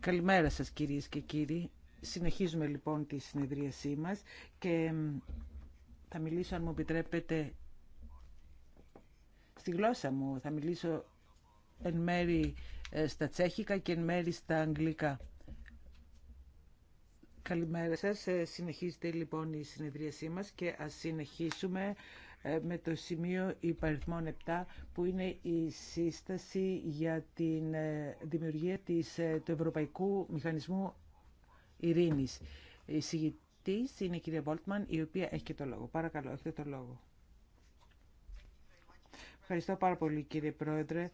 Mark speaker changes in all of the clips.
Speaker 1: Καλημέρα σας κυρίες και κύριοι. Συνεχίζουμε λοιπόν τη συνεδρίασή μας και θα μιλήσω αν μου επιτρέπετε στη γλώσσα μου. Θα μιλήσω εν μέρη ε, στα τσέχικα και εν μέρη στα αγγλικά. Καλημέρα σας. Ε, συνεχίζεται λοιπόν η συνεδρίασή μας και ας συνεχίσουμε ε, με το σημείο υπαριθμών 7 που είναι η σύσταση για τη ε, δημιουργία της, ε, του Ευρωπαϊκού Μηχανισμού Ειρήνης. Η συγητής είναι η κυρία Βόλτμαν η οποία έχει και το λόγο. Παρακαλώ, έχετε το λόγο. Ευχαριστώ πάρα πολύ κύριε Πρόεδρε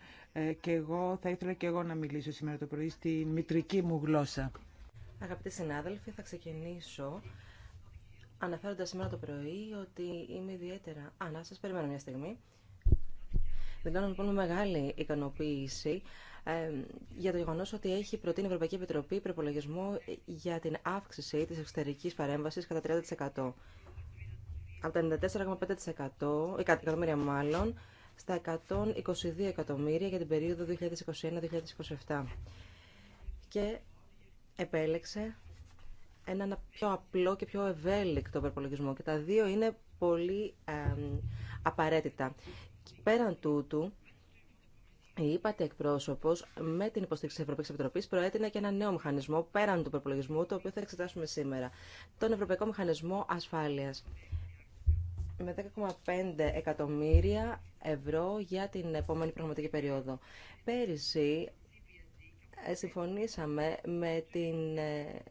Speaker 1: και εγώ θα ήθελα και εγώ να μιλήσω σήμερα το πρωί στη μητρική μου γλώσσα.
Speaker 2: Αγαπητοί συνάδελφοι, θα ξεκινήσω αναφέροντα σήμερα το πρωί ότι είμαι ιδιαίτερα... Α, να σας περιμένω μια στιγμή. Δηλώνω λοιπόν με μεγάλη ικανοποίηση ε, για το γεγονό ότι έχει προτείνει η Ευρωπαϊκή Επιτροπή προπολογισμό για την αύξηση τη εξωτερική παρέμβαση κατά 30%. Από τα 94,5% ε, εκατομμύρια μάλλον στα 122 εκατομμύρια για την περίοδο 2021-2027. Και επέλεξε έναν πιο απλό και πιο ευέλικτο προπολογισμό και τα δύο είναι πολύ ε, απαραίτητα. Πέραν τούτου, η εκπρόσωπος, εκπρόσωπο, με την υποστήριξη τη Ευρωπαϊκή Επιτροπή, προέτεινε και ένα νέο μηχανισμό πέραν του προπολογισμού, το οποίο θα εξετάσουμε σήμερα. Τον Ευρωπαϊκό Μηχανισμό Ασφάλεια. Με 10,5 εκατομμύρια ευρώ για την επόμενη πραγματική περίοδο. Πέρυσι ε, συμφωνήσαμε με την ε,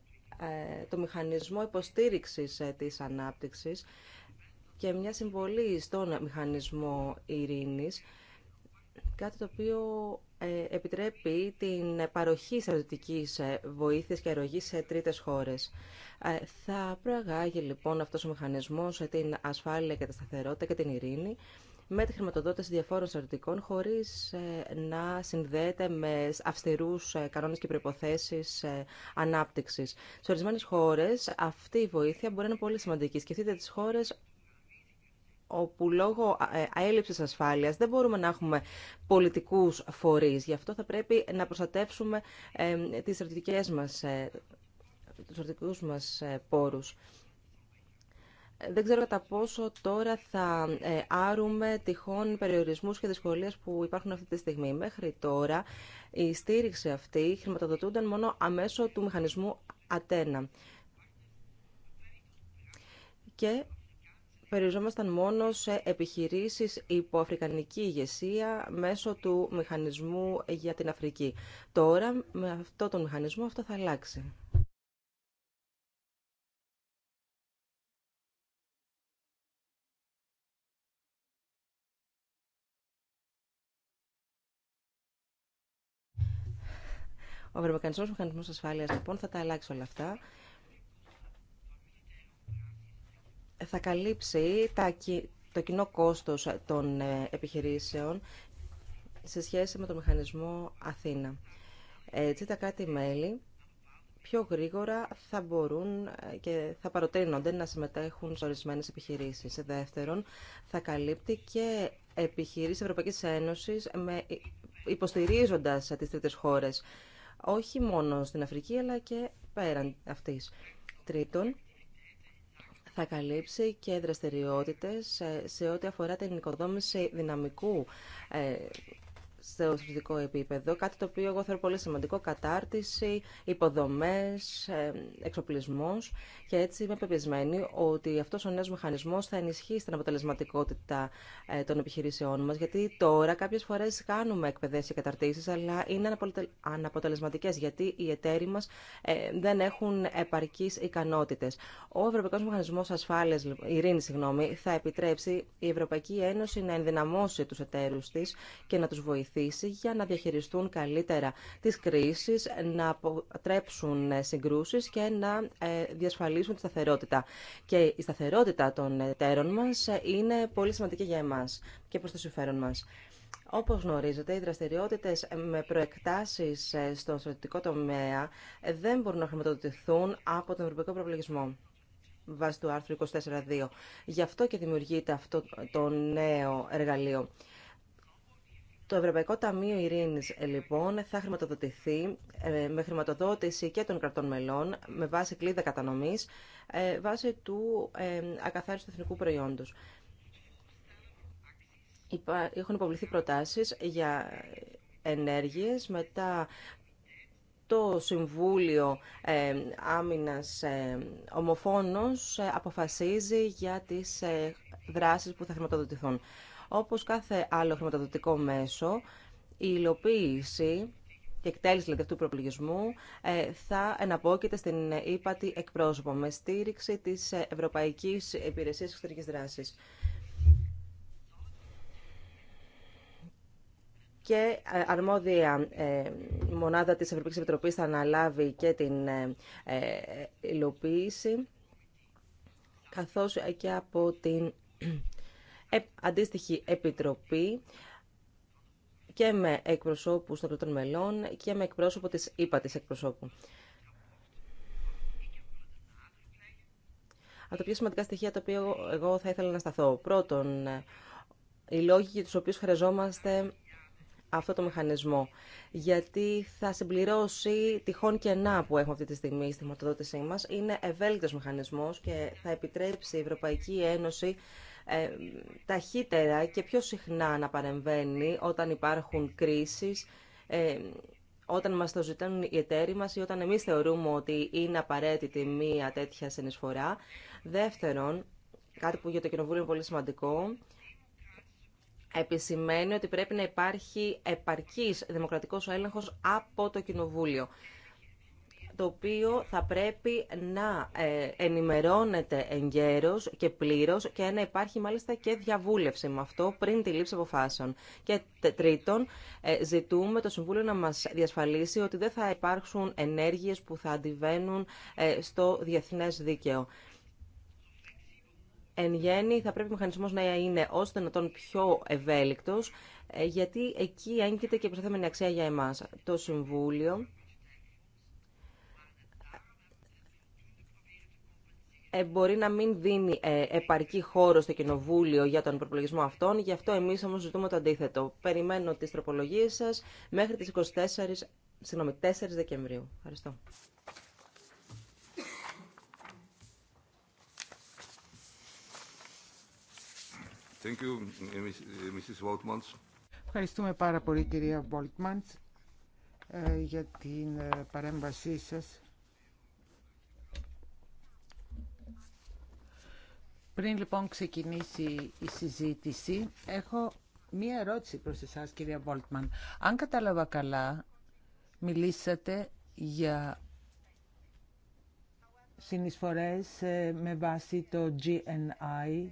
Speaker 2: ε, το μηχανισμό υποστήριξης ε, της ανάπτυξης και μια συμβολή στον μηχανισμό ειρήνης, κάτι το οποίο ε, επιτρέπει την παροχή στρατιωτικής βοήθειας και αερογής σε τρίτες χώρες. Θα προαγάγει λοιπόν αυτός ο μηχανισμός την ασφάλεια και τα σταθερότητα και την ειρήνη με τη χρηματοδότηση διαφόρων στρατιωτικών χωρίς ε, να συνδέεται με αυστηρούς ε, κανόνες και προϋποθέσεις ε, ανάπτυξης. Σε ορισμένες χώρες αυτή η βοήθεια μπορεί να είναι πολύ σημαντική. Σκεφτείτε τις χώρες όπου λόγω έλλειψης ασφάλειας δεν μπορούμε να έχουμε πολιτικούς φορείς. Γι' αυτό θα πρέπει να προστατεύσουμε τις στρατιωτικές μας, τους στρατιωτικούς μας πόρους δεν ξέρω κατά πόσο τώρα θα ε, άρουμε τυχόν περιορισμούς και δυσκολίες που υπάρχουν αυτή τη στιγμή. Μέχρι τώρα η στήριξη αυτή χρηματοδοτούνταν μόνο αμέσω του μηχανισμού Ατένα. Και περιοριζόμασταν μόνο σε επιχειρήσεις υπό αφρικανική ηγεσία μέσω του μηχανισμού για την Αφρική. Τώρα με αυτό τον μηχανισμό αυτό θα αλλάξει. Ο Ευρωπαϊκό Μηχανισμό Ασφάλειας λοιπόν θα τα αλλάξει όλα αυτά. Θα καλύψει το κοινό κόστος των ε, επιχειρήσεων σε σχέση με το μηχανισμό Αθήνα. Έτσι τα κράτη-μέλη πιο γρήγορα θα μπορούν ε, και θα παροτείνονται να συμμετέχουν σε ορισμένε επιχειρήσει. Σε δεύτερον, θα καλύπτει και επιχειρήσει Ευρωπαϊκή Ένωση υποστηρίζοντα τι τρίτε χώρε όχι μόνο στην Αφρική αλλά και πέραν αυτής. Τρίτον, θα καλύψει και δραστηριότητες ε, σε ό,τι αφορά την οικοδόμηση δυναμικού ε, στο στρατιωτικό επίπεδο, κάτι το οποίο εγώ θεωρώ πολύ σημαντικό, κατάρτιση, υποδομές, ε, εξοπλισμό, και έτσι είμαι πεπισμένη ότι αυτός ο νέος μηχανισμός θα ενισχύσει την αποτελεσματικότητα ε, των επιχειρήσεών μας, γιατί τώρα κάποιες φορές κάνουμε εκπαιδεύσει και καταρτήσεις, αλλά είναι αναποτελεσματικές, γιατί οι εταίροι μας ε, δεν έχουν επαρκείς ικανότητες. Ο Ευρωπαϊκός Μηχανισμός Ασφάλειας, Ειρήνη, συγγνώμη, θα επιτρέψει η Ευρωπαϊκή Ένωση να ενδυναμώσει τους εταίρους τη και να τους βοηθήσει βοηθήσει για να διαχειριστούν καλύτερα τις κρίσεις, να αποτρέψουν ε, συγκρούσεις και να ε, διασφαλίσουν τη σταθερότητα. Και η σταθερότητα των εταίρων μας ε, είναι πολύ σημαντική για εμάς και προς το συμφέρον μας. Όπως γνωρίζετε, οι δραστηριότητες με προεκτάσεις στον στρατιωτικό τομέα δεν μπορούν να χρηματοδοτηθούν από τον Ευρωπαϊκό Προπολογισμό βάσει του άρθρου 24.2. Γι' αυτό και δημιουργείται αυτό το νέο εργαλείο. Το Ευρωπαϊκό Ταμείο Ειρηνή, ε, λοιπόν, θα χρηματοδοτηθεί ε, με χρηματοδότηση και των κρατών μελών, με βάση κλίδα κατανομής, ε, βάσει του ακαθάριστου εθνικού προϊόντο. Έχουν υποβληθεί προτάσεις για ενέργειες, μετά το Συμβούλιο ε, Άμυνας Ομοφόνος αποφασίζει για τις δράσεις που θα χρηματοδοτηθούν. Όπως κάθε άλλο χρηματοδοτικό μέσο, η υλοποίηση και εκτέλεση δηλαδή, του προπληγισμού ε, θα εναπόκειται στην ύπατη εκπρόσωπο με στήριξη της Ευρωπαϊκής Υπηρεσίας Εξωτερικής Δράσης. και ε, αρμόδια ε, μονάδα της Ευρωπαϊκής Επιτροπής θα αναλάβει και την υλοποίηση καθώς και από την ε, αντίστοιχη επιτροπή και με εκπροσώπους των πρώτων μελών και με εκπρόσωπο της ΥΠΑ της εκπροσώπου. Από τα πιο σημαντικά στοιχεία τα οποία εγώ θα ήθελα να σταθώ. Πρώτον, οι λόγοι για τους οποίους χρειαζόμαστε αυτό το μηχανισμό. Γιατί θα συμπληρώσει τυχόν κενά που έχουμε αυτή τη στιγμή στη χρηματοδότησή μας. Είναι ευέλικτος μηχανισμός και θα επιτρέψει η Ευρωπαϊκή Ένωση ε, ταχύτερα και πιο συχνά να παρεμβαίνει όταν υπάρχουν κρίσεις, ε, όταν μας το ζητάνουν οι εταίροι μας ή όταν εμείς θεωρούμε ότι είναι απαραίτητη μία τέτοια συνεισφορά. Δεύτερον, κάτι που για το Κοινοβούλιο είναι πολύ σημαντικό, επισημαίνει ότι πρέπει να υπάρχει επαρκής δημοκρατικός έλεγχος από το Κοινοβούλιο το οποίο θα πρέπει να ε, ενημερώνεται εγκαίρως και πλήρως και να υπάρχει μάλιστα και διαβούλευση με αυτό πριν τη λήψη αποφάσεων. Και τρίτον, ε, ζητούμε το Συμβούλιο να μας διασφαλίσει ότι δεν θα υπάρξουν ενέργειες που θα αντιβαίνουν ε, στο διεθνές δίκαιο. Εν γέννη, θα πρέπει ο μηχανισμός να είναι να τον πιο ευέλικτος, γιατί εκεί έγκυται και η προσθέμενη αξία για εμάς. Το Συμβούλιο Ε, μπορεί να μην δίνει ε, επαρκή χώρο στο Κοινοβούλιο για τον προπολογισμό αυτών. Γι' αυτό εμεί όμω ζητούμε το αντίθετο. Περιμένω τι τροπολογίε σα μέχρι τι 24, συγγνώμη, 4 Δεκεμβρίου. Ευχαριστώ.
Speaker 3: Thank you, Mrs.
Speaker 1: Ευχαριστούμε πάρα πολύ κυρία Βόλτμαντς ε, για την παρέμβασή σας. Πριν λοιπόν ξεκινήσει η συζήτηση, έχω μία ερώτηση προς εσάς κυρία Βόλτμαν. Αν κατάλαβα καλά, μιλήσατε για συνεισφορές ε, με βάση το GNI,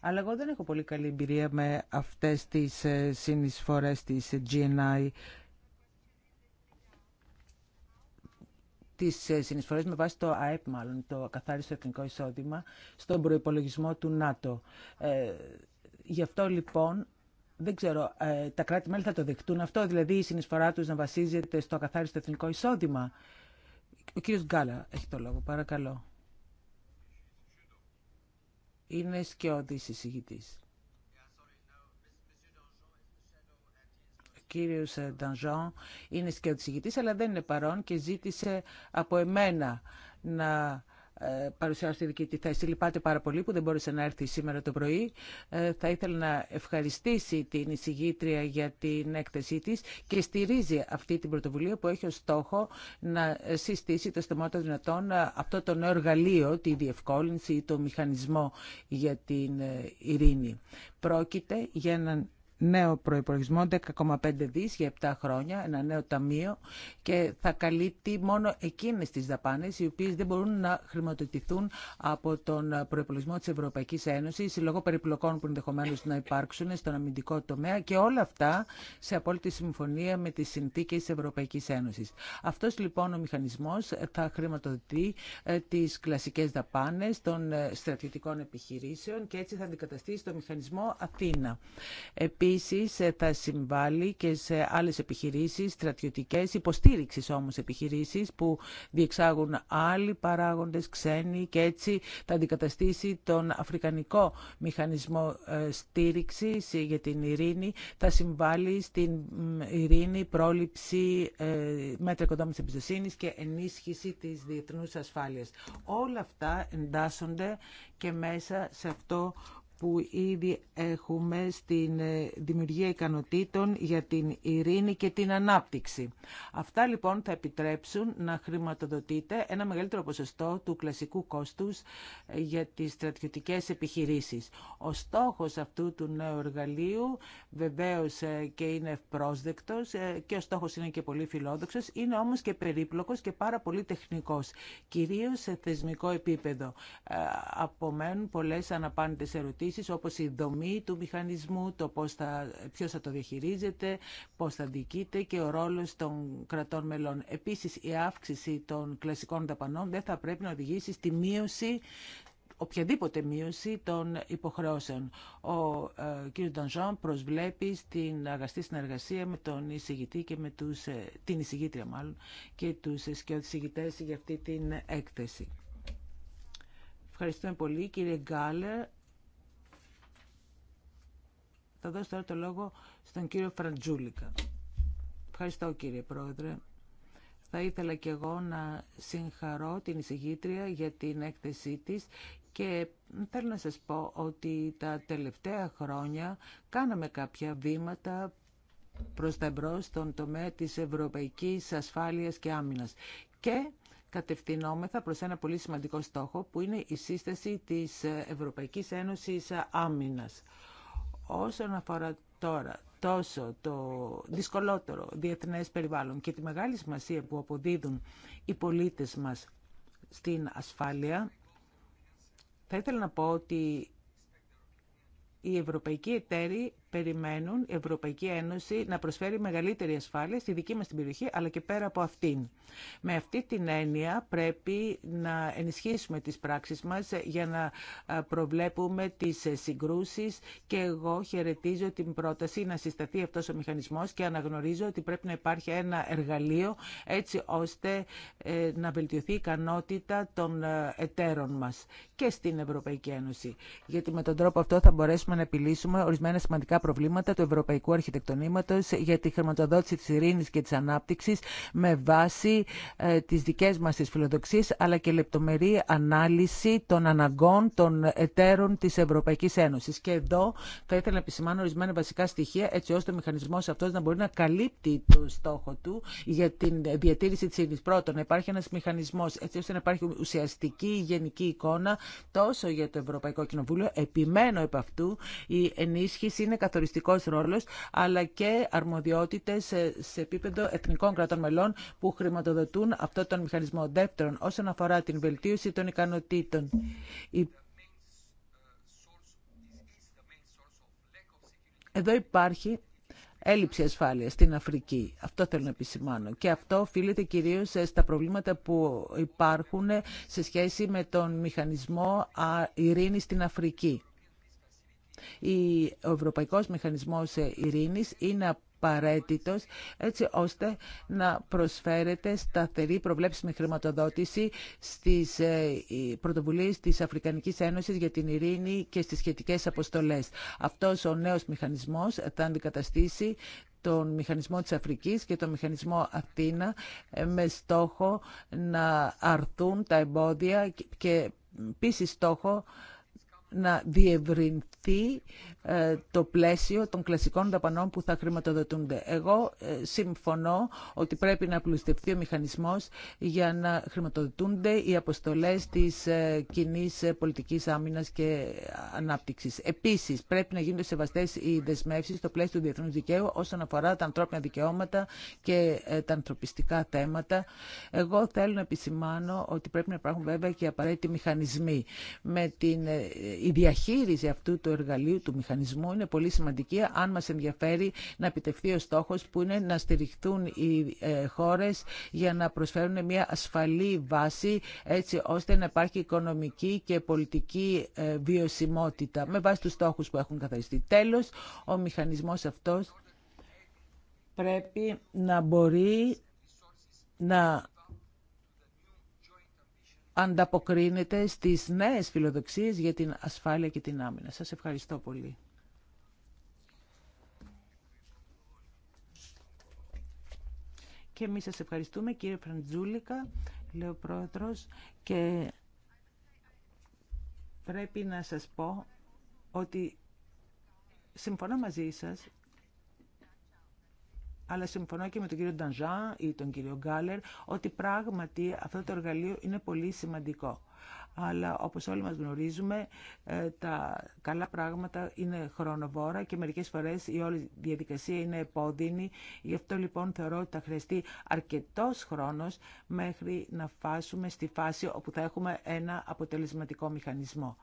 Speaker 1: αλλά εγώ δεν έχω πολύ καλή εμπειρία με αυτές τις ε, συνεισφορές της GNI Τι ε, συνεισφορέ με βάση το ΑΕΠ μάλλον, το ακαθάριστο εθνικό εισόδημα, στον προπολογισμό του ΝΑΤΟ. Ε, γι' αυτό λοιπόν δεν ξέρω, ε, τα κράτη-μέλη θα το δεχτούν αυτό, δηλαδή η συνεισφορά του να βασίζεται στο ακαθάριστο εθνικό εισόδημα. Ο κύριος Γκάλα έχει το λόγο, παρακαλώ. Είναι σκιώδης εισηγητής. κύριος ε, Ντανζόν είναι σκιωτισηγητής, αλλά δεν είναι παρόν και ζήτησε από εμένα να ε, παρουσιάσω τη δική τη θέση. Λυπάται πάρα πολύ που δεν μπόρεσε να έρθει σήμερα το πρωί. Ε, θα ήθελα να ευχαριστήσει την εισηγήτρια για την έκθεσή της και στηρίζει αυτή την πρωτοβουλία που έχει ως στόχο να συστήσει το των δυνατόν αυτό το νέο εργαλείο, τη διευκόλυνση ή το μηχανισμό για την ειρήνη. Πρόκειται για έναν νέο προϋπολογισμό 10,5 δις για 7 χρόνια, ένα νέο ταμείο και θα καλύπτει μόνο εκείνες τις δαπάνες οι οποίες δεν μπορούν να χρηματοδοτηθούν από τον προϋπολογισμό της Ευρωπαϊκής Ένωσης λόγω περιπλοκών που ενδεχομένω να υπάρξουν στον αμυντικό τομέα και όλα αυτά σε απόλυτη συμφωνία με τις συνθήκες της Ευρωπαϊκής Ένωσης. Αυτός λοιπόν ο μηχανισμός θα χρηματοδοτεί ε, τις κλασικές δαπάνες των ε, στρατιωτικών επιχειρήσεων και έτσι θα αντικαταστήσει το μηχανισμό Αθήνα. Επίσης ε, θα συμβάλλει και σε άλλες επιχειρήσεις, στρατιωτικές, υποστήριξης όμως επιχειρήσεις που διεξάγουν άλλοι παράγοντες, ξένοι και έτσι θα αντικαταστήσει τον Αφρικανικό Μηχανισμό ε, Στήριξης για την ειρήνη, θα συμβάλλει στην ειρήνη, πρόληψη ε, μέτρα οικοδόμησης εμπιστοσύνη και ενίσχυση της διεθνούς ασφάλειας. Όλα αυτά εντάσσονται και μέσα σε αυτό που ήδη έχουμε στην ε, δημιουργία ικανοτήτων για την ειρήνη και την ανάπτυξη. Αυτά λοιπόν θα επιτρέψουν να χρηματοδοτείται ένα μεγαλύτερο ποσοστό του κλασικού κόστους ε, για τις στρατιωτικές επιχειρήσεις. Ο στόχος αυτού του νέου εργαλείου βεβαίως ε, και είναι ευπρόσδεκτος και ο στόχος είναι και πολύ φιλόδοξος, είναι όμως και περίπλοκος και πάρα πολύ τεχνικός, κυρίως σε θεσμικό επίπεδο. Απομένουν πολλές αναπάντητες ερωτήσεις όπω όπως η δομή του μηχανισμού, το πώς θα, το διαχειρίζεται, πώ θα διοικείται και ο ρόλος των κρατών μελών. Επίσης η αύξηση των κλασικών δαπανών δεν θα πρέπει να οδηγήσει στη μείωση οποιαδήποτε μείωση των υποχρεώσεων. Ο ε, κ. Ντανζόν προσβλέπει στην αγαστή συνεργασία με τον εισηγητή και με τους, ε, την εισηγήτρια μάλλον και τους εισηγητές για αυτή την έκθεση. Ευχαριστούμε πολύ κύριε Γκάλερ. Θα δώσω τώρα το λόγο στον κύριο Φραντζούλικα. Ευχαριστώ κύριε Πρόεδρε. Θα ήθελα και εγώ να συγχαρώ την εισηγήτρια για την έκθεσή της και θέλω να σας πω ότι τα τελευταία χρόνια κάναμε κάποια βήματα προς τα Εμπρό στον τομέα της ευρωπαϊκής ασφάλειας και άμυνας. Και κατευθυνόμεθα προς ένα πολύ σημαντικό στόχο που είναι η σύσταση της Ευρωπαϊκής Ένωσης Άμυνας. Όσον αφορά τώρα τόσο το δυσκολότερο διεθνές περιβάλλον και τη μεγάλη σημασία που αποδίδουν οι πολίτες μας στην ασφάλεια, θα ήθελα να πω ότι οι Ευρωπαϊκή εταίροι περιμένουν η Ευρωπαϊκή Ένωση να προσφέρει μεγαλύτερη ασφάλεια στη δική μας την περιοχή, αλλά και πέρα από αυτήν. Με αυτή την έννοια πρέπει να ενισχύσουμε τις πράξεις μας για να ε, προβλέπουμε τις ε, συγκρούσεις και εγώ χαιρετίζω την πρόταση να συσταθεί αυτός ο μηχανισμός και αναγνωρίζω ότι πρέπει να υπάρχει ένα εργαλείο έτσι ώστε ε, να βελτιωθεί η ικανότητα των εταίρων μας και στην Ευρωπαϊκή Ένωση. Γιατί με τον τρόπο αυτό θα μπορέσουμε να επιλύσουμε ορισμένα σημαντικά προβλήματα του ευρωπαϊκού αρχιτεκτονήματος για τη χρηματοδότηση τη Ειρήνη και τη ανάπτυξη με βάση ε, τις δικές μας τις αλλά και λεπτομερή ανάλυση των αναγκών των εταίρων τη Ευρωπαϊκή Ένωση. Και εδώ θα ήθελα να επισημάνω ορισμένα βασικά στοιχεία έτσι ώστε ο μηχανισμό αυτό να μπορεί να καλύπτει το στόχο του για την διατήρηση τη ειρήνη. Πρώτον, να υπάρχει ένα μηχανισμό έτσι ώστε να υπάρχει ουσιαστική γενική εικόνα τόσο για το Ευρωπαϊκό Κοινοβούλιο. Επιμένω επ' αυτού η ενίσχυση είναι καθοριστικό ρόλο, αλλά και αρμοδιότητες σε επίπεδο εθνικών κρατών μελών που χρηματοδοτούν αυτό τον μηχανισμό. Δεύτερον, όσον αφορά την βελτίωση των ικανοτήτων, Εδώ υπάρχει έλλειψη ασφάλειας στην Αφρική. Αυτό θέλω να επισημάνω. Και αυτό οφείλεται κυρίω στα προβλήματα που υπάρχουν σε σχέση με τον μηχανισμό ειρήνη στην Αφρική. Ο Ευρωπαϊκός Μηχανισμός Ειρήνης είναι απαραίτητος έτσι ώστε να προσφέρεται σταθερή προβλέψιμη χρηματοδότηση στις ε, πρωτοβουλίες της Αφρικανικής Ένωσης για την ειρήνη και στις σχετικές αποστολές. Αυτός ο νέος μηχανισμός θα αντικαταστήσει τον μηχανισμό της Αφρικής και τον μηχανισμό Αθήνα με στόχο να αρθούν τα εμπόδια και επίση στόχο να διευρυνθεί ε, το πλαίσιο των κλασικών δαπανών που θα χρηματοδοτούνται. Εγώ ε, συμφωνώ ότι πρέπει να πλουστευτεί ο μηχανισμός για να χρηματοδοτούνται οι αποστολές της ε, κοινή πολιτικής άμυνας και ανάπτυξης. Επίσης, πρέπει να γίνονται σεβαστές οι δεσμεύσεις στο πλαίσιο του διεθνούς δικαίου όσον αφορά τα ανθρώπινα δικαιώματα και τα ανθρωπιστικά θέματα. Εγώ θέλω να επισημάνω ότι πρέπει να υπάρχουν βέβαια και απαραίτητοι μηχανισμοί. Με την η διαχείριση αυτού του εργαλείου, του μηχανισμού είναι πολύ σημαντική αν μας ενδιαφέρει να επιτευχθεί ο στόχος που είναι να στηριχθούν οι ε, χώρες για να προσφέρουν μια ασφαλή βάση έτσι ώστε να υπάρχει οικονομική και πολιτική ε, βιωσιμότητα με βάση τους στόχους που έχουν καθαριστεί. Τέλος, ο μηχανισμός αυτός πρέπει να μπορεί να ανταποκρίνεται στις νέες φιλοδοξίες για την ασφάλεια και την άμυνα. Σας ευχαριστώ πολύ. Και εμείς σας ευχαριστούμε κύριε Φραντζούλικα, λέω πρόεδρος, και πρέπει να σας πω ότι συμφωνώ μαζί σας αλλά συμφωνώ και με τον κύριο Ντανζά ή τον κύριο Γκάλερ ότι πράγματι αυτό το εργαλείο είναι πολύ σημαντικό. Αλλά όπως όλοι μας γνωρίζουμε, ε, τα καλά πράγματα είναι χρονοβόρα και μερικές φορές η όλη διαδικασία είναι επώδυνη. Γι' αυτό λοιπόν θεωρώ ότι θα χρειαστεί αρκετός χρόνος μέχρι να φάσουμε στη φάση όπου θα έχουμε ένα αποτελεσματικό μηχανισμό.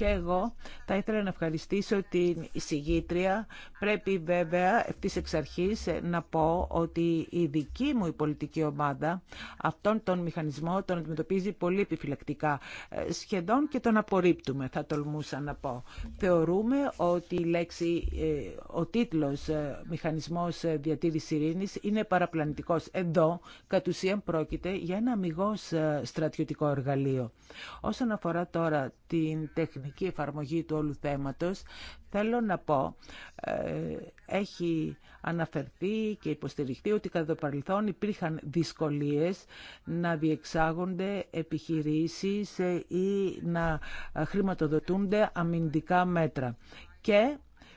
Speaker 1: Και εγώ θα ήθελα να ευχαριστήσω την εισηγήτρια. Πρέπει βέβαια ευθύ εξ αρχή να πω ότι η δική μου η πολιτική ομάδα αυτόν τον μηχανισμό τον αντιμετωπίζει πολύ επιφυλακτικά. Ε, σχεδόν και τον απορρίπτουμε, θα τολμούσα να πω. Θεωρούμε ότι η λέξη, ε, ο τίτλος ε, «Μηχανισμός διατήρησης ειρήνης» είναι παραπλανητικός. Εδώ, κατ' ουσίαν, πρόκειται για ένα αμυγός στρατιωτικό εργαλείο. Όσον αφορά τώρα την τεχνική η εφαρμογή του όλου θέματος, θέλω να πω, ε, έχει αναφερθεί και υποστηριχθεί ότι κατά το παρελθόν υπήρχαν δυσκολίες να διεξάγονται επιχειρήσεις ή να χρηματοδοτούνται αμυντικά μέτρα. Και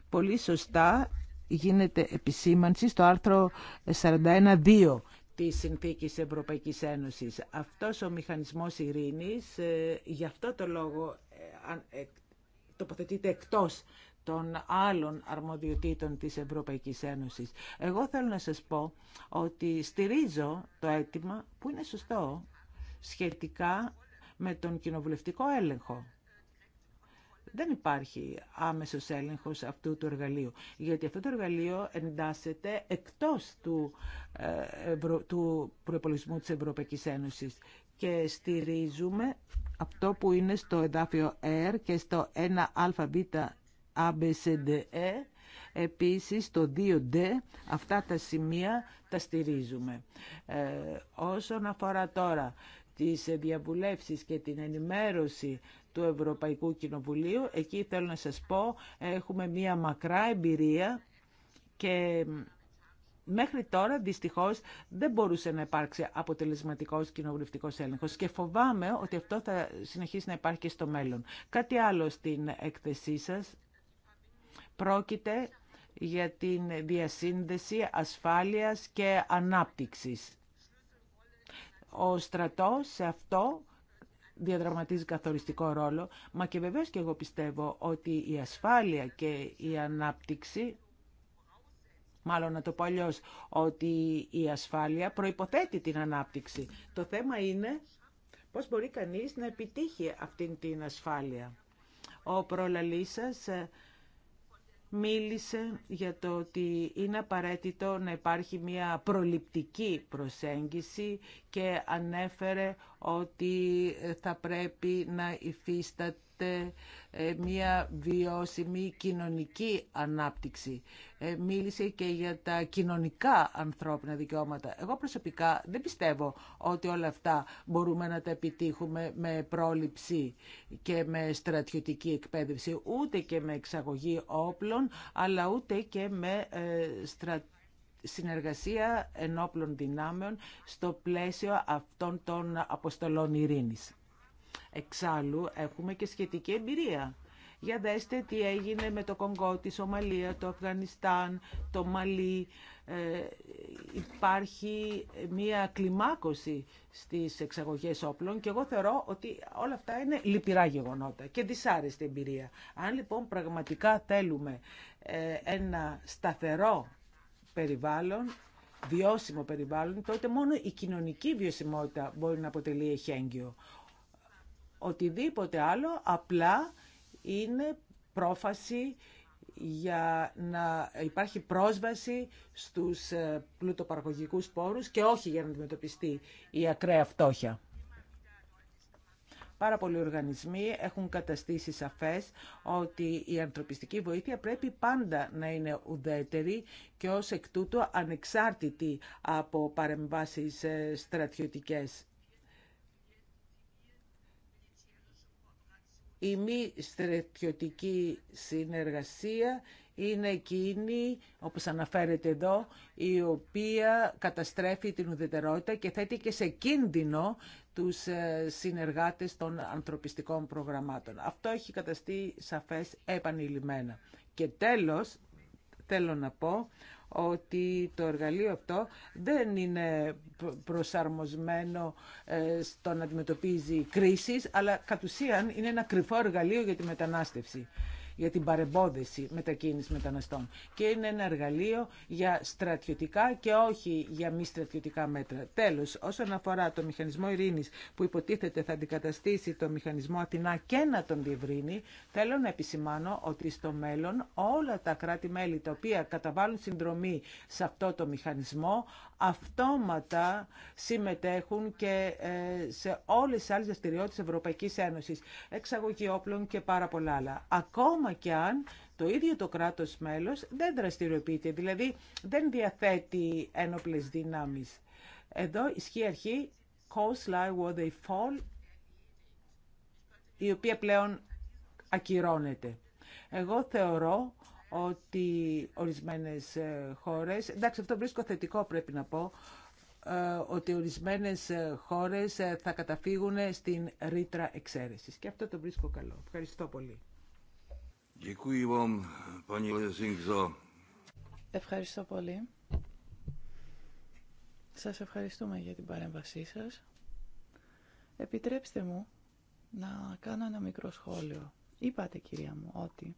Speaker 1: πολύ σωστά γίνεται επισήμανση στο άρθρο 41.2 της Συνθήκης Ευρωπαϊκής Ένωσης. Αυτός ο μηχανισμός ειρήνης, ε, γι' αυτό το λόγο ε, τοποθετείται εκτός των άλλων αρμοδιοτήτων της Ευρωπαϊκής Ένωσης. Εγώ θέλω να σας πω ότι στηρίζω το αίτημα που είναι σωστό σχετικά με τον κοινοβουλευτικό έλεγχο. Δεν υπάρχει άμεσος έλεγχος αυτού του εργαλείου, γιατί αυτό το εργαλείο εντάσσεται εκτός του, ε, του της Ευρωπαϊκής Ένωσης και στηρίζουμε αυτό που είναι στο εδάφιο R και στο 1αβ ABCDE, ε, επίσης το 2D, αυτά τα σημεία τα στηρίζουμε. Ε, όσον αφορά τώρα τις διαβουλεύσεις και την ενημέρωση του Ευρωπαϊκού Κοινοβουλίου, εκεί θέλω να σας πω, έχουμε μία μακρά εμπειρία και Μέχρι τώρα δυστυχώς δεν μπορούσε να υπάρξει αποτελεσματικός κοινοβουλευτικός έλεγχος και φοβάμαι ότι αυτό θα συνεχίσει να υπάρχει και στο μέλλον. Κάτι άλλο στην έκθεσή σας πρόκειται για την διασύνδεση ασφάλειας και ανάπτυξης. Ο στρατός σε αυτό διαδραματίζει καθοριστικό ρόλο, μα και βεβαίως και εγώ πιστεύω ότι η ασφάλεια και η ανάπτυξη μάλλον να το πω αλλιώς, ότι η ασφάλεια προϋποθέτει την ανάπτυξη. Το θέμα είναι πώς μπορεί κανείς να επιτύχει αυτήν την ασφάλεια. Ο προλαλής σας ε, μίλησε για το ότι είναι απαραίτητο να υπάρχει μια προληπτική προσέγγιση και ανέφερε ότι θα πρέπει να υφίσταται ε, μια βιώσιμη κοινωνική ανάπτυξη. Ε, μίλησε και για τα κοινωνικά ανθρώπινα δικαιώματα. Εγώ προσωπικά δεν πιστεύω ότι όλα αυτά μπορούμε να τα επιτύχουμε με πρόληψη και με στρατιωτική εκπαίδευση, ούτε και με εξαγωγή όπλων, αλλά ούτε και με ε, συνεργασία ενόπλων δυνάμεων στο πλαίσιο αυτών των αποστολών ειρήνης. Εξάλλου έχουμε και σχετική εμπειρία. Για δέστε τι έγινε με το Κονγκό, τη Σομαλία, το Αφγανιστάν, το Μαλί. Ε, υπάρχει μία κλιμάκωση στις εξαγωγές όπλων και εγώ θεωρώ ότι όλα αυτά είναι λυπηρά γεγονότα και δυσάρεστη εμπειρία. Αν λοιπόν πραγματικά θέλουμε ε, ένα σταθερό περιβάλλον, βιώσιμο περιβάλλον, τότε μόνο η κοινωνική βιωσιμότητα μπορεί να αποτελεί εχέγγυο. Οτιδήποτε άλλο απλά είναι πρόφαση για να υπάρχει πρόσβαση στους ε, πλουτοπαραγωγικούς πόρους και όχι για να αντιμετωπιστεί η ακραία φτώχεια. Πάρα πολλοί οργανισμοί έχουν καταστήσει σαφές ότι η ανθρωπιστική βοήθεια πρέπει πάντα να είναι ουδέτερη και ως εκ τούτου ανεξάρτητη από παρεμβάσεις ε, στρατιωτικές. Η μη στρατιωτική συνεργασία είναι εκείνη, όπως αναφέρεται εδώ, η οποία καταστρέφει την ουδετερότητα και θέτει και σε κίνδυνο τους ε, συνεργάτες των ανθρωπιστικών προγραμμάτων. Αυτό έχει καταστεί σαφές επανειλημμένα. Και τέλος, θέλω να πω ότι το εργαλείο αυτό δεν είναι προσαρμοσμένο ε, στο να αντιμετωπίζει κρίσεις, αλλά κατ' ουσίαν είναι ένα κρυφό εργαλείο για τη μετανάστευση για την παρεμπόδιση μετακίνηση μεταναστών. Και είναι ένα εργαλείο για στρατιωτικά και όχι για μη στρατιωτικά μέτρα. Τέλο, όσον αφορά το μηχανισμό ειρήνη που υποτίθεται θα αντικαταστήσει το μηχανισμό Αθηνά και να τον διευρύνει, θέλω να επισημάνω ότι στο μέλλον όλα τα κράτη-μέλη τα οποία καταβάλουν συνδρομή σε αυτό το μηχανισμό αυτόματα συμμετέχουν και ε, σε όλες τις άλλες δραστηριότητες της Ευρωπαϊκής Ένωσης, εξαγωγή όπλων και πάρα πολλά άλλα. Ακόμα και αν το ίδιο το κράτος μέλος δεν δραστηριοποιείται, δηλαδή δεν διαθέτει ένοπλες δυνάμεις. Εδώ ισχύει αρχή «Coast lie where they fall», η οποία πλέον ακυρώνεται. Εγώ θεωρώ ότι ορισμένες ε, χώρες, εντάξει αυτό βρίσκω θετικό πρέπει να πω, ε, ότι ορισμένες ε, χώρες θα καταφύγουν στην ρήτρα εξαίρεσης. Και αυτό το βρίσκω καλό. Ευχαριστώ πολύ.
Speaker 3: Ευχαριστώ πολύ. Σας ευχαριστούμε για την παρέμβασή σας. Επιτρέψτε μου να κάνω ένα μικρό σχόλιο. Είπατε, κυρία μου, ότι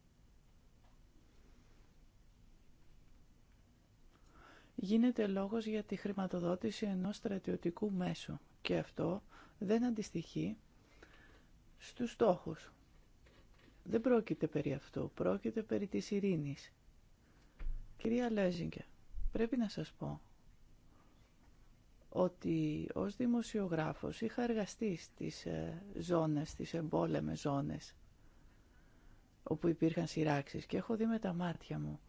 Speaker 3: γίνεται λόγος για τη χρηματοδότηση ενός στρατιωτικού μέσου και αυτό δεν αντιστοιχεί στους στόχους. Δεν πρόκειται περί αυτού, πρόκειται περί της ειρήνης. Κυρία Λέζιγκε, πρέπει να σας πω ότι ως δημοσιογράφος είχα εργαστεί στις ε, ζώνες, στις εμπόλεμες ζώνες όπου υπήρχαν σειράξεις και έχω δει με τα μάτια μου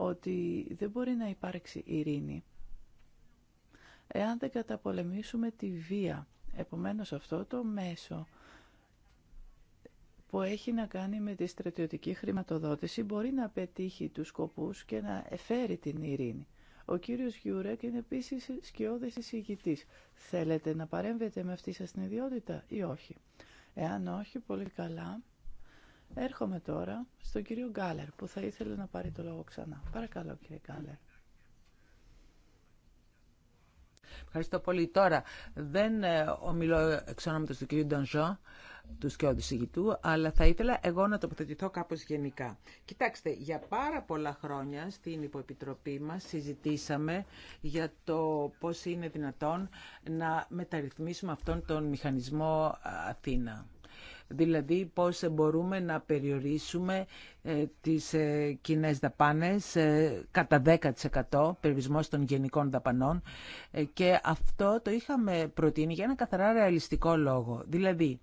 Speaker 3: ότι δεν μπορεί να υπάρξει ειρήνη εάν δεν καταπολεμήσουμε τη βία. Επομένως αυτό το μέσο που έχει να κάνει με τη στρατιωτική χρηματοδότηση μπορεί να πετύχει τους σκοπούς και να εφέρει την ειρήνη. Ο κύριος Γιούρεκ είναι επίσης σκιώδης εισηγητής. Θέλετε να παρέμβετε με αυτή σας την ιδιότητα ή όχι. Εάν όχι, πολύ καλά. Έρχομαι τώρα στον κύριο Γκάλερ που θα ήθελε να πάρει το λόγο ξανά. Παρακαλώ κύριε Γκάλερ.
Speaker 1: Ευχαριστώ πολύ. Τώρα δεν ε, ομιλώ εξ ονόματος του κυρίου Ντονζό, του σκιώδη ηγητού, αλλά θα ήθελα εγώ να τοποθετηθώ κάπως γενικά. Κοιτάξτε, για πάρα πολλά χρόνια στην υποεπιτροπή μας συζητήσαμε για το πώς είναι δυνατόν να μεταρρυθμίσουμε αυτόν τον μηχανισμό ε, Αθήνα δηλαδή πώς μπορούμε να περιορίσουμε ε, τις ε, κοινέ δαπάνες ε, κατά 10% περιορισμός των γενικών δαπανών και αυτό το είχαμε προτείνει για ένα καθαρά ρεαλιστικό λόγο. Δηλαδή,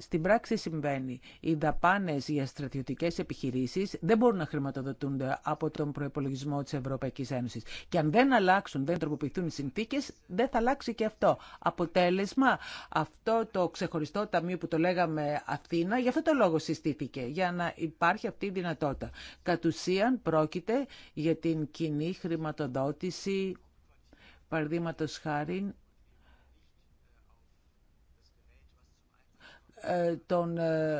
Speaker 1: στην πράξη συμβαίνει. Οι δαπάνε για στρατιωτικέ επιχειρήσει δεν μπορούν να χρηματοδοτούνται από τον προπολογισμό τη Ευρωπαϊκή Ένωση. Και αν δεν αλλάξουν, δεν τροποποιηθούν οι συνθήκε, δεν θα αλλάξει και αυτό. Αποτέλεσμα, αυτό το ξεχωριστό ταμείο που το λέγαμε Αθήνα, γι' αυτό το λόγο συστήθηκε, για να υπάρχει αυτή η δυνατότητα. Κατ' ουσίαν πρόκειται για την κοινή χρηματοδότηση, παραδείγματο χάρη, Ε, των ε,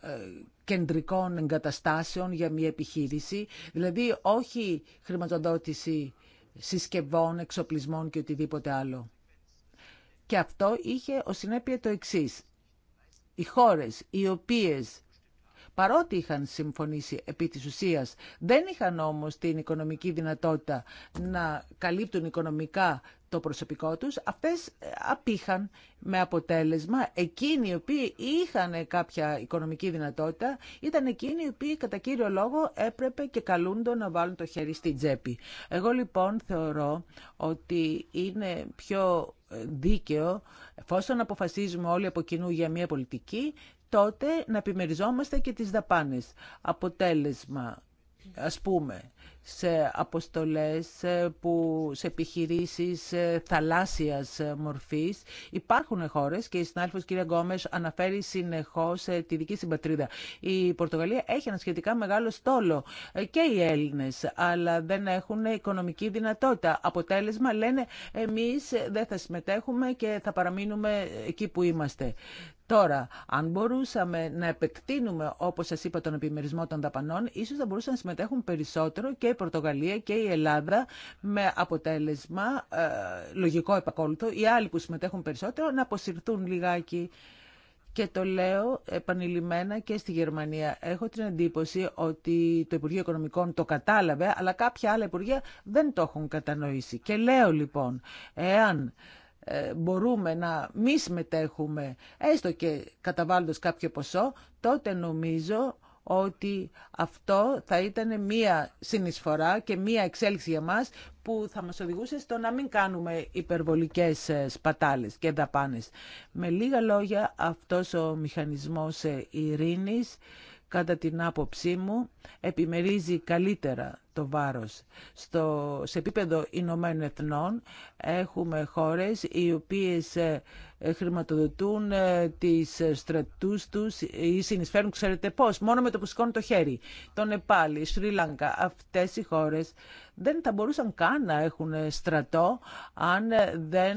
Speaker 1: ε, κεντρικών εγκαταστάσεων για μια επιχείρηση, δηλαδή όχι χρηματοδότηση συσκευών, εξοπλισμών και οτιδήποτε άλλο. Και αυτό είχε ως συνέπεια το εξής. Οι χώρες οι οποίες παρότι είχαν συμφωνήσει επί της ουσίας, δεν είχαν όμως την οικονομική δυνατότητα να καλύπτουν οικονομικά το προσωπικό τους, αυτές ε, απήχαν με αποτέλεσμα εκείνοι οι οποίοι είχαν κάποια οικονομική δυνατότητα, ήταν εκείνοι οι οποίοι κατά κύριο λόγο έπρεπε και καλούντο να βάλουν το χέρι στην τσέπη. Εγώ λοιπόν θεωρώ ότι είναι πιο ε, δίκαιο, εφόσον αποφασίζουμε όλοι από κοινού για μια πολιτική, τότε να επιμεριζόμαστε και τις δαπάνες. Αποτέλεσμα, ας πούμε, σε αποστολές, που, σε επιχειρήσεις θαλάσσιας μορφής. Υπάρχουν χώρες και η συνάδελφος κυρία Γκόμες αναφέρει συνεχώς ε, τη δική συμπατρίδα. Η Πορτογαλία έχει ένα σχετικά μεγάλο στόλο ε, και οι Έλληνες, αλλά δεν έχουν οικονομική δυνατότητα. Αποτέλεσμα λένε εμείς δεν θα συμμετέχουμε και θα παραμείνουμε εκεί που είμαστε. Τώρα, αν μπορούσαμε να επεκτείνουμε, όπως σα είπα, τον επιμερισμό των δαπανών, ίσως θα μπορούσαν να συμμετέχουν περισσότερο και η Πορτογαλία και η Ελλάδα με αποτέλεσμα, ε, λογικό επακόλουθο, οι άλλοι που συμμετέχουν περισσότερο να αποσυρθούν λιγάκι και το λέω επανειλημμένα και στη Γερμανία. Έχω την εντύπωση ότι το Υπουργείο Οικονομικών το κατάλαβε, αλλά κάποια άλλα Υπουργεία δεν το έχουν κατανοήσει. Και λέω λοιπόν, εάν ε, μπορούμε να μη συμμετέχουμε έστω και καταβάλλοντας κάποιο ποσό, τότε νομίζω ότι αυτό θα ήταν μία συνεισφορά και μία εξέλιξη για μας που θα μας οδηγούσε στο να μην κάνουμε υπερβολικές ε, σπατάλες και δαπάνες. Με λίγα λόγια, αυτός ο μηχανισμός ε, ειρήνης κατά την άποψή μου, επιμερίζει καλύτερα το βάρος. Στο, σε επίπεδο Ηνωμένων Εθνών έχουμε χώρες οι οποίες ε, ε, χρηματοδοτούν ε, τις στρατούς τους ή συνεισφέρουν, ξέρετε πώς, μόνο με το που σηκώνουν το χέρι. Το Νεπάλ, η Σρι Λάγκα, αυτές οι χώρες δεν θα μπορούσαν καν να έχουν στρατό αν δεν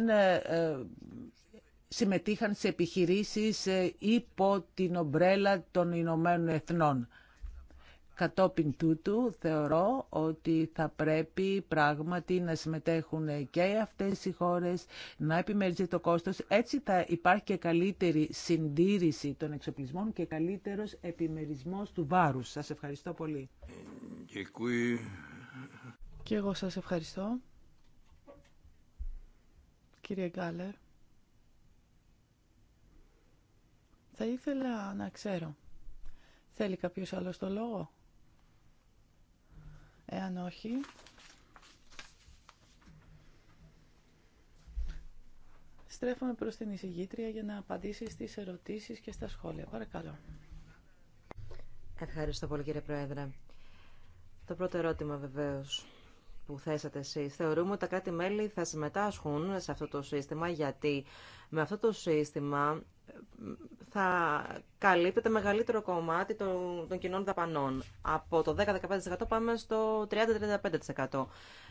Speaker 1: συμμετείχαν σε επιχειρήσεις ε, υπό την ομπρέλα των Ηνωμένων Εθνών. Κατόπιν τούτου θεωρώ ότι θα πρέπει πράγματι να συμμετέχουν και αυτές οι χώρες, να επιμεριζεί το κόστος. Έτσι θα υπάρχει και καλύτερη συντήρηση των εξοπλισμών και καλύτερος επιμερισμός του βάρους. Σας ευχαριστώ πολύ.
Speaker 3: Και εγώ σας ευχαριστώ. Κύριε Γκάλερ. Θα ήθελα να ξέρω. Θέλει κάποιος άλλο το λόγο. Εάν όχι... Στρέφομαι προς την εισηγήτρια για να απαντήσει στις
Speaker 2: ερωτήσεις και στα σχόλια. Παρακαλώ. Ευχαριστώ πολύ κύριε Πρόεδρε. Το πρώτο ερώτημα βεβαίως που θέσατε εσεί. Θεωρούμε ότι τα κράτη-μέλη θα συμμετάσχουν σε αυτό το σύστημα γιατί με αυτό το σύστημα θα καλύπτεται μεγαλύτερο κομμάτι των, κοινών δαπανών. Από το 10-15% πάμε στο 30-35%.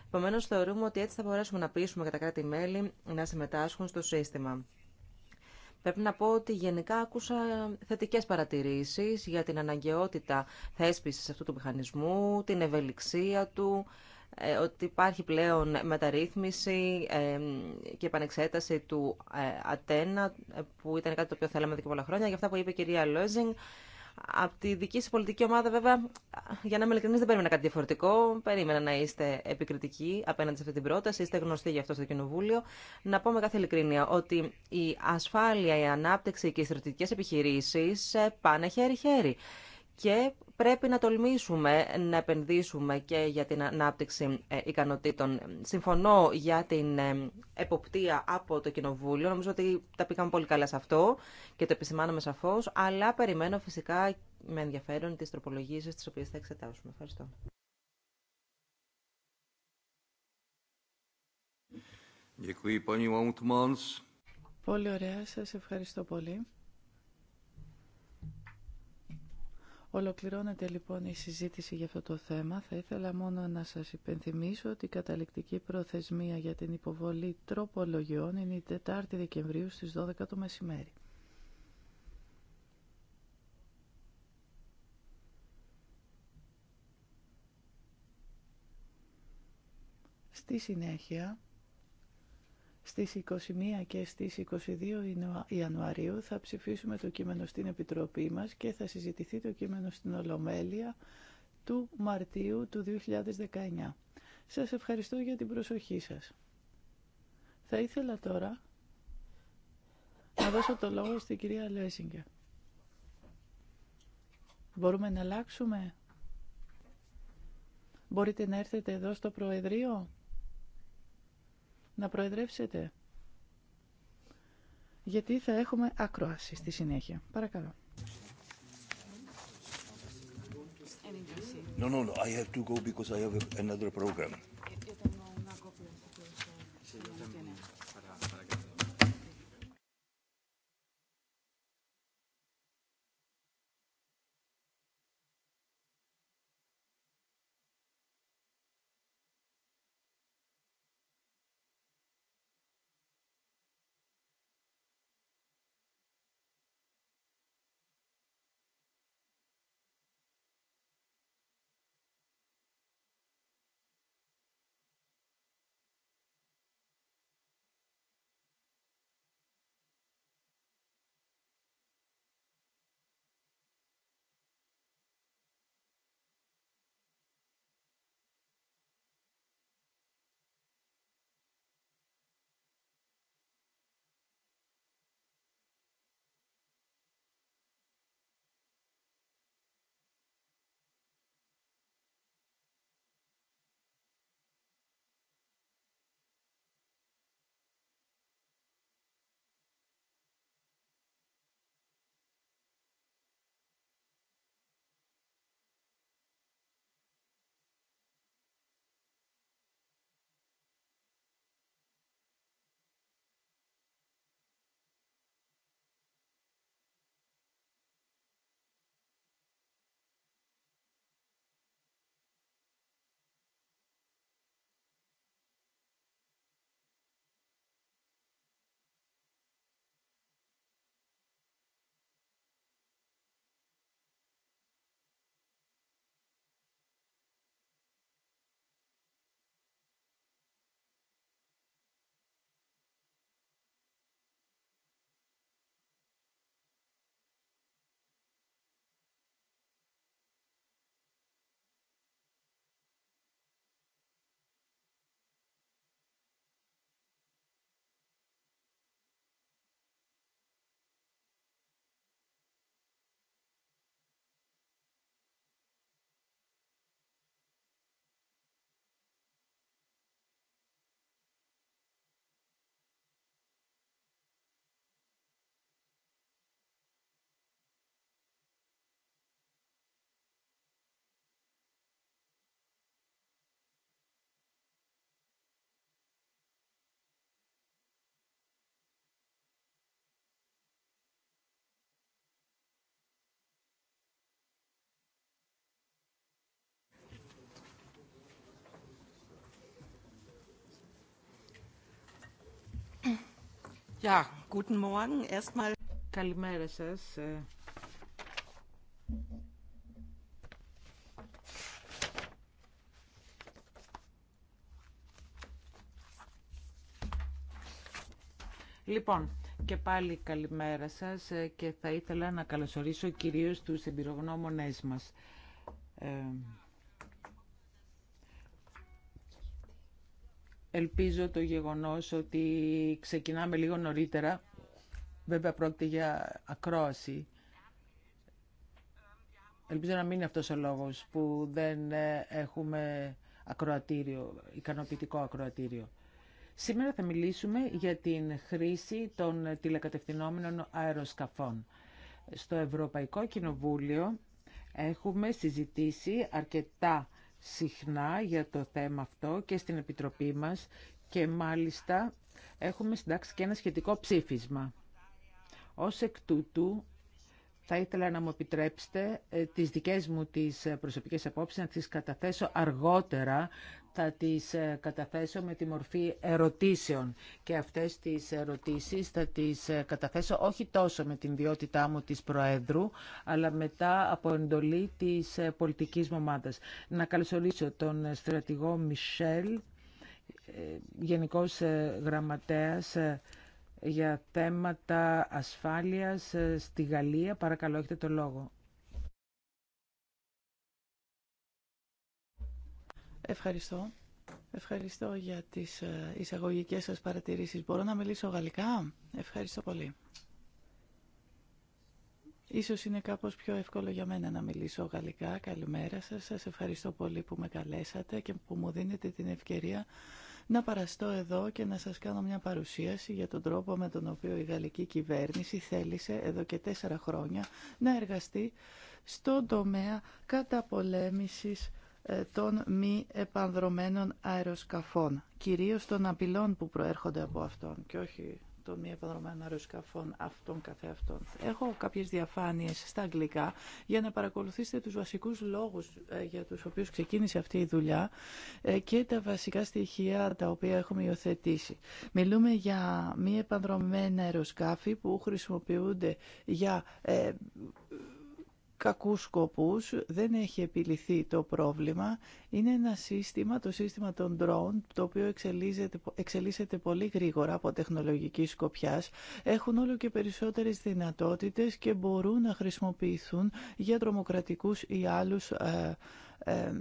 Speaker 2: Επομένω, θεωρούμε ότι έτσι θα μπορέσουμε να πείσουμε και τα κράτη-μέλη να συμμετάσχουν στο σύστημα. Πρέπει να πω ότι γενικά άκουσα θετικές παρατηρήσεις για την αναγκαιότητα θέσπισης αυτού του μηχανισμού, την ευελιξία του, ε, ότι υπάρχει πλέον μεταρρύθμιση ε, και επανεξέταση του ε, Ατένα, που ήταν κάτι το οποίο θέλαμε εδώ και πολλά χρόνια. Για αυτά που είπε η κυρία Λόζινγκ, από τη δική σου πολιτική ομάδα, βέβαια, για να είμαι ειλικρινή, δεν περίμενα κάτι διαφορετικό. Περίμενα να είστε επικριτικοί απέναντι σε αυτή την πρόταση, είστε γνωστοί γι' αυτό στο Κοινοβούλιο. Να πω με κάθε ειλικρίνεια ότι η ασφάλεια, η ανάπτυξη και οι στρατιωτικέ επιχειρήσει πάνε χέρι-χέρι και πρέπει να τολμήσουμε να επενδύσουμε και για την ανάπτυξη ε, ικανοτήτων. Συμφωνώ για την ε, εποπτεία από το Κοινοβούλιο. Νομίζω ότι τα πήγαμε πολύ καλά σε αυτό και το επισημάνομαι σαφώ, αλλά περιμένω φυσικά με ενδιαφέρον τις τροπολογίες τις οποίες θα εξετάσουμε. Ευχαριστώ.
Speaker 3: Πολύ ωραία, σας ευχαριστώ πολύ. Ολοκληρώνεται λοιπόν η συζήτηση για αυτό το θέμα. Θα ήθελα μόνο να σας υπενθυμίσω ότι η καταληκτική προθεσμία για την υποβολή τροπολογιών είναι η 4η Δεκεμβρίου στις 12 το μεσημέρι. Στη συνέχεια στις 21 και στις 22 Ιανουαρίου θα ψηφίσουμε το κείμενο στην Επιτροπή μας και θα συζητηθεί το κείμενο στην Ολομέλεια του Μαρτίου του 2019. Σας ευχαριστώ για την προσοχή σας. Θα ήθελα τώρα να δώσω το λόγο στην κυρία Λέσιγκερ. Μπορούμε να αλλάξουμε. Μπορείτε να έρθετε εδώ στο Προεδρείο να προεδρεύσετε. Γιατί θα έχουμε ακρόαση στη συνέχεια. Παρακαλώ. No,
Speaker 2: no, no. I have to go because I have another program.
Speaker 1: Ja, Καλημέρα σας. Λοιπόν, και πάλι καλημέρα σας και θα ήθελα να καλωσορίσω κυρίως τους εμπειρογνώμονές μας. Ε, ελπίζω το γεγονός ότι ξεκινάμε λίγο νωρίτερα, βέβαια πρόκειται για ακρόαση, ελπίζω να μην είναι αυτός ο λόγος που δεν ε, έχουμε ακροατήριο, ικανοποιητικό ακροατήριο. Σήμερα θα μιλήσουμε για την χρήση των τηλεκατευθυνόμενων αεροσκαφών. Στο Ευρωπαϊκό Κοινοβούλιο έχουμε συζητήσει αρκετά συχνά για το θέμα αυτό και στην Επιτροπή μας και μάλιστα έχουμε συντάξει και ένα σχετικό ψήφισμα. Ως εκ τούτου, θα ήθελα να μου επιτρέψετε ε, τις δικές μου τις προσωπικές απόψεις να τις καταθέσω αργότερα θα τις ε, καταθέσω με τη μορφή ερωτήσεων και αυτές τις ερωτήσεις θα τις ε, καταθέσω όχι τόσο με την ιδιότητά μου της Προέδρου αλλά μετά από εντολή της ε, πολιτικής μου ομάδας. Να καλωσορίσω τον στρατηγό Μισελ, γενικός γραμματέας για θέματα ασφάλειας στη
Speaker 3: Γαλλία. Παρακαλώ, έχετε το λόγο. Ευχαριστώ. Ευχαριστώ για τις ε, εισαγωγικές σας παρατηρήσεις. Μπορώ να μιλήσω γαλλικά. Ευχαριστώ πολύ. Ίσως είναι κάπως πιο εύκολο για μένα να μιλήσω γαλλικά. Καλημέρα σας. Σας ευχαριστώ πολύ που με καλέσατε και που μου δίνετε την ευκαιρία να παραστώ εδώ και να σας κάνω μια παρουσίαση για τον τρόπο με τον οποίο η γαλλική κυβέρνηση θέλησε εδώ και τέσσερα χρόνια να εργαστεί στον τομέα καταπολέμησης ε, των μη επανδρομένων αεροσκαφών, κυρίως των απειλών που προέρχονται από αυτόν και όχι των μη επανδρομένων αεροσκαφών αυτών καθεαυτών. Έχω κάποιες διαφάνειες στα αγγλικά για να παρακολουθήσετε τους βασικούς λόγους ε, για τους οποίους ξεκίνησε αυτή η δουλειά ε, και τα βασικά στοιχεία τα οποία έχουμε υιοθετήσει. Μιλούμε για μη επανδρομένα αεροσκάφη που χρησιμοποιούνται για κακούς σκοπούς, δεν έχει επιληθεί το πρόβλημα. Είναι ένα σύστημα, το σύστημα των drone, το οποίο εξελίσσεται, πολύ γρήγορα από τεχνολογική σκοπιά. Έχουν όλο και περισσότερες δυνατότητες και μπορούν να χρησιμοποιηθούν για τρομοκρατικούς ή άλλους ε, ε,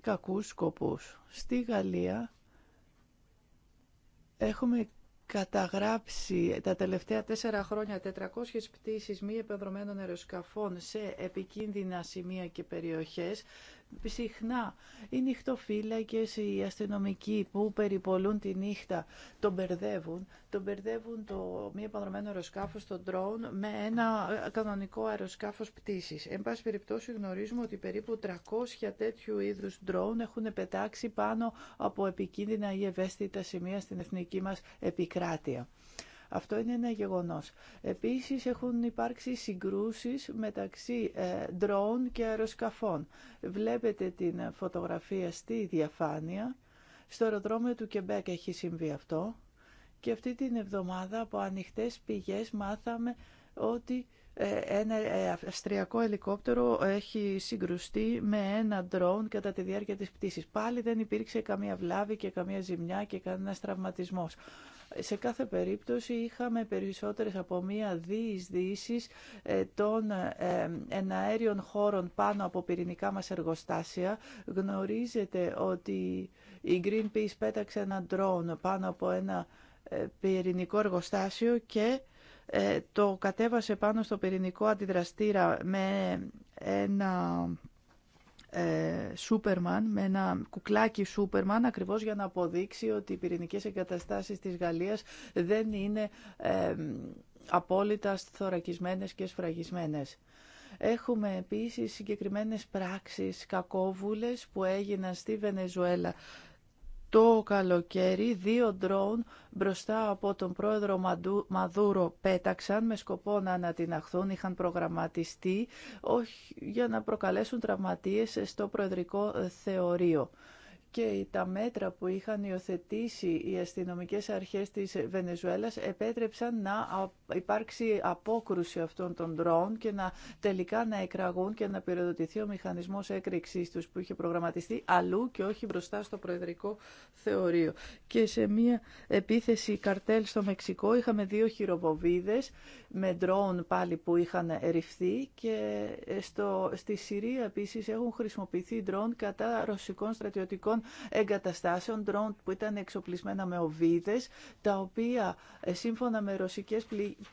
Speaker 3: κακούς σκοπούς. Στη Γαλλία έχουμε καταγράψει τα τελευταία τέσσερα χρόνια 400 πτήσεις μη επεδρομένων αεροσκαφών σε επικίνδυνα σημεία και περιοχές συχνά οι νυχτοφύλακες, οι αστυνομικοί που περιπολούν τη νύχτα τον μπερδεύουν. Τον μπερδεύουν το μη επανδρομένο αεροσκάφο, το drone, με ένα ε, κανονικό αεροσκάφο πτήσης. Εν πάση περιπτώσει γνωρίζουμε ότι περίπου 300 τέτοιου είδους drone έχουν πετάξει πάνω από επικίνδυνα ή ευαίσθητα σημεία στην εθνική μας επικράτεια. Αυτό είναι ένα γεγονός. Επίσης έχουν υπάρξει συγκρούσεις μεταξύ ε, ντρόουν και αεροσκαφών. Βλέπετε την φωτογραφία στη διαφάνεια. Στο αεροδρόμιο του Κεμπέκ έχει συμβεί αυτό. Και αυτή την εβδομάδα από ανοιχτές πηγές μάθαμε ότι ε, ένα ε, αυστριακό ελικόπτερο έχει συγκρουστεί με ένα ντρόουν κατά τη διάρκεια της πτήσης. Πάλι δεν υπήρξε καμία βλάβη και καμία ζημιά και κανένας τραυματισμός. Σε κάθε περίπτωση είχαμε περισσότερες από μία ε, των ε, εναέριων χώρων πάνω από πυρηνικά μας εργοστάσια. Γνωρίζετε ότι η Greenpeace πέταξε ένα ντρόν πάνω από ένα ε, πυρηνικό εργοστάσιο και ε, το κατέβασε πάνω στο πυρηνικό αντιδραστήρα με ένα ε, Σούπερμαν, με ένα κουκλάκι Σούπερμαν, ακριβώς για να αποδείξει ότι οι πυρηνικές εγκαταστάσεις της Γαλλίας δεν είναι ε, απόλυτα θωρακισμένες και σφραγισμένες. Έχουμε επίσης συγκεκριμένες πράξεις κακόβουλες που έγιναν στη Βενεζουέλα το καλοκαίρι δύο ντρόουν μπροστά από τον πρόεδρο Μαδούρο πέταξαν με σκοπό να ανατιναχθούν, είχαν προγραμματιστεί όχι, για να προκαλέσουν τραυματίες στο προεδρικό θεωρείο και τα μέτρα που είχαν υιοθετήσει οι αστυνομικές αρχές της Βενεζουέλας επέτρεψαν να υπάρξει απόκρουση αυτών των ντρόουν και να τελικά να εκραγούν και να πυροδοτηθεί ο μηχανισμός έκρηξής τους που είχε προγραμματιστεί αλλού και όχι μπροστά στο προεδρικό θεωρείο. Και σε μια επίθεση καρτέλ στο Μεξικό είχαμε δύο χειροβοβίδες με ντρόουν πάλι που είχαν ρηφθεί και ε, στο, στη Συρία επίσης έχουν χρησιμοποιηθεί ντρόουν κατά ρωσικών στρατιωτικών εγκαταστάσεων drone που ήταν εξοπλισμένα με οβίδες, τα οποία ε, σύμφωνα με ρωσικές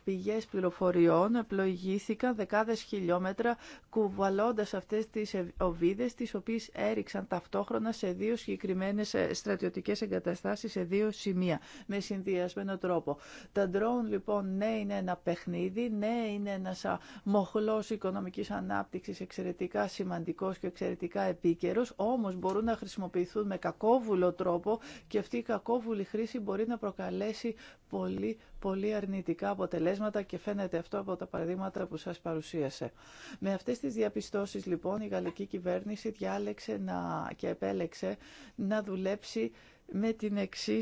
Speaker 3: πηγές πληροφοριών πλοηγήθηκαν δεκάδες χιλιόμετρα κουβαλώντας αυτές τις οβίδες, τις οποίες έριξαν ταυτόχρονα σε δύο συγκεκριμένες ε, στρατιωτικές εγκαταστάσεις, σε δύο σημεία, με συνδυασμένο τρόπο. Τα ντρόν λοιπόν ναι είναι ένα παιχνίδι, ναι είναι ένας μοχλός οικονομικής ανάπτυξης εξαιρετικά σημαντικός και εξαιρετικά επίκαιρος, όμως μπορούν να χρησιμοποιηθούν με κακόβουλο τρόπο και αυτή η κακόβουλη χρήση μπορεί να προκαλέσει πολύ, πολύ αρνητικά αποτελέσματα και φαίνεται αυτό από τα παραδείγματα που σας παρουσίασε. Με αυτές τις διαπιστώσεις λοιπόν η γαλλική κυβέρνηση διάλεξε να, και επέλεξε να δουλέψει με την εξή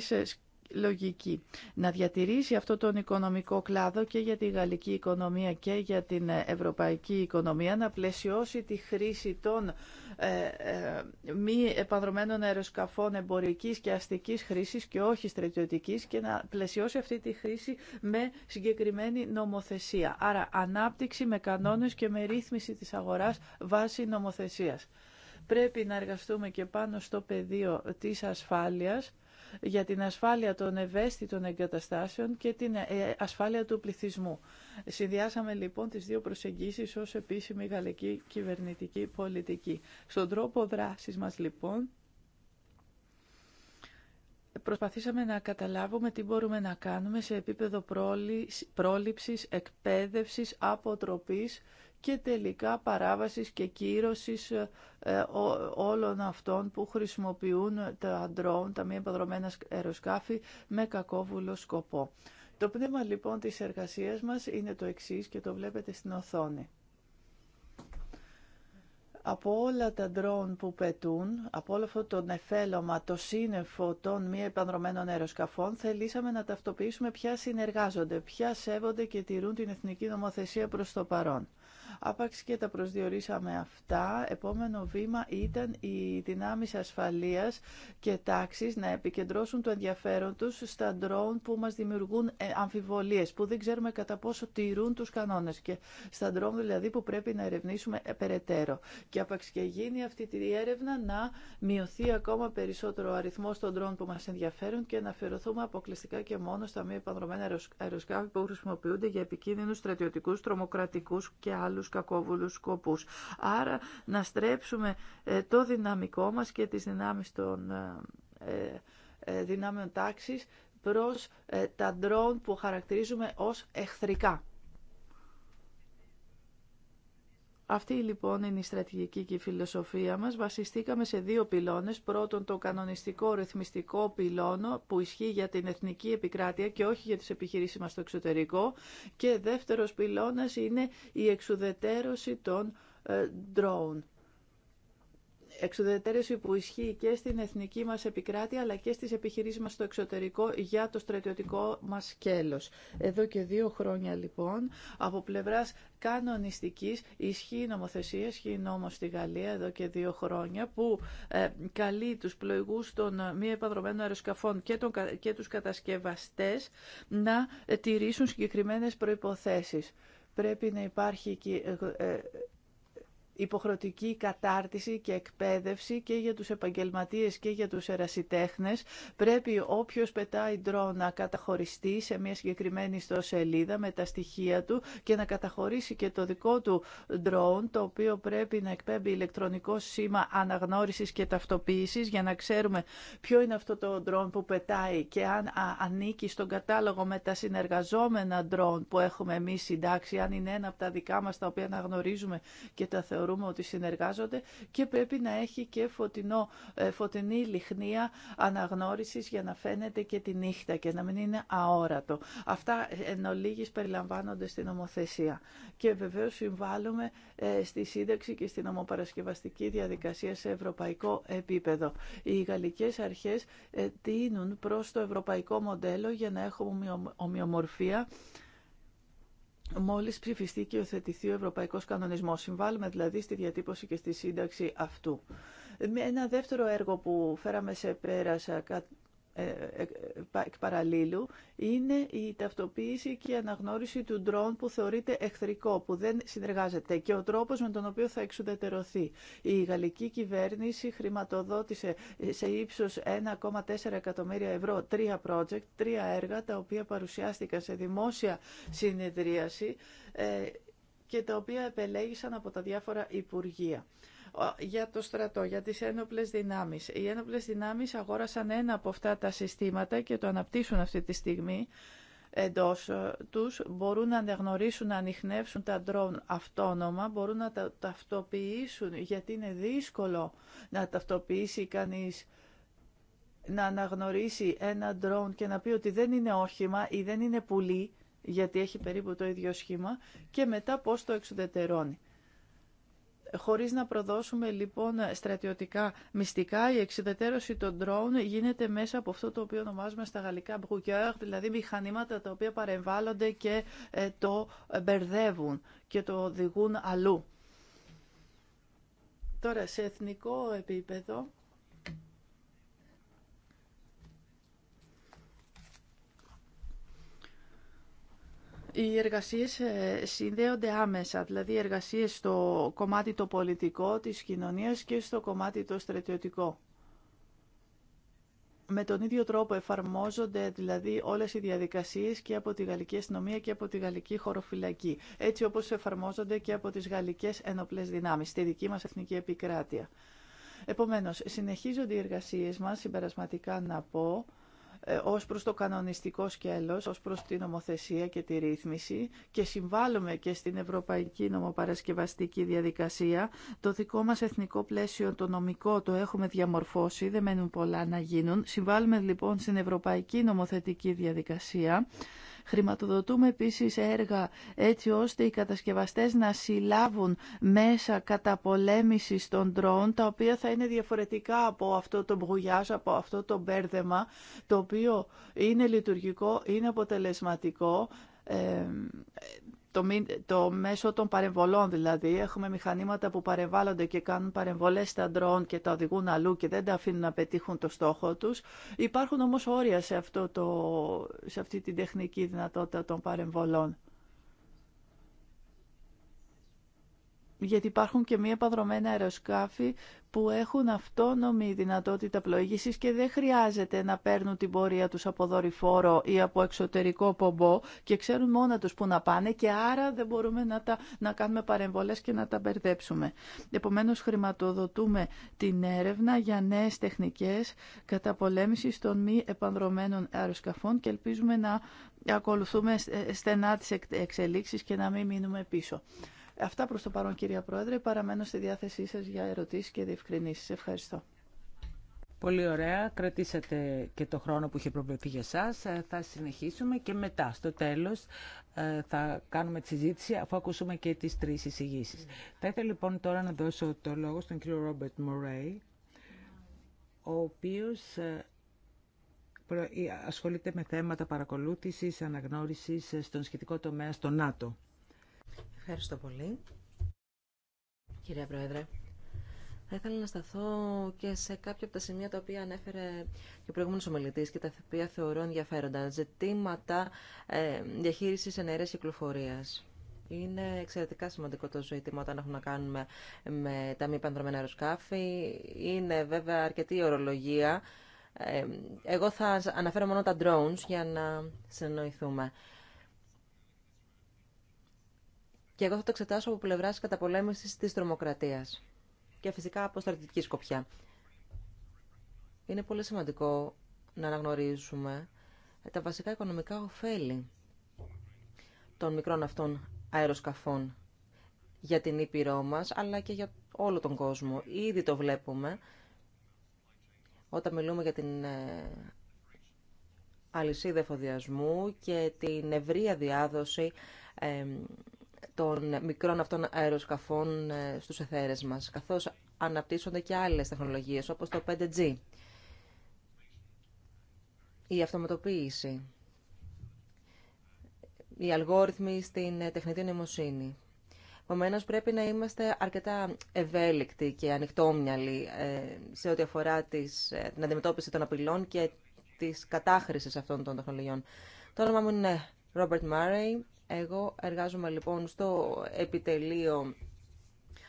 Speaker 3: λογική. Να διατηρήσει αυτό τον οικονομικό κλάδο και για τη γαλλική οικονομία και για την ευρωπαϊκή οικονομία, να πλαισιώσει τη χρήση των ε, ε, μη επανδρομένων αεροσκαφών εμπορικής και αστικής χρήσης και όχι στρατιωτικής και να πλαισιώσει αυτή τη χρήση με συγκεκριμένη νομοθεσία. Άρα ανάπτυξη με κανόνες και με ρύθμιση της αγοράς βάσει νομοθεσίας. Πρέπει να εργαστούμε και πάνω στο πεδίο της ασφάλειας για την ασφάλεια των ευαίσθητων εγκαταστάσεων και την ε, ασφάλεια του πληθυσμού. Συνδυάσαμε λοιπόν τις δύο προσεγγίσεις ως επίσημη γαλλική κυβερνητική πολιτική. Στον τρόπο δράσης μας λοιπόν προσπαθήσαμε να καταλάβουμε τι μπορούμε να κάνουμε σε επίπεδο πρόληψης, εκπαίδευσης, αποτροπής και τελικά παράβασης και κύρωσης ε, ε, όλων αυτών που χρησιμοποιούν τα ντρόουν, τα μη επαδρομένα αεροσκάφη, με κακόβουλο σκοπό. Το πνεύμα λοιπόν της εργασίας μας είναι το εξής και το βλέπετε στην οθόνη. Από όλα τα ντρόν που πετούν, από όλο αυτό το νεφέλωμα, το σύννεφο των μη επανδρομένων αεροσκαφών, θελήσαμε να ταυτοποιήσουμε ποια συνεργάζονται, ποια σέβονται και τηρούν την εθνική νομοθεσία προς το παρόν. Άπαξ και τα προσδιορίσαμε αυτά. Επόμενο βήμα ήταν οι δυνάμεις ασφαλείας και τάξης να επικεντρώσουν το ενδιαφέρον τους στα ντρόουν που μας δημιουργούν ε, αμφιβολίες, που δεν ξέρουμε κατά πόσο τηρούν τους κανόνες και στα ντρόουν δηλαδή που πρέπει να ερευνήσουμε ε, περαιτέρω. Και άπαξ και γίνει αυτή τη έρευνα να μειωθεί ακόμα περισσότερο ο αριθμός των ντρόουν που μας ενδιαφέρουν και να αφιερωθούμε αποκλειστικά και μόνο στα μη επανδρομένα αεροσκάφη που χρησιμοποιούνται για επικίνδυνους στρατιωτικούς, τρομοκρατικούς και άλλους τους κακόβουλους σκοπούς. Άρα να στρέψουμε ε, το δυναμικό μας και τις δυνάμεις των ε, ε, δυνάμεων τάξης προς τα ντρόν που χαρακτηρίζουμε ως εχθρικά. Αυτή λοιπόν είναι η στρατηγική και η φιλοσοφία μας. Βασιστήκαμε σε δύο πυλώνες. Πρώτον το κανονιστικό ρυθμιστικό πυλώνο που ισχύει για την εθνική επικράτεια και όχι για τις επιχειρήσεις μας στο εξωτερικό. Και δεύτερος πυλώνας είναι η εξουδετέρωση των ε, drone εξουδετερήσει που ισχύει και στην εθνική μας επικράτεια αλλά και στις επιχειρήσεις μας στο εξωτερικό για το στρατιωτικό μας σκέλος. Εδώ και δύο χρόνια λοιπόν από πλευράς κανονιστικής ισχύει η νομοθεσία, ισχύει η νόμος στη Γαλλία εδώ και δύο χρόνια που ε, καλεί τους πλοηγούς των μη επαδρομένων αεροσκαφών και, τον, και τους κατασκευαστές να ε, τηρήσουν συγκεκριμένες προϋποθέσεις. Πρέπει να υπάρχει ε, ε, υποχρεωτική κατάρτιση και εκπαίδευση και για τους επαγγελματίες και για τους ερασιτέχνες. Πρέπει όποιος πετάει ντρό να καταχωριστεί σε μια συγκεκριμένη ιστοσελίδα με τα στοιχεία του και να καταχωρήσει και το δικό του ντρόν το οποίο πρέπει να εκπέμπει ηλεκτρονικό σήμα αναγνώρισης και ταυτοποίησης για να ξέρουμε ποιο είναι αυτό το ντρόν που πετάει και αν ανήκει στον κατάλογο με τα συνεργαζόμενα ντρόν που έχουμε εμείς συντάξει, αν είναι ένα από τα δικά μας τα οποία αναγνωρίζουμε και τα θεωρούμε θεωρούμε ότι συνεργάζονται και πρέπει να έχει και φωτεινό, ε, φωτεινή λιχνία αναγνώρισης για να φαίνεται και τη νύχτα και να μην είναι αόρατο. Αυτά ε, εν ολίγης περιλαμβάνονται στην ομοθέσια Και βεβαίως συμβάλλουμε ε, στη σύνταξη και στην ομοπαρασκευαστική διαδικασία σε ευρωπαϊκό επίπεδο. Οι γαλλικές αρχές τίνουν προς το ευρωπαϊκό μοντέλο για να έχουμε ομοιομορφία μόλις ψηφιστεί και υιοθετηθεί ο Ευρωπαϊκός Κανονισμός. Συμβάλλουμε δηλαδή στη διατύπωση και στη σύνταξη αυτού. Ένα δεύτερο έργο που φέραμε σε πέρασα ε, ε, εκ παραλίλου είναι η ταυτοποίηση και η αναγνώριση του ντρόν που θεωρείται εχθρικό, που δεν συνεργάζεται και ο τρόπος με τον οποίο θα εξουδετερωθεί. Η γαλλική κυβέρνηση χρηματοδότησε σε ύψος 1,4 εκατομμύρια ευρώ τρία project, τρία έργα τα οποία παρουσιάστηκαν σε δημόσια συνεδρίαση ε, και τα οποία επελέγησαν από τα διάφορα υπουργεία για το στρατό, για τις ένοπλες δυνάμεις. Οι ένοπλες δυνάμεις αγόρασαν ένα από αυτά τα συστήματα και το αναπτύσσουν αυτή τη στιγμή εντός ε, τους. Μπορούν να αναγνωρίσουν, να ανοιχνεύσουν τα ντρόν αυτόνομα, μπορούν να τα ταυτοποιήσουν, γιατί είναι δύσκολο να ταυτοποιήσει κανείς να αναγνωρίσει ένα ντρόν και να πει ότι δεν είναι όχημα ή δεν είναι πουλί, γιατί έχει περίπου το ίδιο σχήμα, και μετά πώς το εξουδετερώνει. Χωρίς να προδώσουμε λοιπόν στρατιωτικά μυστικά, η εξυδετέρωση των drone γίνεται μέσα από αυτό το οποίο ονομάζουμε στα γαλλικά brouqueur, δηλαδή μηχανήματα τα οποία παρεμβάλλονται και ε, το μπερδεύουν και το οδηγούν αλλού. Τώρα, σε εθνικό επίπεδο, οι εργασίες ε, συνδέονται άμεσα, δηλαδή οι εργασίες στο κομμάτι το πολιτικό της κοινωνίας και στο κομμάτι το στρατιωτικό. Με τον ίδιο τρόπο εφαρμόζονται δηλαδή όλες οι διαδικασίες και από τη Γαλλική Αστυνομία και από τη Γαλλική Χωροφυλακή, έτσι όπως εφαρμόζονται και από τις Γαλλικές Ενοπλές Δυνάμεις, στη δική μας εθνική επικράτεια. Επομένως, συνεχίζονται οι εργασίες μας, συμπερασματικά να πω, ε, ως προς το κανονιστικό σκέλος, ως προς την νομοθεσία και τη ρύθμιση και συμβάλλουμε και στην Ευρωπαϊκή Νομοπαρασκευαστική Διαδικασία. Το δικό μας εθνικό πλαίσιο, το νομικό, το έχουμε διαμορφώσει, δεν μένουν πολλά να γίνουν. Συμβάλλουμε λοιπόν στην Ευρωπαϊκή Νομοθετική Διαδικασία Χρηματοδοτούμε επίσης έργα έτσι ώστε οι κατασκευαστές να συλλάβουν μέσα καταπολέμησης των ντρόν, τα οποία θα είναι διαφορετικά από αυτό το μπουγιάζ, από αυτό το μπέρδεμα, το οποίο είναι λειτουργικό, είναι αποτελεσματικό, ε, το, το μέσο των παρεμβολών δηλαδή. Έχουμε μηχανήματα που παρεμβάλλονται και κάνουν παρεμβολέ στα ντρόν και τα οδηγούν αλλού και δεν τα αφήνουν να πετύχουν το στόχο του. Υπάρχουν όμως όρια σε, αυτό το, σε αυτή την τεχνική δυνατότητα των παρεμβολών. γιατί υπάρχουν και μία παδρομένα αεροσκάφη που έχουν αυτόνομη δυνατότητα πλοήγησης και δεν χρειάζεται να παίρνουν την πορεία τους από δορυφόρο ή από εξωτερικό πομπό και ξέρουν μόνα τους που να πάνε και άρα δεν μπορούμε να, τα, να κάνουμε παρεμβολές και να τα μπερδέψουμε. Επομένως χρηματοδοτούμε την έρευνα για νέες τεχνικές καταπολέμησης των μη επανδρομένων αεροσκαφών και ελπίζουμε να ακολουθούμε στενά τις εξελίξεις και να μην μείνουμε πίσω. Αυτά προς το παρόν κυρία Πρόεδρε, παραμένω στη διάθεσή σας για ερωτήσεις και διευκρινήσεις. Ευχαριστώ.
Speaker 1: Πολύ ωραία. Κρατήσατε και το χρόνο που είχε προβληθεί για σας. Ε, θα συνεχίσουμε και μετά, στο τέλος, ε, θα κάνουμε τη συζήτηση αφού ακούσουμε και τις τρεις εισηγήσεις. Θα ήθελα λοιπόν τώρα να δώσω το λόγο στον κύριο Ρόμπερτ Μορέι, ο οποίος ε, ασχολείται με θέματα παρακολούθησης, αναγνώρισης στον σχετικό τομέα στο ΝΑΤΟ.
Speaker 2: Ευχαριστώ πολύ. Κυρία Πρόεδρε, θα ήθελα να σταθώ και σε κάποια από τα σημεία τα οποία ανέφερε και ο προηγούμενο ομιλητή και τα οποία θεωρώ ενδιαφέροντα. Ζητήματα ε, διαχείριση ενέργεια κυκλοφορία. Είναι εξαιρετικά σημαντικό το ζήτημα όταν έχουμε να κάνουμε με τα μη πανδρομένα αεροσκάφη. Είναι βέβαια αρκετή η ορολογία. Ε, εγώ θα αναφέρω μόνο τα drones για να συνοηθούμε. Και εγώ θα το εξετάσω από πλευρά τη καταπολέμηση τη τρομοκρατία. Και φυσικά από στρατιωτική σκοπιά. Είναι πολύ σημαντικό να αναγνωρίσουμε τα βασικά οικονομικά ωφέλη των μικρών αυτών αεροσκαφών για την Ήπειρό μας, αλλά και για όλο τον κόσμο. Ήδη το βλέπουμε όταν μιλούμε για την ε, αλυσίδα εφοδιασμού και την ευρεία διάδοση ε, των μικρών αυτών αεροσκαφών ε, στους εθέρες μας, καθώς αναπτύσσονται και άλλες τεχνολογίες, όπως το 5G, η αυτοματοποίηση, οι αλγόριθμοι στην ε, τεχνητή νοημοσύνη. Επομένω, πρέπει να είμαστε αρκετά ευέλικτοι και ανοιχτόμυαλοι ε, σε ό,τι αφορά τις, την αντιμετώπιση των απειλών και της κατάχρηση αυτών των τεχνολογιών. Το όνομα μου είναι Robert Murray. Εγώ εργάζομαι λοιπόν στο επιτελείο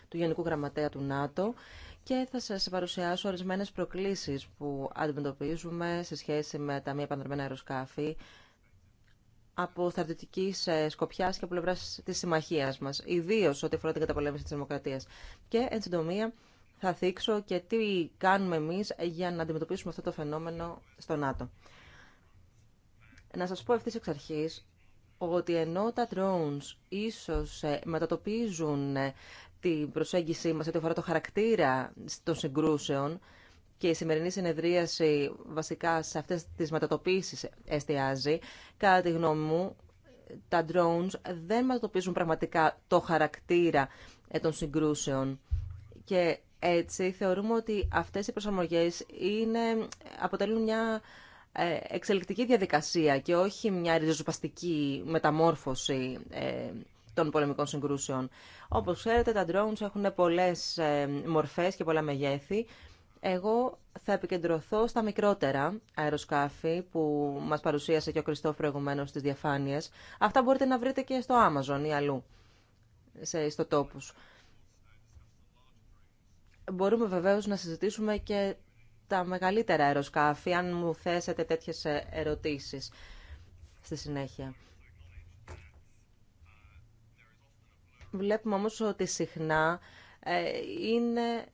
Speaker 2: του Γενικού Γραμματέα του ΝΑΤΟ και θα σας παρουσιάσω ορισμένες προκλήσεις που αντιμετωπίζουμε σε σχέση με τα μη επανδρομένα αεροσκάφη από στρατιωτική ε, σκοπιά και από πλευρά τη συμμαχία μα, ιδίω ό,τι αφορά την καταπολέμηση τη δημοκρατία. Και εν συντομία, θα θίξω και τι κάνουμε εμεί για να αντιμετωπίσουμε αυτό το φαινόμενο στο ΝΑΤΟ. Να σα πω ευθύ εξ αρχή ότι ενώ τα drones ίσως ε, μετατοπίζουν ε, την προσέγγιση μας ό,τι αφορά το χαρακτήρα των συγκρούσεων και η σημερινή συνεδρίαση βασικά σε αυτές τις μετατοπίσεις εστιάζει, κατά τη γνώμη μου τα drones δεν μετατοπίζουν πραγματικά το χαρακτήρα ε, των συγκρούσεων και έτσι θεωρούμε ότι αυτές οι προσαρμογές είναι, αποτελούν μια ε, εξελικτική διαδικασία και όχι μια ριζοσπαστική μεταμόρφωση ε, των πολεμικών συγκρούσεων. Όπως ξέρετε, τα drones έχουν πολλές ε, μορφές και πολλά μεγέθη. Εγώ θα επικεντρωθώ στα μικρότερα αεροσκάφη που μας παρουσίασε και ο Κριστόφ προηγουμένω στις διαφάνειες. Αυτά μπορείτε να βρείτε και στο Amazon ή αλλού, σε, στο τόπους. Μπορούμε βεβαίως να συζητήσουμε και τα μεγαλύτερα αεροσκάφη, αν μου θέσετε τέτοιες ερωτήσεις στη συνέχεια. Βλέπουμε όμως ότι συχνά ε, είναι ε,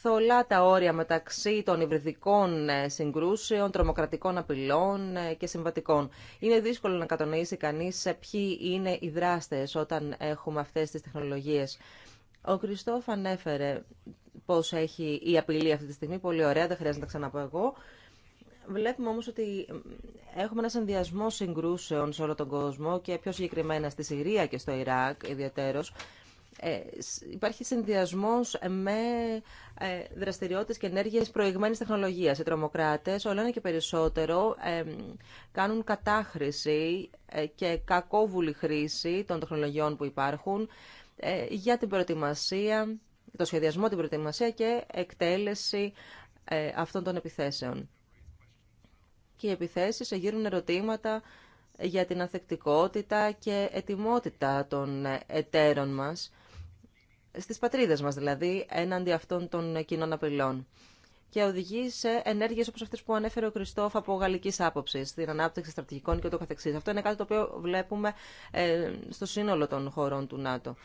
Speaker 2: θολά τα όρια μεταξύ των υβριδικών ε, συγκρούσεων, τρομοκρατικών απειλών και συμβατικών. Είναι δύσκολο να κατανοήσει κανείς ποιοι είναι οι δράστες όταν έχουμε αυτές τις τεχνολογίες. Ο Κριστόφ ανέφερε πώς έχει η απειλή αυτή τη στιγμή, πολύ ωραία, δεν χρειάζεται να τα ξαναπώ εγώ. Βλέπουμε όμως ότι έχουμε ένα συνδυασμό συγκρούσεων σε όλο τον κόσμο και πιο συγκεκριμένα στη Συρία και στο Ιράκ ιδιαίτερος. Ε, υπάρχει συνδυασμός με ε, δραστηριότητες και ενέργειες προηγμένης τεχνολογίας. Οι τρομοκράτες, όλο ένα και περισσότερο, κάνουν κατάχρηση ε, και κακόβουλη χρήση των τεχνολογιών που υπάρχουν ε, για την προετοιμασία, το σχεδιασμό, την προετοιμασία και εκτέλεση ε, αυτών των επιθέσεων. Και οι επιθέσεις εγείρουν ερωτήματα για την ανθεκτικότητα και ετοιμότητα των εταίρων μας, στις πατρίδες μας δηλαδή, έναντι αυτών των κοινών απειλών και οδηγεί σε ενέργειες όπω αυτέ που ανέφερε ο Κριστόφ από γαλλική άποψη, την ανάπτυξη στρατηγικών και ούτω καθεξή. Αυτό είναι κάτι το οποίο βλέπουμε ε, στο σύνολο των χωρών του ΝΑΤΟ.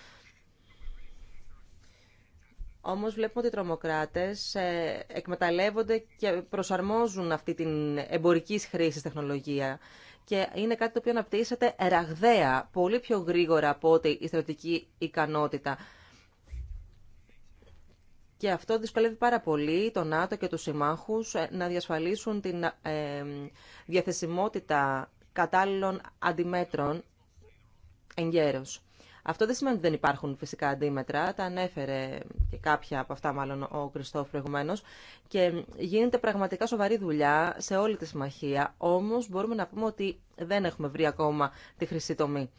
Speaker 2: Όμως βλέπουμε ότι οι τρομοκράτες ε, εκμεταλλεύονται και προσαρμόζουν αυτή την εμπορική χρήση τεχνολογία. Και είναι κάτι το οποίο αναπτύσσεται ραγδαία, πολύ πιο γρήγορα από ό,τι η στρατική ικανότητα. Και αυτό δυσκολεύει πάρα πολύ τον ΝΑΤΟ και τους συμμάχους ε, να διασφαλίσουν την ε, διαθεσιμότητα κατάλληλων αντιμέτρων εγκαίρως. Αυτό δεν σημαίνει ότι δεν υπάρχουν φυσικά αντίμετρα. Τα ανέφερε και κάποια από αυτά, μάλλον ο Κριστόφ προηγουμένω. Και γίνεται πραγματικά σοβαρή δουλειά σε όλη τη συμμαχία. Όμω μπορούμε να πούμε ότι δεν έχουμε βρει ακόμα τη χρυσή τομή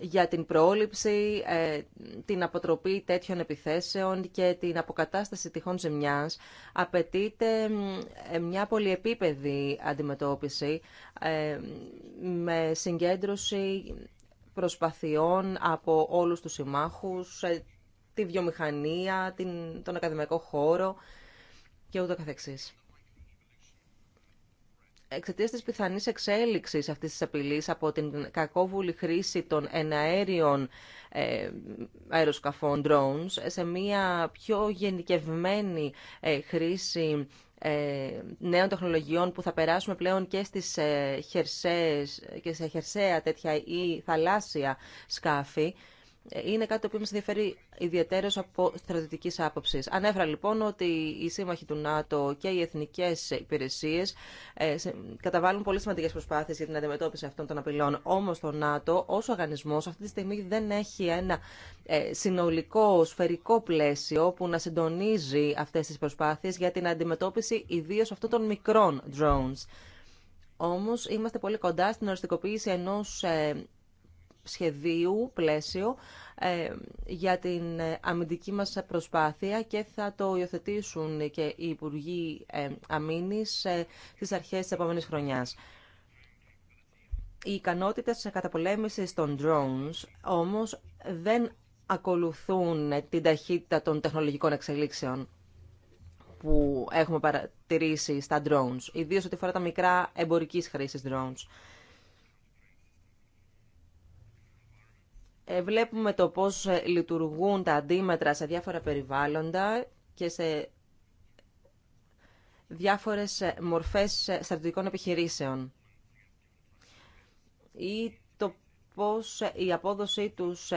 Speaker 2: για την πρόληψη, ε, την αποτροπή τέτοιων επιθέσεων και την αποκατάσταση τυχών ζημιάς απαιτείται μια πολυεπίπεδη αντιμετώπιση ε, με συγκέντρωση προσπαθειών από όλους τους συμμάχους, ε, τη βιομηχανία, την, τον ακαδημαϊκό χώρο και ούτω καθεξής. Εξαιτία τη πιθανής εξέλιξης αυτής της απειλής από την κακόβουλη χρήση των εναέριων ε, αεροσκαφών drones σε μια πιο γενικευμένη ε, χρήση ε, νέων τεχνολογιών που θα περάσουμε πλέον και στις ε, χερσαίες, και σε χερσαία τέτοια ή θαλάσσια σκάφη είναι κάτι το οποίο μας ενδιαφέρει ιδιαίτερως από στρατιωτικής άποψη. Ανέφερα λοιπόν ότι οι σύμμαχοι του ΝΑΤΟ και οι εθνικές υπηρεσίες ε, καταβάλουν πολύ σημαντικέ προσπάθειε για την αντιμετώπιση αυτών των απειλών. όμω το ΝΑΤΟ ω οργανισμό αυτή τη στιγμή δεν έχει ένα ε, συνολικό σφαιρικό πλαίσιο που να συντονίζει αυτέ τι προσπάθειες για την αντιμετώπιση ιδίω αυτών των μικρών drones. Όμω είμαστε πολύ κοντά στην οριστικοποίηση ενός ε, σχεδίου, πλαίσιο ε, για την αμυντική μας προσπάθεια και θα το υιοθετήσουν και οι Υπουργοί ε, Αμήνης ε, στις αρχές της επόμενης χρονιάς. Οι ικανότητες καταπολέμησης των drones όμως δεν ακολουθούν την ταχύτητα των τεχνολογικών εξελίξεων που έχουμε παρατηρήσει στα drones, ιδίως ό,τι φορά τα μικρά εμπορικής χρήσης drones. Ε, βλέπουμε το πώς ε, λειτουργούν τα αντίμετρα σε διάφορα περιβάλλοντα και σε διάφορες ε, μορφές στρατιωτικών επιχειρήσεων ή το πώς η απόδοσή τους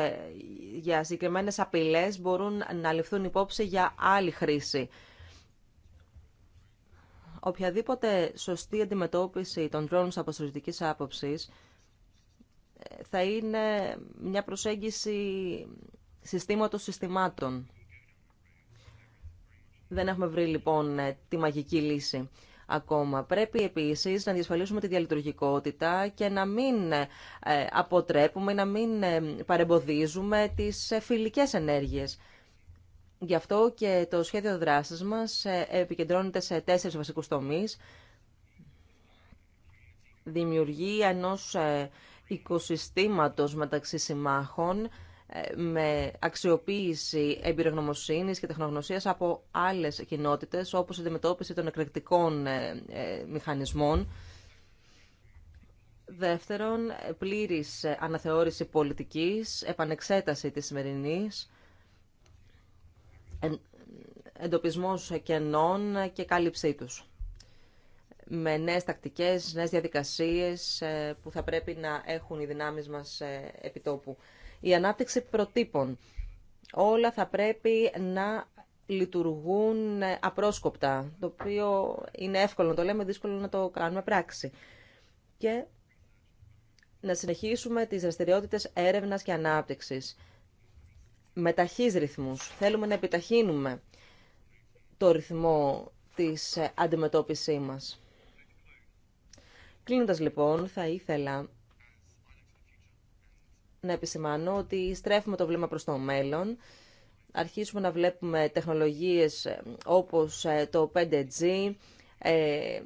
Speaker 2: για συγκεκριμένες απειλές μπορούν να ληφθούν υπόψη για άλλη χρήση. Οποιαδήποτε σωστή αντιμετώπιση των drones από στρατιωτική άποψης θα είναι μια προσέγγιση συστήματος συστημάτων. Δεν έχουμε βρει λοιπόν ε, τη μαγική λύση ακόμα. Πρέπει επίσης να διασφαλίσουμε τη διαλειτουργικότητα και να μην ε, αποτρέπουμε, να μην ε, παρεμποδίζουμε τις φιλικές ενέργειες. Γι' αυτό και το σχέδιο δράσης μας επικεντρώνεται σε τέσσερις βασικούς τομείς. Δημιουργία ενός οικοσυστήματος μεταξύ συμμάχων ε, με αξιοποίηση εμπειρογνωμοσύνης και τεχνογνωσίας από άλλες κοινότητες όπως η αντιμετώπιση των εκλεκτικών ε, ε, μηχανισμών. Δεύτερον, πλήρης αναθεώρηση πολιτικής, επανεξέταση της σημερινής, εντοπισμός κενών και κάλυψή τους με νέες τακτικές, νέες διαδικασίες ε, που θα πρέπει να έχουν οι δυνάμεις μας ε, επιτόπου. Η ανάπτυξη προτύπων. Όλα θα πρέπει να λειτουργούν ε, απρόσκοπτα, το οποίο είναι εύκολο να το λέμε, δύσκολο να το κάνουμε πράξη. Και να συνεχίσουμε τις δραστηριότητες έρευνας και ανάπτυξης με ταχύς ρυθμούς. Θέλουμε να επιταχύνουμε το ρυθμό της αντιμετώπισης μας. Κλείνοντας λοιπόν, θα ήθελα να επισημάνω ότι στρέφουμε το βλέμμα προς το μέλλον. Αρχίσουμε να βλέπουμε τεχνολογίες ε, όπως ε, το 5G, ε,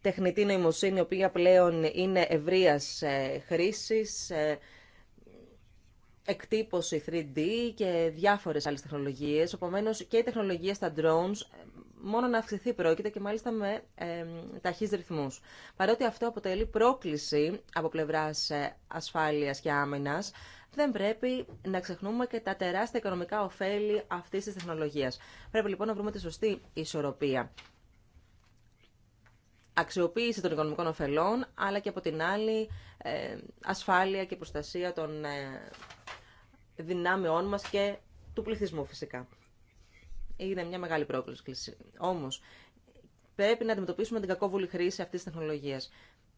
Speaker 2: τεχνητή νοημοσύνη, η οποία πλέον είναι ευρείας χρήσης, εκτύπωση 3D και διάφορες άλλες τεχνολογίες. Επομένω και οι τεχνολογίες στα drones μόνο να αυξηθεί πρόκειται και μάλιστα με ε, ταχύς ρυθμούς. Παρότι αυτό αποτελεί πρόκληση από πλευράς ε, ασφάλειας και άμυνας, δεν πρέπει να ξεχνούμε και τα τεράστια οικονομικά ωφέλη αυτής της τεχνολογίας. Πρέπει λοιπόν να βρούμε τη σωστή ισορροπία. Αξιοποίηση των οικονομικών ωφελών, αλλά και από την άλλη ε, ασφάλεια και προστασία των ε, δυνάμεών μας και του πληθυσμού φυσικά είναι μια μεγάλη πρόκληση. Όμως, πρέπει να αντιμετωπίσουμε την κακόβουλη χρήση αυτή τη τεχνολογία.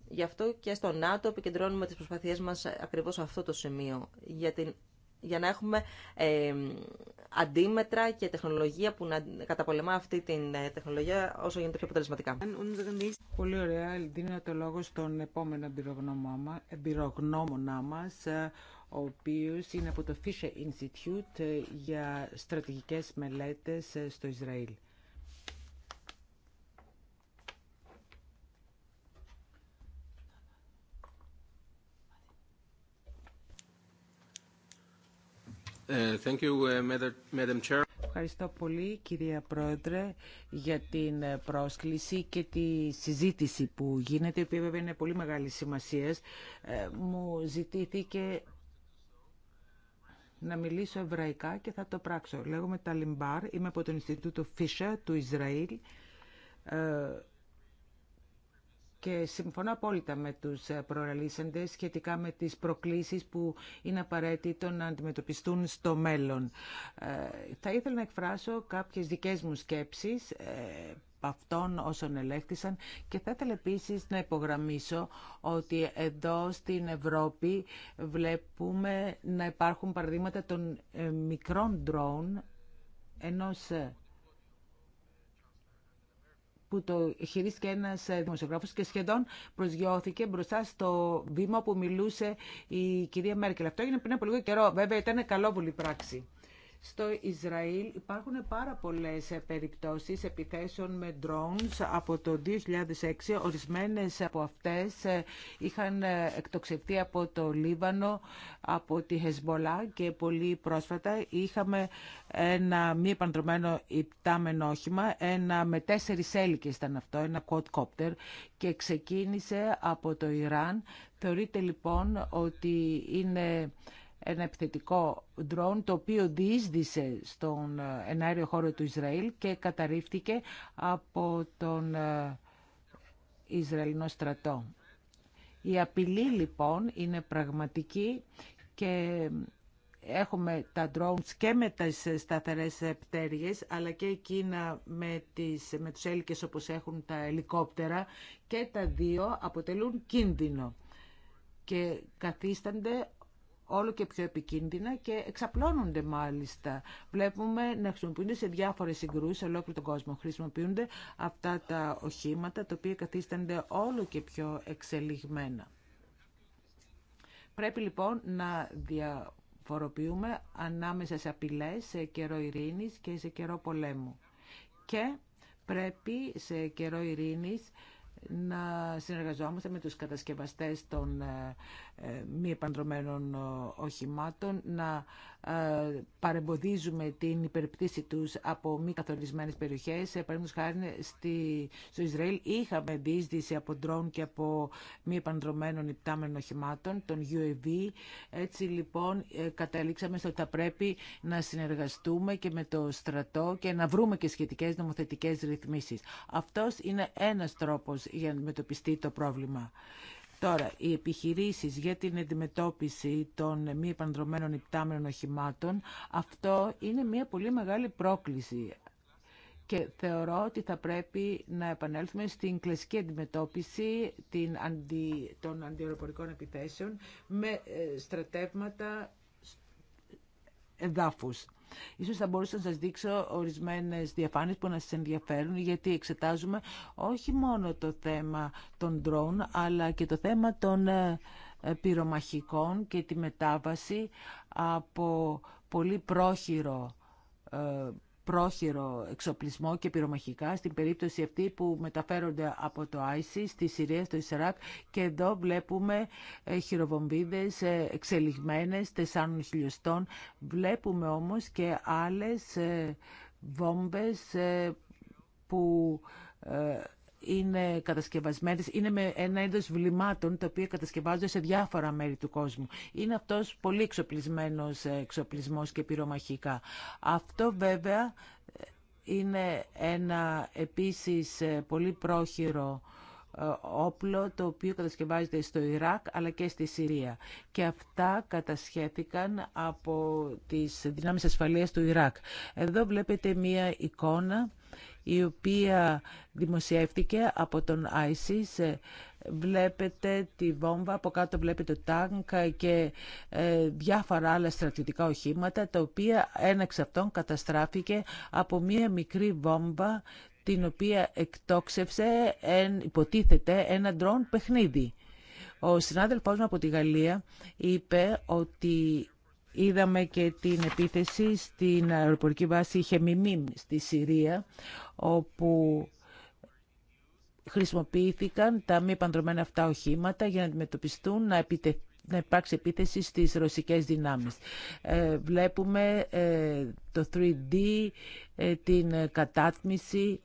Speaker 2: Γι' αυτό και στο ΝΑΤΟ επικεντρώνουμε τις προσπάθειές μας ακριβώς σε αυτό το σημείο, για, την, για να έχουμε αντίμετρα και τεχνολογία που να καταπολεμά αυτή την ε, τεχνολογία όσο γίνεται πιο αποτελεσματικά.
Speaker 1: Πολύ ωραία. Δίνω το λόγο στον επόμενο εμπειρογνώμονά μας, ε, ο οποίος είναι από το Fisher Institute ε, για στρατηγικές μελέτες ε, στο Ισραήλ. Ε, Ευχαριστώ πολύ κυρία Πρόεδρε για την πρόσκληση και τη συζήτηση που γίνεται, η οποία βέβαια είναι πολύ μεγάλη σημασία. Μου ζητήθηκε να μιλήσω εβραϊκά και θα το πράξω. Λέγομαι Ταλιμπάρ, είμαι από το Ινστιτούτο Φίσερ του Ισραήλ ε, και συμφωνώ απόλυτα με τους ε, προαλήσαντες σχετικά με τις προκλήσεις που είναι απαραίτητο να αντιμετωπιστούν στο μέλλον. Ε, θα ήθελα να εκφράσω κάποιες δικές μου σκέψεις, αυτών όσων ελέγχθησαν και θα ήθελα επίση να υπογραμμίσω ότι εδώ στην Ευρώπη βλέπουμε να υπάρχουν παραδείγματα των ε, μικρών ντρόουν ενός ε, που το χειρίστηκε ένας ε, δημοσιογράφος και σχεδόν προσγειώθηκε μπροστά στο βήμα που μιλούσε η κυρία Μέρκελ. Αυτό έγινε πριν από λίγο καιρό. Βέβαια ήταν καλόβουλη πράξη. Στο Ισραήλ υπάρχουν πάρα πολλές ε, περιπτώσεις επιθέσεων με drones από το 2006. Ορισμένες από αυτές ε, είχαν ε, εκτοξευτεί από το Λίβανο, από τη Χεσμολά και πολύ πρόσφατα είχαμε ένα μη επαντρωμένο υπτάμενο όχημα, ένα με τέσσερις έλικες ήταν αυτό, ένα quadcopter και ξεκίνησε από το Ιράν. Θεωρείται λοιπόν ότι είναι ένα επιθετικό ντρόν το οποίο διείσδησε στον ενάριο χώρο του Ισραήλ και καταρρίφθηκε από τον ε, Ισραηλινό στρατό. Η απειλή λοιπόν είναι πραγματική και έχουμε τα drones και με τι σταθερές πτέρυγες, αλλά και εκείνα με, τις, με τους όπως έχουν τα ελικόπτερα και τα δύο αποτελούν κίνδυνο και καθίστανται όλο και πιο επικίνδυνα και εξαπλώνονται μάλιστα. Βλέπουμε να χρησιμοποιούνται σε διάφορε συγκρούσει σε ολόκληρο τον κόσμο. Χρησιμοποιούνται αυτά τα οχήματα τα οποία καθίστανται όλο και πιο εξελιγμένα. Πρέπει λοιπόν να διαφοροποιούμε ανάμεσα σε απειλέ, σε καιρό ειρήνης και σε καιρό πολέμου. Και πρέπει σε καιρό ειρήνης να συνεργαζόμαστε με τους κατασκευαστές των ε, ε, μη επανδρομένων ε, οχημάτων, να παρεμποδίζουμε την υπερπτήση τους από μη καθορισμένες περιοχές. Παραδείγματος χάρη στη, στο Ισραήλ είχαμε διείσδυση από ντρόν και από μη επανδρομένων υπτάμενων οχημάτων, των UAV. Έτσι λοιπόν καταλήξαμε στο ότι θα πρέπει να συνεργαστούμε και με το στρατό και να βρούμε και σχετικές νομοθετικές ρυθμίσεις. Αυτός είναι ένας τρόπος για να αντιμετωπιστεί το πρόβλημα. Τώρα, οι επιχειρήσεις για την αντιμετώπιση των μη επανδρομένων υπτάμενων οχημάτων, αυτό είναι μια πολύ μεγάλη πρόκληση. Και θεωρώ ότι θα πρέπει να επανέλθουμε στην κλασική αντιμετώπιση των αντιεροπορικών επιθέσεων με ε, στρατεύματα εδάφους. Ίσως θα μπορούσα να σας δείξω ορισμένες διαφάνειες που να σας ενδιαφέρουν, γιατί εξετάζουμε όχι μόνο το θέμα των ντρόν αλλά και το θέμα των ε, ε, πυρομαχικών και τη μετάβαση από πολύ πρόχειρο ε, πρόχειρο εξοπλισμό και πυρομαχικά στην περίπτωση αυτή που μεταφέρονται από το ISIS στη Συρία, στο Ισραήλ και εδώ βλέπουμε ε, χειροβομβίδες ε, εξελιγμένες τεσσάρων χιλιοστών. Βλέπουμε όμως και άλλες ε, βόμβες που είναι κατασκευασμένε, είναι με ένα είδο βλημάτων τα οποία κατασκευάζονται σε διάφορα μέρη του κόσμου. Είναι αυτός πολύ εξοπλισμένο ε, εξοπλισμό και πυρομαχικά. Αυτό βέβαια ε, είναι ένα επίσης ε, πολύ πρόχειρο όπλο το οποίο κατασκευάζεται στο Ιράκ αλλά και στη Συρία. Και αυτά κατασχέθηκαν από τις δυνάμεις ασφαλείας του Ιράκ. Εδώ βλέπετε μία εικόνα η οποία δημοσιεύτηκε από τον ISIS. Ε, βλέπετε τη βόμβα, από κάτω βλέπετε το τάγκ και ε, διάφορα άλλα στρατιωτικά οχήματα, τα οποία ένα εξ αυτών καταστράφηκε από μία μικρή βόμβα, την οποία εκτόξευσε, υποτίθεται, ένα ντρόν παιχνίδι. Ο συνάδελφός μου από τη Γαλλία είπε ότι Είδαμε και την επίθεση στην αεροπορική βάση Χεμιμίμ στη Συρία, όπου χρησιμοποιήθηκαν τα μη παντρωμένα αυτά οχήματα για να αντιμετωπιστούν, να να υπάρξει επίθεση στις ρωσικές δυνάμεις. Ε, βλέπουμε ε, το 3D, ε, την κατάτμιση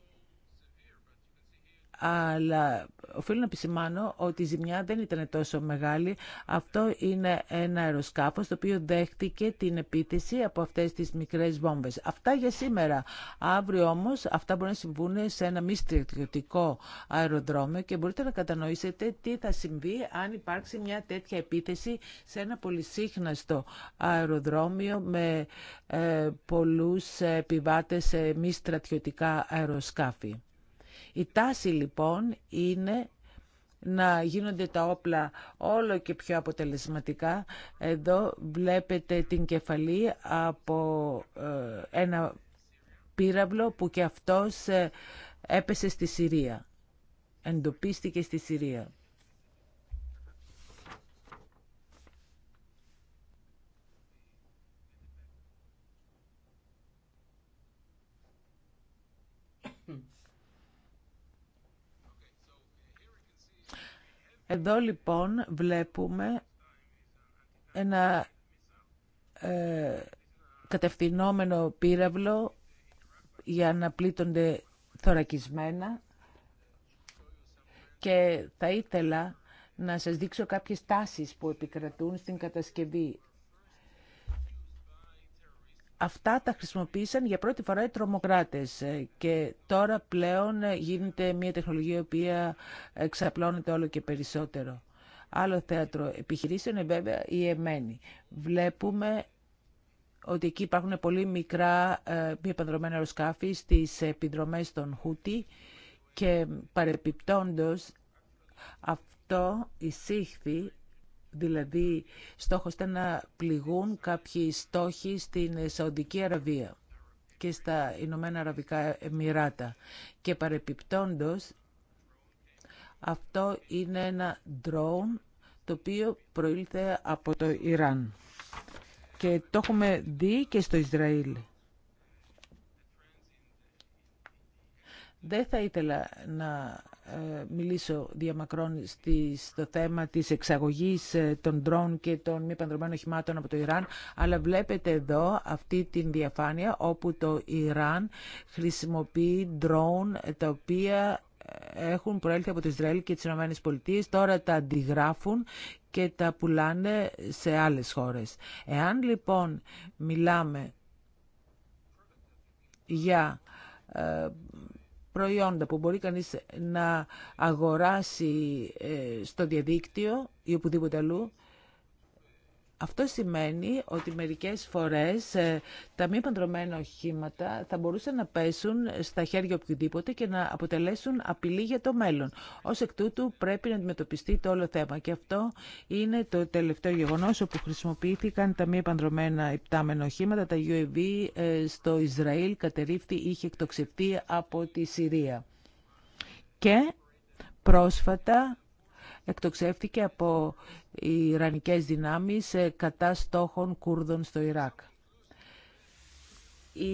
Speaker 1: αλλά οφείλω να επισημάνω ότι η ζημιά δεν ήταν τόσο μεγάλη. Αυτό είναι ένα αεροσκάφο το οποίο δέχτηκε την επίθεση από αυτές τις μικρές βόμβες. Αυτά για σήμερα. Αύριο όμω, αυτά μπορεί να συμβούν σε ένα μη στρατιωτικό αεροδρόμιο και μπορείτε να κατανοήσετε τι θα συμβεί αν υπάρξει μια τέτοια επίθεση σε ένα πολυσύχναστο αεροδρόμιο με ε, πολλούς επιβάτες σε μη στρατιωτικά αεροσκάφη. Η τάση λοιπόν είναι να γίνονται τα όπλα όλο και πιο αποτελεσματικά. Εδώ βλέπετε την κεφαλή από ε, ένα πύραυλο που και αυτός ε, έπεσε στη Συρία. Εντοπίστηκε στη Συρία. Εδώ λοιπόν βλέπουμε ένα ε, κατευθυνόμενο πύραυλο για να πλήττονται θωρακισμένα και θα ήθελα να σας δείξω κάποιες τάσεις που επικρατούν στην κατασκευή Αυτά τα χρησιμοποίησαν για πρώτη φορά οι τρομοκράτες ε, και τώρα πλέον ε, γίνεται μια τεχνολογία η οποία εξαπλώνεται όλο και περισσότερο. Άλλο θέατρο επιχειρήσεων είναι βέβαια η εμένη. Βλέπουμε ότι εκεί υπάρχουν πολύ μικρά ε, μη επανδρομένα αεροσκάφη στις επιδρομές των Χούτι και παρεπιπτόντος αυτό εισήχθη Δηλαδή, στόχος ήταν να πληγούν κάποιοι στόχοι στην Σαουδική Αραβία και στα Ηνωμένα Αραβικά Εμμυράτα. Και παρεπιπτόντος, αυτό είναι ένα drone το οποίο προήλθε από το Ιράν. Και το έχουμε δει και στο Ισραήλ. Δεν θα ήθελα να ε, μιλήσω διαμακρών στο θέμα της εξαγωγής ε, των ντρόν και των μη πανδρομένων οχημάτων από το Ιράν, αλλά βλέπετε εδώ αυτή την διαφάνεια όπου το Ιράν χρησιμοποιεί ντρόν τα οποία ε, έχουν προέλθει από το Ισραήλ και τις Ηνωμένες Πολιτείες, τώρα τα αντιγράφουν και τα πουλάνε σε άλλες χώρες. Εάν λοιπόν μιλάμε για προϊόντα που μπορεί κανείς να αγοράσει ε, στο διαδίκτυο ή οπουδήποτε αλλού αυτό σημαίνει ότι μερικές φορές ε, τα μη παντρωμένα οχήματα θα μπορούσαν να πέσουν στα χέρια οποιοδήποτε και να αποτελέσουν απειλή για το μέλλον. Ως εκ τούτου πρέπει να αντιμετωπιστεί το όλο θέμα και αυτό είναι το τελευταίο γεγονός όπου χρησιμοποιήθηκαν τα μη παντρωμένα υπτάμενα οχήματα, τα UAV ε, στο Ισραήλ κατερρίφθη, είχε εκτοξευτεί από τη Συρία. Και πρόσφατα εκτοξεύτηκε από οι Ιρανικές δυνάμεις ε, κατά στόχων Κούρδων στο Ιράκ. Η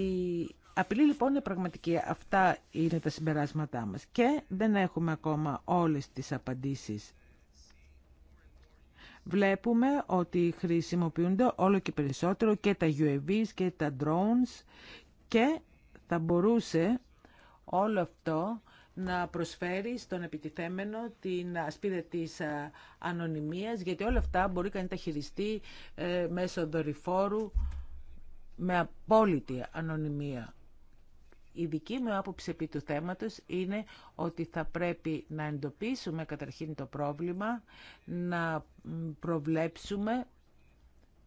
Speaker 1: απειλή λοιπόν είναι πραγματική. Αυτά είναι τα συμπεράσματά μας. Και δεν έχουμε ακόμα όλες τις απαντήσεις. Βλέπουμε ότι χρησιμοποιούνται όλο και περισσότερο και τα UAVs ε και τα drones και θα μπορούσε όλο αυτό να προσφέρει στον επιτιθέμενο την ασπίδα της ε, ανωνυμίας, γιατί όλα αυτά μπορεί κανείς να τα χειριστεί ε, μέσω δορυφόρου με απόλυτη ανωνυμία. Η δική μου άποψη επί του θέματος είναι ότι θα πρέπει να εντοπίσουμε καταρχήν το πρόβλημα, να προβλέψουμε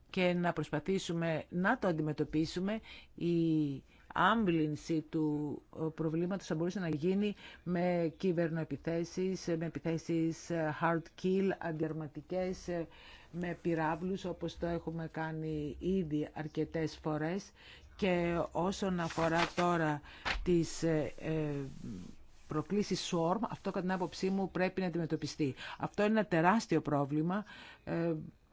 Speaker 1: και να προσπαθήσουμε να το αντιμετωπίσουμε. Η άμβλυνση του ε, προβλήματος θα μπορούσε να γίνει με κυβερνοεπιθέσεις, ε, με επιθέσεις ε, hard kill, αντιαρματικές, με πυράβλους όπως το έχουμε κάνει ήδη αρκετές φορές και όσον αφορά τώρα τις προκλήσεις SWORM, αυτό κατά την άποψή μου πρέπει να αντιμετωπιστεί. Αυτό είναι ένα τεράστιο πρόβλημα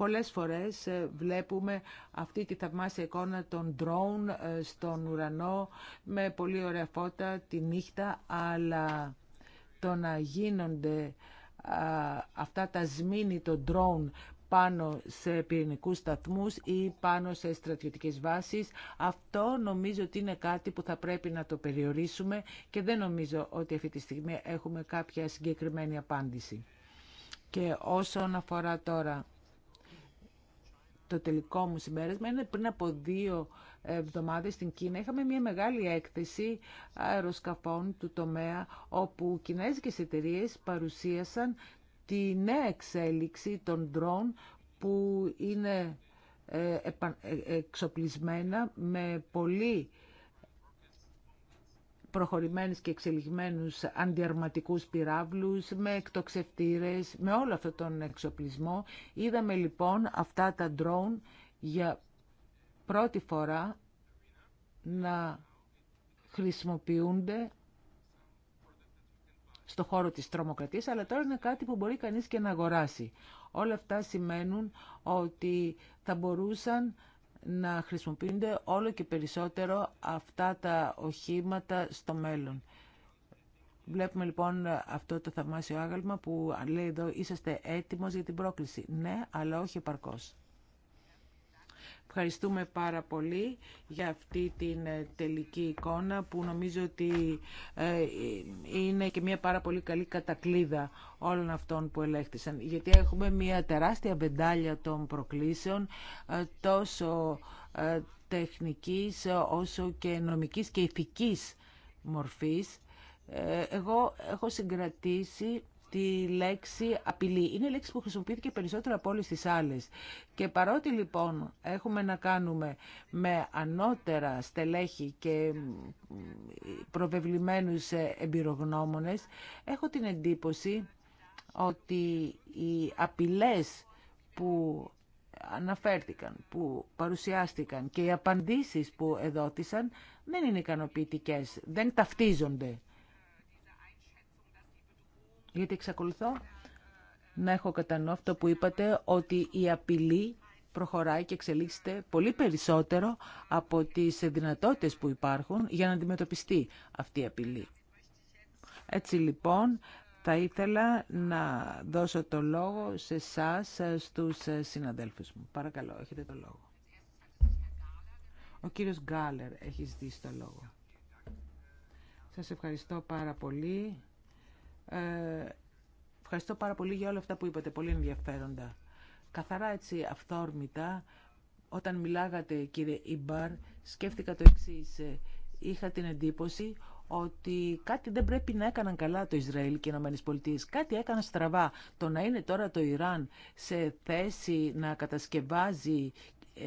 Speaker 1: Πολλές φορές ε, βλέπουμε αυτή τη θαυμάσια εικόνα των ντρόουν ε, στον ουρανό με πολύ ωραία φώτα τη νύχτα, αλλά το να γίνονται αυτά τα σμήνη των ντρόουν πάνω σε πυρηνικούς σταθμούς ή πάνω σε στρατιωτικές βάσεις. Αυτό νομίζω ότι είναι κάτι που θα πρέπει να το περιορίσουμε και δεν νομίζω ότι αυτή τη στιγμή έχουμε κάποια συγκεκριμένη απάντηση. Και όσον αφορά τώρα το τελικό μου συμπέρασμα είναι πριν από δύο εβδομάδες στην Κίνα είχαμε μια μεγάλη έκθεση αεροσκαφών του τομέα όπου κινέζικες εταιρείε παρουσίασαν τη νέα εξέλιξη των ντρόν που είναι ε, ε, εξοπλισμένα με πολύ προχωρημένους και εξελιγμένους αντιαρματικούς πυράβλους, με εκτοξευτήρες, με όλο αυτόν τον εξοπλισμό. Είδαμε λοιπόν αυτά τα ντρόουν για πρώτη φορά να χρησιμοποιούνται στο χώρο της τρομοκρατίας, αλλά τώρα είναι κάτι που μπορεί κανείς και να αγοράσει. Όλα αυτά σημαίνουν ότι θα μπορούσαν να χρησιμοποιούνται όλο και περισσότερο αυτά τα οχήματα στο μέλλον. Βλέπουμε λοιπόν αυτό το θαυμάσιο άγαλμα που λέει εδώ είσαστε έτοιμος για την πρόκληση. Ναι, αλλά όχι επαρκώς. Ευχαριστούμε πάρα πολύ για αυτή την ε, τελική εικόνα που νομίζω ότι ε, είναι και μια πάρα πολύ καλή κατακλίδα όλων αυτών που ελέγχθησαν. Γιατί έχουμε μια τεράστια βεντάλια των προκλήσεων ε, τόσο τεχνικής όσο και νομικής και ηθικής μορφής. Εγώ έχω συγκρατήσει τη λέξη απειλή. Είναι η λέξη που χρησιμοποιήθηκε περισσότερο από όλες τις άλλες. Και παρότι λοιπόν έχουμε να κάνουμε με ανώτερα στελέχη και προβεβλημένους ε, εμπειρογνώμονες, έχω την εντύπωση ότι οι απειλές που αναφέρθηκαν, που παρουσιάστηκαν και οι απαντήσεις που εδότησαν δεν είναι ικανοποιητικέ, δεν ταυτίζονται. Γιατί εξακολουθώ να έχω κατά αυτό που είπατε, ότι η απειλή προχωράει και εξελίσσεται πολύ περισσότερο από τις δυνατότητες που υπάρχουν για να αντιμετωπιστεί αυτή η απειλή. Έτσι λοιπόν, θα ήθελα να δώσω το λόγο σε εσά στους συναδέλφους μου. Παρακαλώ, έχετε το λόγο. Ο κύριος Γκάλερ έχει ζητήσει το λόγο. Σας ευχαριστώ πάρα πολύ. Ε, ευχαριστώ πάρα πολύ για όλα αυτά που είπατε, πολύ ενδιαφέροντα. Καθαρά έτσι αυθόρμητα, όταν μιλάγατε κύριε Ιμπάρ, σκέφτηκα το εξή. Ε, είχα την εντύπωση ότι κάτι δεν πρέπει να έκαναν καλά το Ισραήλ και οι ΗΠΑ. Κάτι έκαναν στραβά. Το να είναι τώρα το Ιράν σε θέση να κατασκευάζει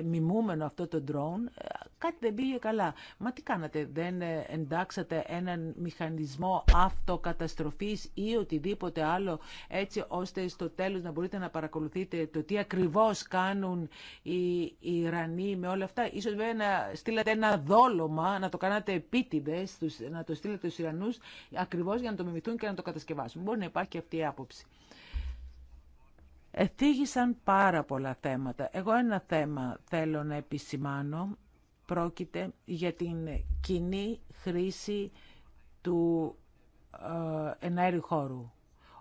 Speaker 1: μιμούμενο αυτό το drone, ε, κάτι δεν πήγε καλά. Μα τι κάνατε, δεν ε, εντάξατε έναν μηχανισμό αυτοκαταστροφής ή οτιδήποτε άλλο, έτσι ώστε στο τέλος να μπορείτε να παρακολουθείτε το τι ακριβώς κάνουν οι Ιρανοί με όλα αυτά. Ίσως βέβαια να στείλατε ένα δόλωμα, να το κάνατε επίτηδες, να το στείλετε στους Ιρανούς, ακριβώς για να το μιμηθούν και να το κατασκευάσουν. Μπορεί να υπάρχει και αυτή η άποψη εθίγησαν πάρα πολλά θέματα. Εγώ ένα θέμα θέλω να επισημάνω. Πρόκειται για την κοινή χρήση του ε, εναέριου χώρου,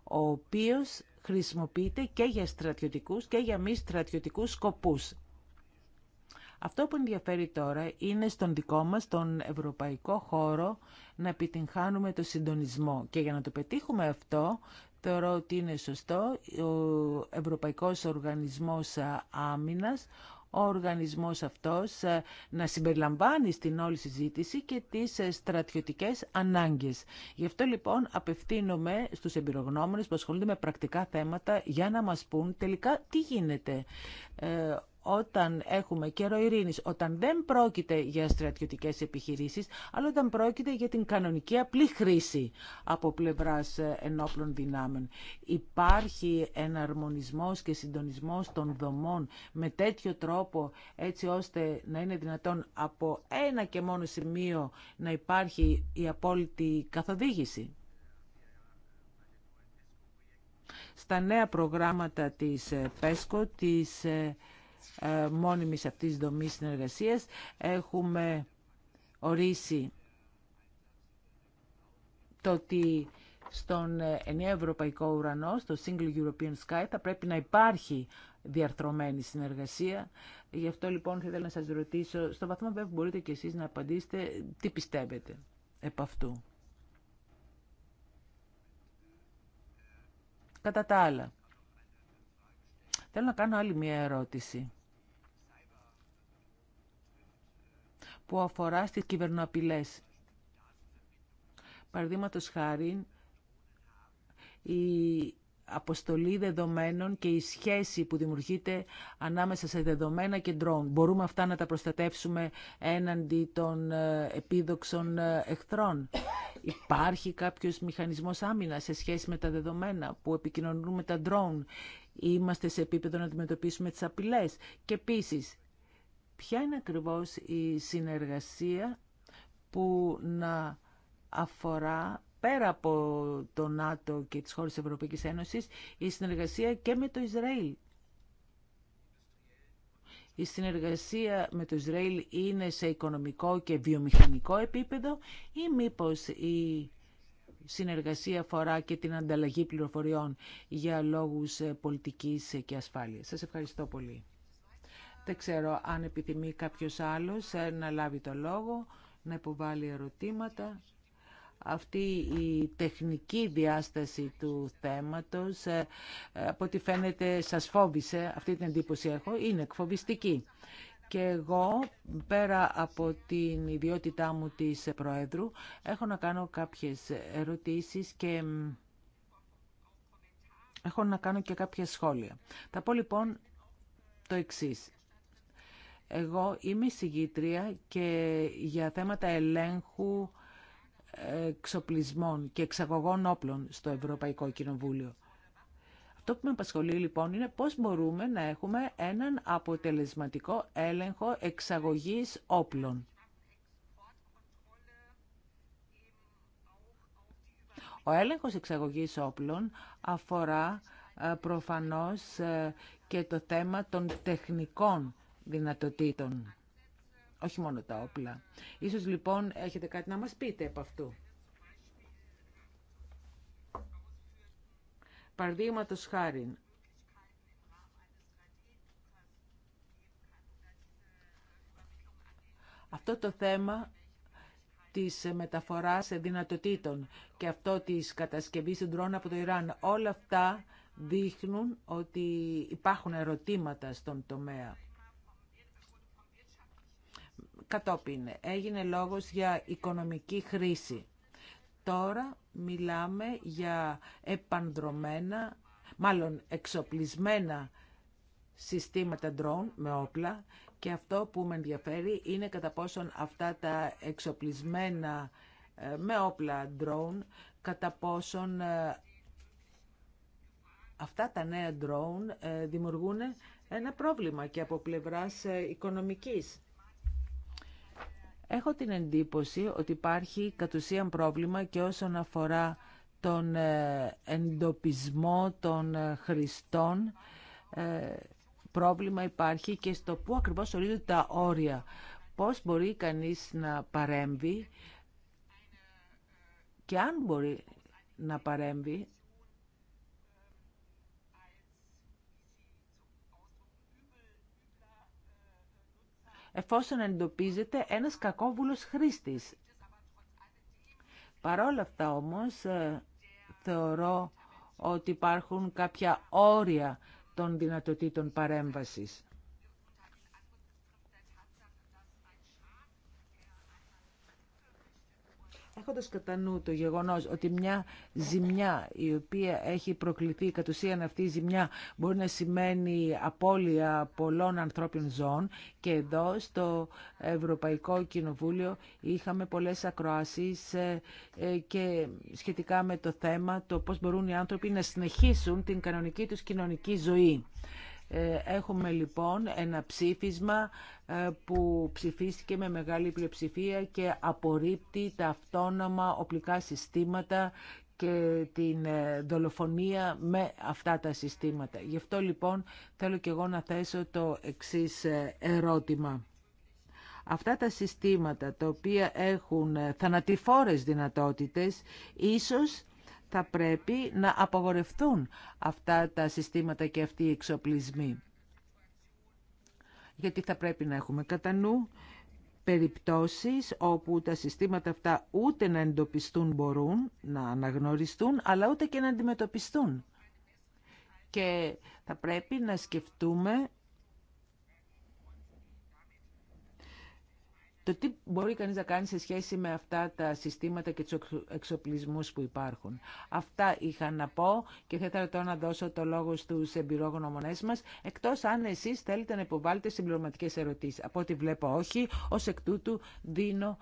Speaker 1: ο οποίος χρησιμοποιείται και για στρατιωτικούς και για μη στρατιωτικούς σκοπούς. Αυτό που ενδιαφέρει τώρα είναι στον δικό μας, τον ευρωπαϊκό χώρο, να επιτυγχάνουμε το συντονισμό. Και για να το πετύχουμε αυτό Θεωρώ ότι είναι σωστό ο Ευρωπαϊκός Οργανισμός Άμυνας, ο οργανισμός αυτός ε, να συμπεριλαμβάνει στην όλη συζήτηση και τις ε, στρατιωτικές ανάγκες. Γι' αυτό λοιπόν απευθύνομαι στους εμπειρογνώμονες που ασχολούνται με πρακτικά θέματα για να μας πούν τελικά τι γίνεται. Ε, όταν έχουμε καιρό ειρήνης, όταν δεν πρόκειται για στρατιωτικές επιχειρήσεις, αλλά όταν πρόκειται για την κανονική απλή χρήση από πλευράς ε, ενόπλων δυνάμεων. Υπάρχει εναρμονισμός και συντονισμός των δομών με τέτοιο τρόπο έτσι ώστε να είναι δυνατόν από ένα και μόνο σημείο να υπάρχει η απόλυτη καθοδήγηση. Στα νέα προγράμματα της ε, ΠΕΣΚΟ, της ε, ε, μόνιμης αυτής δομής συνεργασίας. Έχουμε ορίσει το ότι στον ενιαίο ευρωπαϊκό ουρανό, στο Single European Sky, θα πρέπει να υπάρχει διαρθρωμένη συνεργασία. Γι' αυτό λοιπόν θα ήθελα να σας ρωτήσω, στο βαθμό που μπορείτε και εσείς να απαντήσετε, τι πιστεύετε επ' αυτού. Κατά τα άλλα, Θέλω να κάνω άλλη μία ερώτηση που αφορά στις κυβερνοαπειλές. Παραδείγματο χάρη, η αποστολή δεδομένων και η σχέση που δημιουργείται ανάμεσα σε δεδομένα και ντρόν. Μπορούμε αυτά να τα προστατεύσουμε έναντι των ε, επίδοξων ε, εχθρών. Υπάρχει κάποιος μηχανισμός άμυνα σε σχέση με τα δεδομένα που επικοινωνούν με τα ντρόν είμαστε σε επίπεδο να αντιμετωπίσουμε τις απειλές. Και επίση, ποια είναι ακριβώς η συνεργασία που να αφορά πέρα από το ΝΑΤΟ και τις χώρες της Ευρωπαϊκής Ένωσης, η συνεργασία και με το Ισραήλ. Η συνεργασία με το Ισραήλ είναι σε οικονομικό και βιομηχανικό επίπεδο ή μήπως η συνεργασία αφορά και την ανταλλαγή πληροφοριών για λόγους ε, πολιτικής και ασφάλειας. Σας ευχαριστώ πολύ. Δεν ξέρω αν επιθυμεί κάποιος άλλος ε, να λάβει το λόγο, να υποβάλει ερωτήματα. Αυτή η τεχνική διάσταση του θέματος, ε, από ό,τι φαίνεται σας φόβησε, αυτή την εντύπωση έχω, είναι εκφοβιστική. Και εγώ, πέρα από την ιδιότητά μου της Προέδρου, έχω να κάνω κάποιες ερωτήσεις και έχω να κάνω και κάποια σχόλια. Θα πω λοιπόν το εξής. Εγώ είμαι συγγήτρια και για θέματα ελέγχου ε, εξοπλισμών και εξαγωγών όπλων στο Ευρωπαϊκό Κοινοβούλιο. Αυτό που με απασχολεί λοιπόν είναι πώς μπορούμε να έχουμε έναν αποτελεσματικό έλεγχο εξαγωγής όπλων. Ο έλεγχος εξαγωγής όπλων αφορά ε, προφανώς ε, και το θέμα των τεχνικών δυνατοτήτων. Όχι μόνο τα όπλα. Ίσως λοιπόν έχετε κάτι να μας πείτε από αυτού. Παραδείγματο χάρη, αυτό το θέμα της μεταφοράς δυνατοτήτων και αυτό της κατασκευής των ντρών από το Ιράν. Όλα αυτά δείχνουν ότι υπάρχουν ερωτήματα στον τομέα. Κατόπιν έγινε λόγος για οικονομική χρήση. Τώρα μιλάμε για επανδρομένα, μάλλον εξοπλισμένα συστήματα drone με όπλα και αυτό που με ενδιαφέρει είναι κατά πόσον αυτά τα εξοπλισμένα ε, με όπλα drone, κατά πόσον ε, αυτά τα νέα drone ε, δημιουργούν ένα πρόβλημα και από πλευράς οικονομικής. Έχω την εντύπωση ότι υπάρχει κατ' ουσίαν πρόβλημα και όσον αφορά τον ε, εντοπισμό των ε, χρηστών. Ε, πρόβλημα υπάρχει και στο πού ακριβώς ορίζονται τα όρια. Πώς μπορεί κανείς να παρέμβει και αν μπορεί να παρέμβει εφόσον εντοπίζεται ένας κακόβουλος χρήστης. Παρόλα αυτά όμως ε, θεωρώ ότι υπάρχουν κάποια όρια των δυνατοτήτων παρέμβασης. Έχοντας κατά νου το γεγονός ότι μια ζημιά η οποία έχει προκληθεί, κατ' ουσίαν αυτή η ζημιά μπορεί να σημαίνει απώλεια πολλών ανθρώπινων ζώων και εδώ στο Ευρωπαϊκό Κοινοβούλιο είχαμε πολλές ακροάσεις ε, ε, και σχετικά με το θέμα το πώς μπορούν οι άνθρωποι να συνεχίσουν την κανονική τους κοινωνική ζωή. Ε, έχουμε λοιπόν ένα ψήφισμα ε, που ψηφίστηκε με μεγάλη πλειοψηφία και απορρίπτει τα αυτόνομα οπλικά συστήματα και την ε, δολοφονία με αυτά τα συστήματα. Γι' αυτό λοιπόν θέλω και εγώ να θέσω το εξής ερώτημα. Αυτά τα συστήματα τα οποία έχουν θανατηφόρες δυνατότητες ίσως θα πρέπει να απογορευτούν αυτά τα συστήματα και αυτοί οι εξοπλισμοί. Γιατί θα πρέπει να έχουμε κατά νου περιπτώσεις όπου τα συστήματα αυτά ούτε να εντοπιστούν μπορούν, να αναγνωριστούν, αλλά ούτε και να αντιμετωπιστούν. Και θα πρέπει να σκεφτούμε το τι μπορεί κανείς να κάνει σε σχέση με αυτά τα συστήματα και τους εξοπλισμούς που υπάρχουν. Αυτά είχα να πω και θα ήθελα τώρα να δώσω το λόγο στους εμπειρόγνωμονές μας, εκτός αν εσείς θέλετε να υποβάλλετε συμπληρωματικές ερωτήσεις. Από ό,τι βλέπω όχι, ως εκ τούτου δίνω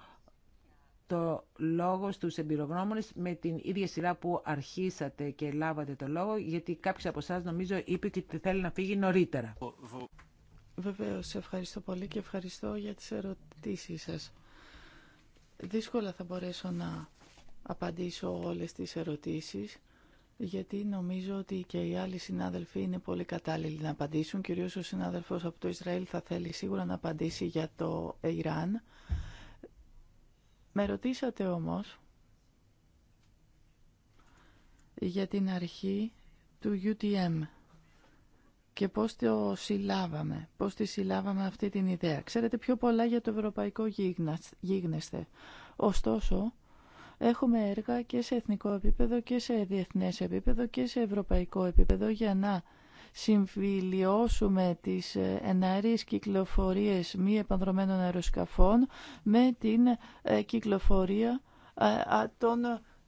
Speaker 1: το λόγο στους εμπειρογνώμονες με την ίδια σειρά που αρχίσατε και λάβατε το λόγο, γιατί κάποιος από εσά νομίζω είπε και ότι θέλει να φύγει νωρίτερα. Βεβαίως,
Speaker 3: ευχαριστώ πολύ και ευχαριστώ για τις ερωτήσεις ερωτήσεις σας. Δύσκολα θα μπορέσω να απαντήσω όλες τις ερωτήσεις, γιατί νομίζω ότι και οι άλλοι συνάδελφοι είναι πολύ κατάλληλοι να απαντήσουν. Κυρίως ο συνάδελφος από το Ισραήλ θα θέλει σίγουρα να απαντήσει για το Ιράν. Με ρωτήσατε όμως για την αρχή του UTM και πώς το συλλάβαμε, πώς τη συλλάβαμε αυτή την ιδέα. Ξέρετε πιο πολλά για το ευρωπαϊκό γίγνεσθε. Ωστόσο, έχουμε έργα και σε εθνικό επίπεδο και σε διεθνές επίπεδο και σε ευρωπαϊκό επίπεδο για να συμφιλιώσουμε τις ε, εναρείς κυκλοφορίες μη επανδρομένων αεροσκαφών με την ε, κυκλοφορία ε, των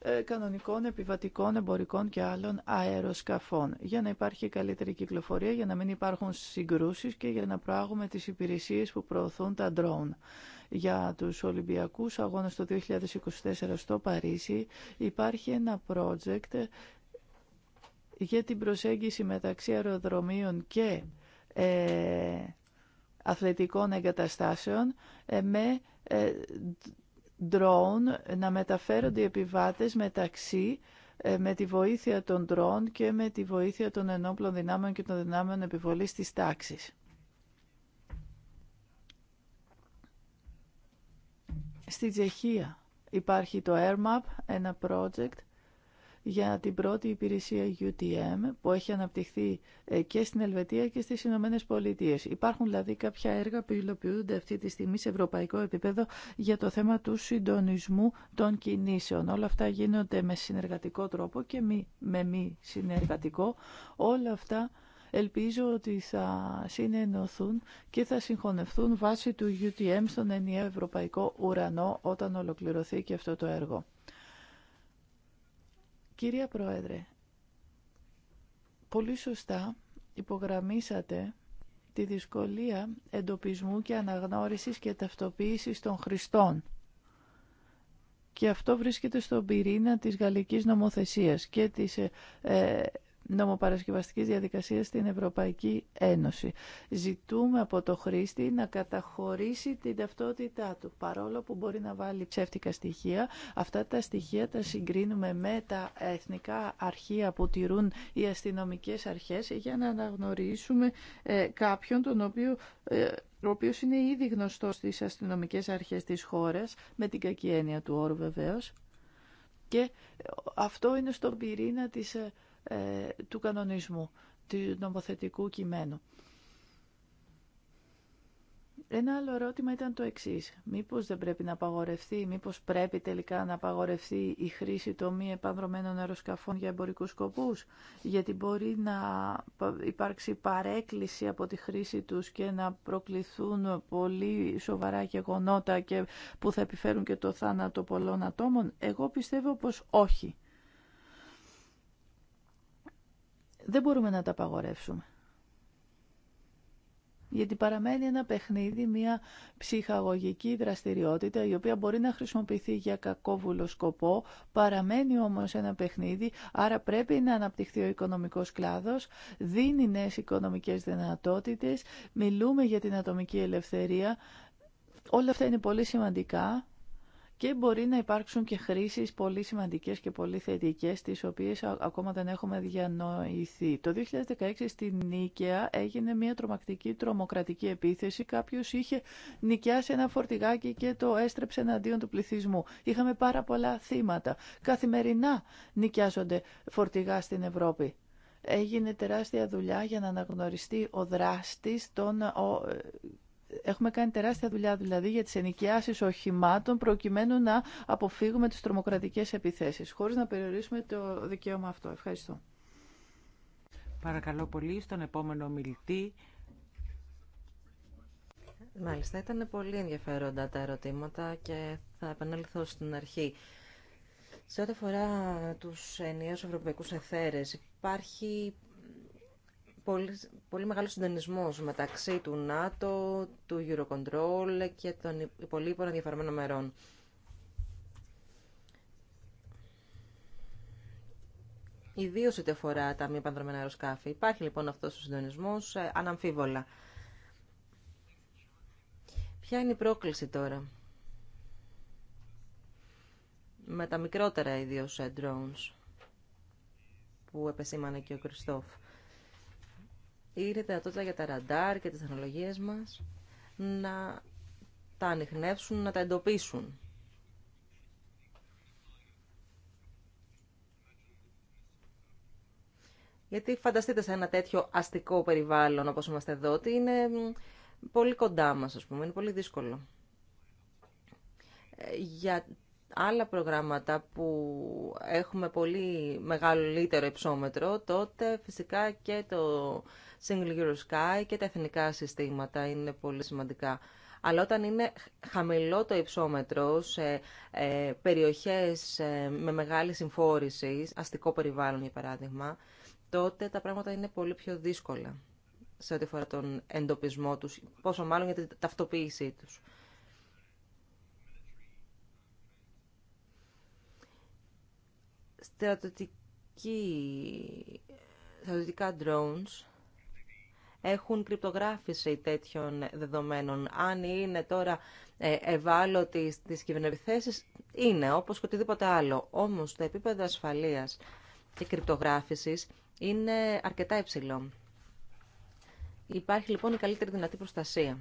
Speaker 3: ε, κανονικών, επιβατικών, εμπορικών και άλλων αεροσκαφών για να υπάρχει καλύτερη κυκλοφορία, για να μην υπάρχουν συγκρούσεις και για να προάγουμε τις υπηρεσίες που προωθούν τα ντρόουν. Για τους Ολυμπιακούς Αγώνες το 2024 στο Παρίσι υπάρχει ένα project για την προσέγγιση μεταξύ αεροδρομίων και ε, αθλητικών εγκαταστάσεων ε, με ε, drone να μεταφέρονται οι επιβάτες μεταξύ ε, με τη βοήθεια των drone και με τη βοήθεια των ενόπλων δυνάμεων και των δυνάμεων επιβολής της τάξης. Στη Τσεχία υπάρχει το AirMap, ένα project για την πρώτη υπηρεσία UTM που έχει αναπτυχθεί ε, και στην Ελβετία και στις Ηνωμένε Πολιτείε. Υπάρχουν δηλαδή κάποια έργα που υλοποιούνται αυτή τη στιγμή σε ευρωπαϊκό επίπεδο για το θέμα του συντονισμού των κινήσεων. Όλα αυτά γίνονται με συνεργατικό τρόπο και μη, με μη συνεργατικό. Όλα αυτά ελπίζω ότι θα συνενωθούν και θα συγχωνευτούν βάσει του UTM στον ενιαίο ευρωπαϊκό ουρανό όταν ολοκληρωθεί και αυτό το έργο. Κύριε Πρόεδρε, πολύ σωστά υπογραμμίσατε τη δυσκολία εντοπισμού και αναγνώρισης και ταυτοποίησης των χριστών. Και αυτό βρίσκεται στον πυρήνα της γαλλικής νομοθεσίας και της ε, ε, νομοπαρασκευαστικής διαδικασίας στην Ευρωπαϊκή Ένωση. Ζητούμε από το χρήστη να καταχωρήσει την ταυτότητά του. Παρόλο που μπορεί να βάλει ψεύτικα στοιχεία, αυτά τα στοιχεία τα συγκρίνουμε με τα εθνικά αρχεία που τηρούν οι αστυνομικές αρχές για να αναγνωρίσουμε ε, κάποιον τον οποίο ε, ο οποίος είναι ήδη γνωστός στις αστυνομικές αρχές της χώρας, με την κακή έννοια του όρου βεβαίως. Και αυτό είναι στον πυρήνα της ε, ε, του κανονισμού, του νομοθετικού κειμένου. Ένα άλλο ερώτημα ήταν το εξή. Μήπω δεν πρέπει να απαγορευτεί, μήπω πρέπει τελικά να απαγορευτεί η χρήση των μη επανδρομένων αεροσκαφών για εμπορικού σκοπού, γιατί μπορεί να υπάρξει παρέκκληση από τη χρήση τους και να προκληθούν πολύ σοβαρά γεγονότα και που θα επιφέρουν και το θάνατο πολλών ατόμων. Εγώ πιστεύω πω όχι. δεν μπορούμε να τα απαγορεύσουμε. Γιατί παραμένει ένα παιχνίδι, μια ψυχαγωγική δραστηριότητα η οποία μπορεί να χρησιμοποιηθεί για κακόβουλο σκοπό, παραμένει όμως ένα παιχνίδι, άρα πρέπει να αναπτυχθεί ο οικονομικός κλάδος, δίνει νέες οικονομικές δυνατότητες, μιλούμε για την ατομική ελευθερία, όλα αυτά είναι πολύ σημαντικά και μπορεί να υπάρξουν και χρήσεις πολύ σημαντικές και πολύ θετικές, τις οποίες ακόμα δεν έχουμε διανοηθεί. Το 2016 στην Νίκαια έγινε μια τρομακτική τρομοκρατική επίθεση. Κάποιος είχε νοικιάσει ένα φορτηγάκι και το έστρεψε εναντίον του πληθυσμού. Είχαμε πάρα πολλά θύματα. Καθημερινά νοικιάζονται φορτηγά στην Ευρώπη. Έγινε τεράστια δουλειά για να αναγνωριστεί ο δράστης των έχουμε κάνει τεράστια δουλειά δηλαδή για τις ενοικιάσεις οχημάτων προκειμένου να αποφύγουμε τις τρομοκρατικές επιθέσεις χωρίς να περιορίσουμε το δικαίωμα αυτό. Ευχαριστώ.
Speaker 2: Παρακαλώ πολύ στον επόμενο μιλητή. Μάλιστα, ήταν πολύ ενδιαφέροντα τα ερωτήματα και θα επανέλθω στην αρχή. Σε ό,τι αφορά τους ενιαίους ευρωπαϊκούς εθέρες, υπάρχει πολύ, πολύ μεγάλο συντονισμό μεταξύ του ΝΑΤΟ, του Eurocontrol και των υπολείπων ενδιαφερμένων μερών. Ιδίω ό,τι αφορά τα μη επανδρομένα αεροσκάφη. Υπάρχει λοιπόν αυτό ο συντονισμό ε, αναμφίβολα. Ποια είναι η πρόκληση τώρα με τα μικρότερα ιδίω ε, drones που επεσήμανε και ο Κριστόφ είναι δυνατότητα για τα ραντάρ και τις τεχνολογίες μας να τα ανοιχνεύσουν, να τα εντοπίσουν. Γιατί φανταστείτε σε ένα τέτοιο αστικό περιβάλλον όπως είμαστε εδώ, ότι είναι πολύ κοντά μας, ας πούμε, είναι πολύ δύσκολο. Ε, για άλλα προγράμματα που έχουμε πολύ μεγαλύτερο υψόμετρο, τότε φυσικά και το Single Euro Sky και τα εθνικά συστήματα είναι πολύ σημαντικά. Αλλά όταν είναι χαμηλό το υψόμετρο σε ε, περιοχές ε, με μεγάλη συμφόρηση, αστικό περιβάλλον για παράδειγμα, τότε τα πράγματα είναι πολύ πιο δύσκολα σε ό,τι αφορά τον εντοπισμό τους, πόσο μάλλον για την ταυτοποίησή τους. Στρατιωτική, drones έχουν κρυπτογράφηση τέτοιων δεδομένων. Αν είναι τώρα ε, ευάλωτοι στις κυβερνοεπιθέσεις, είναι όπως και οτιδήποτε άλλο. Όμως το επίπεδο ασφαλείας και κρυπτογράφησης είναι αρκετά υψηλό. Υπάρχει λοιπόν η καλύτερη δυνατή προστασία.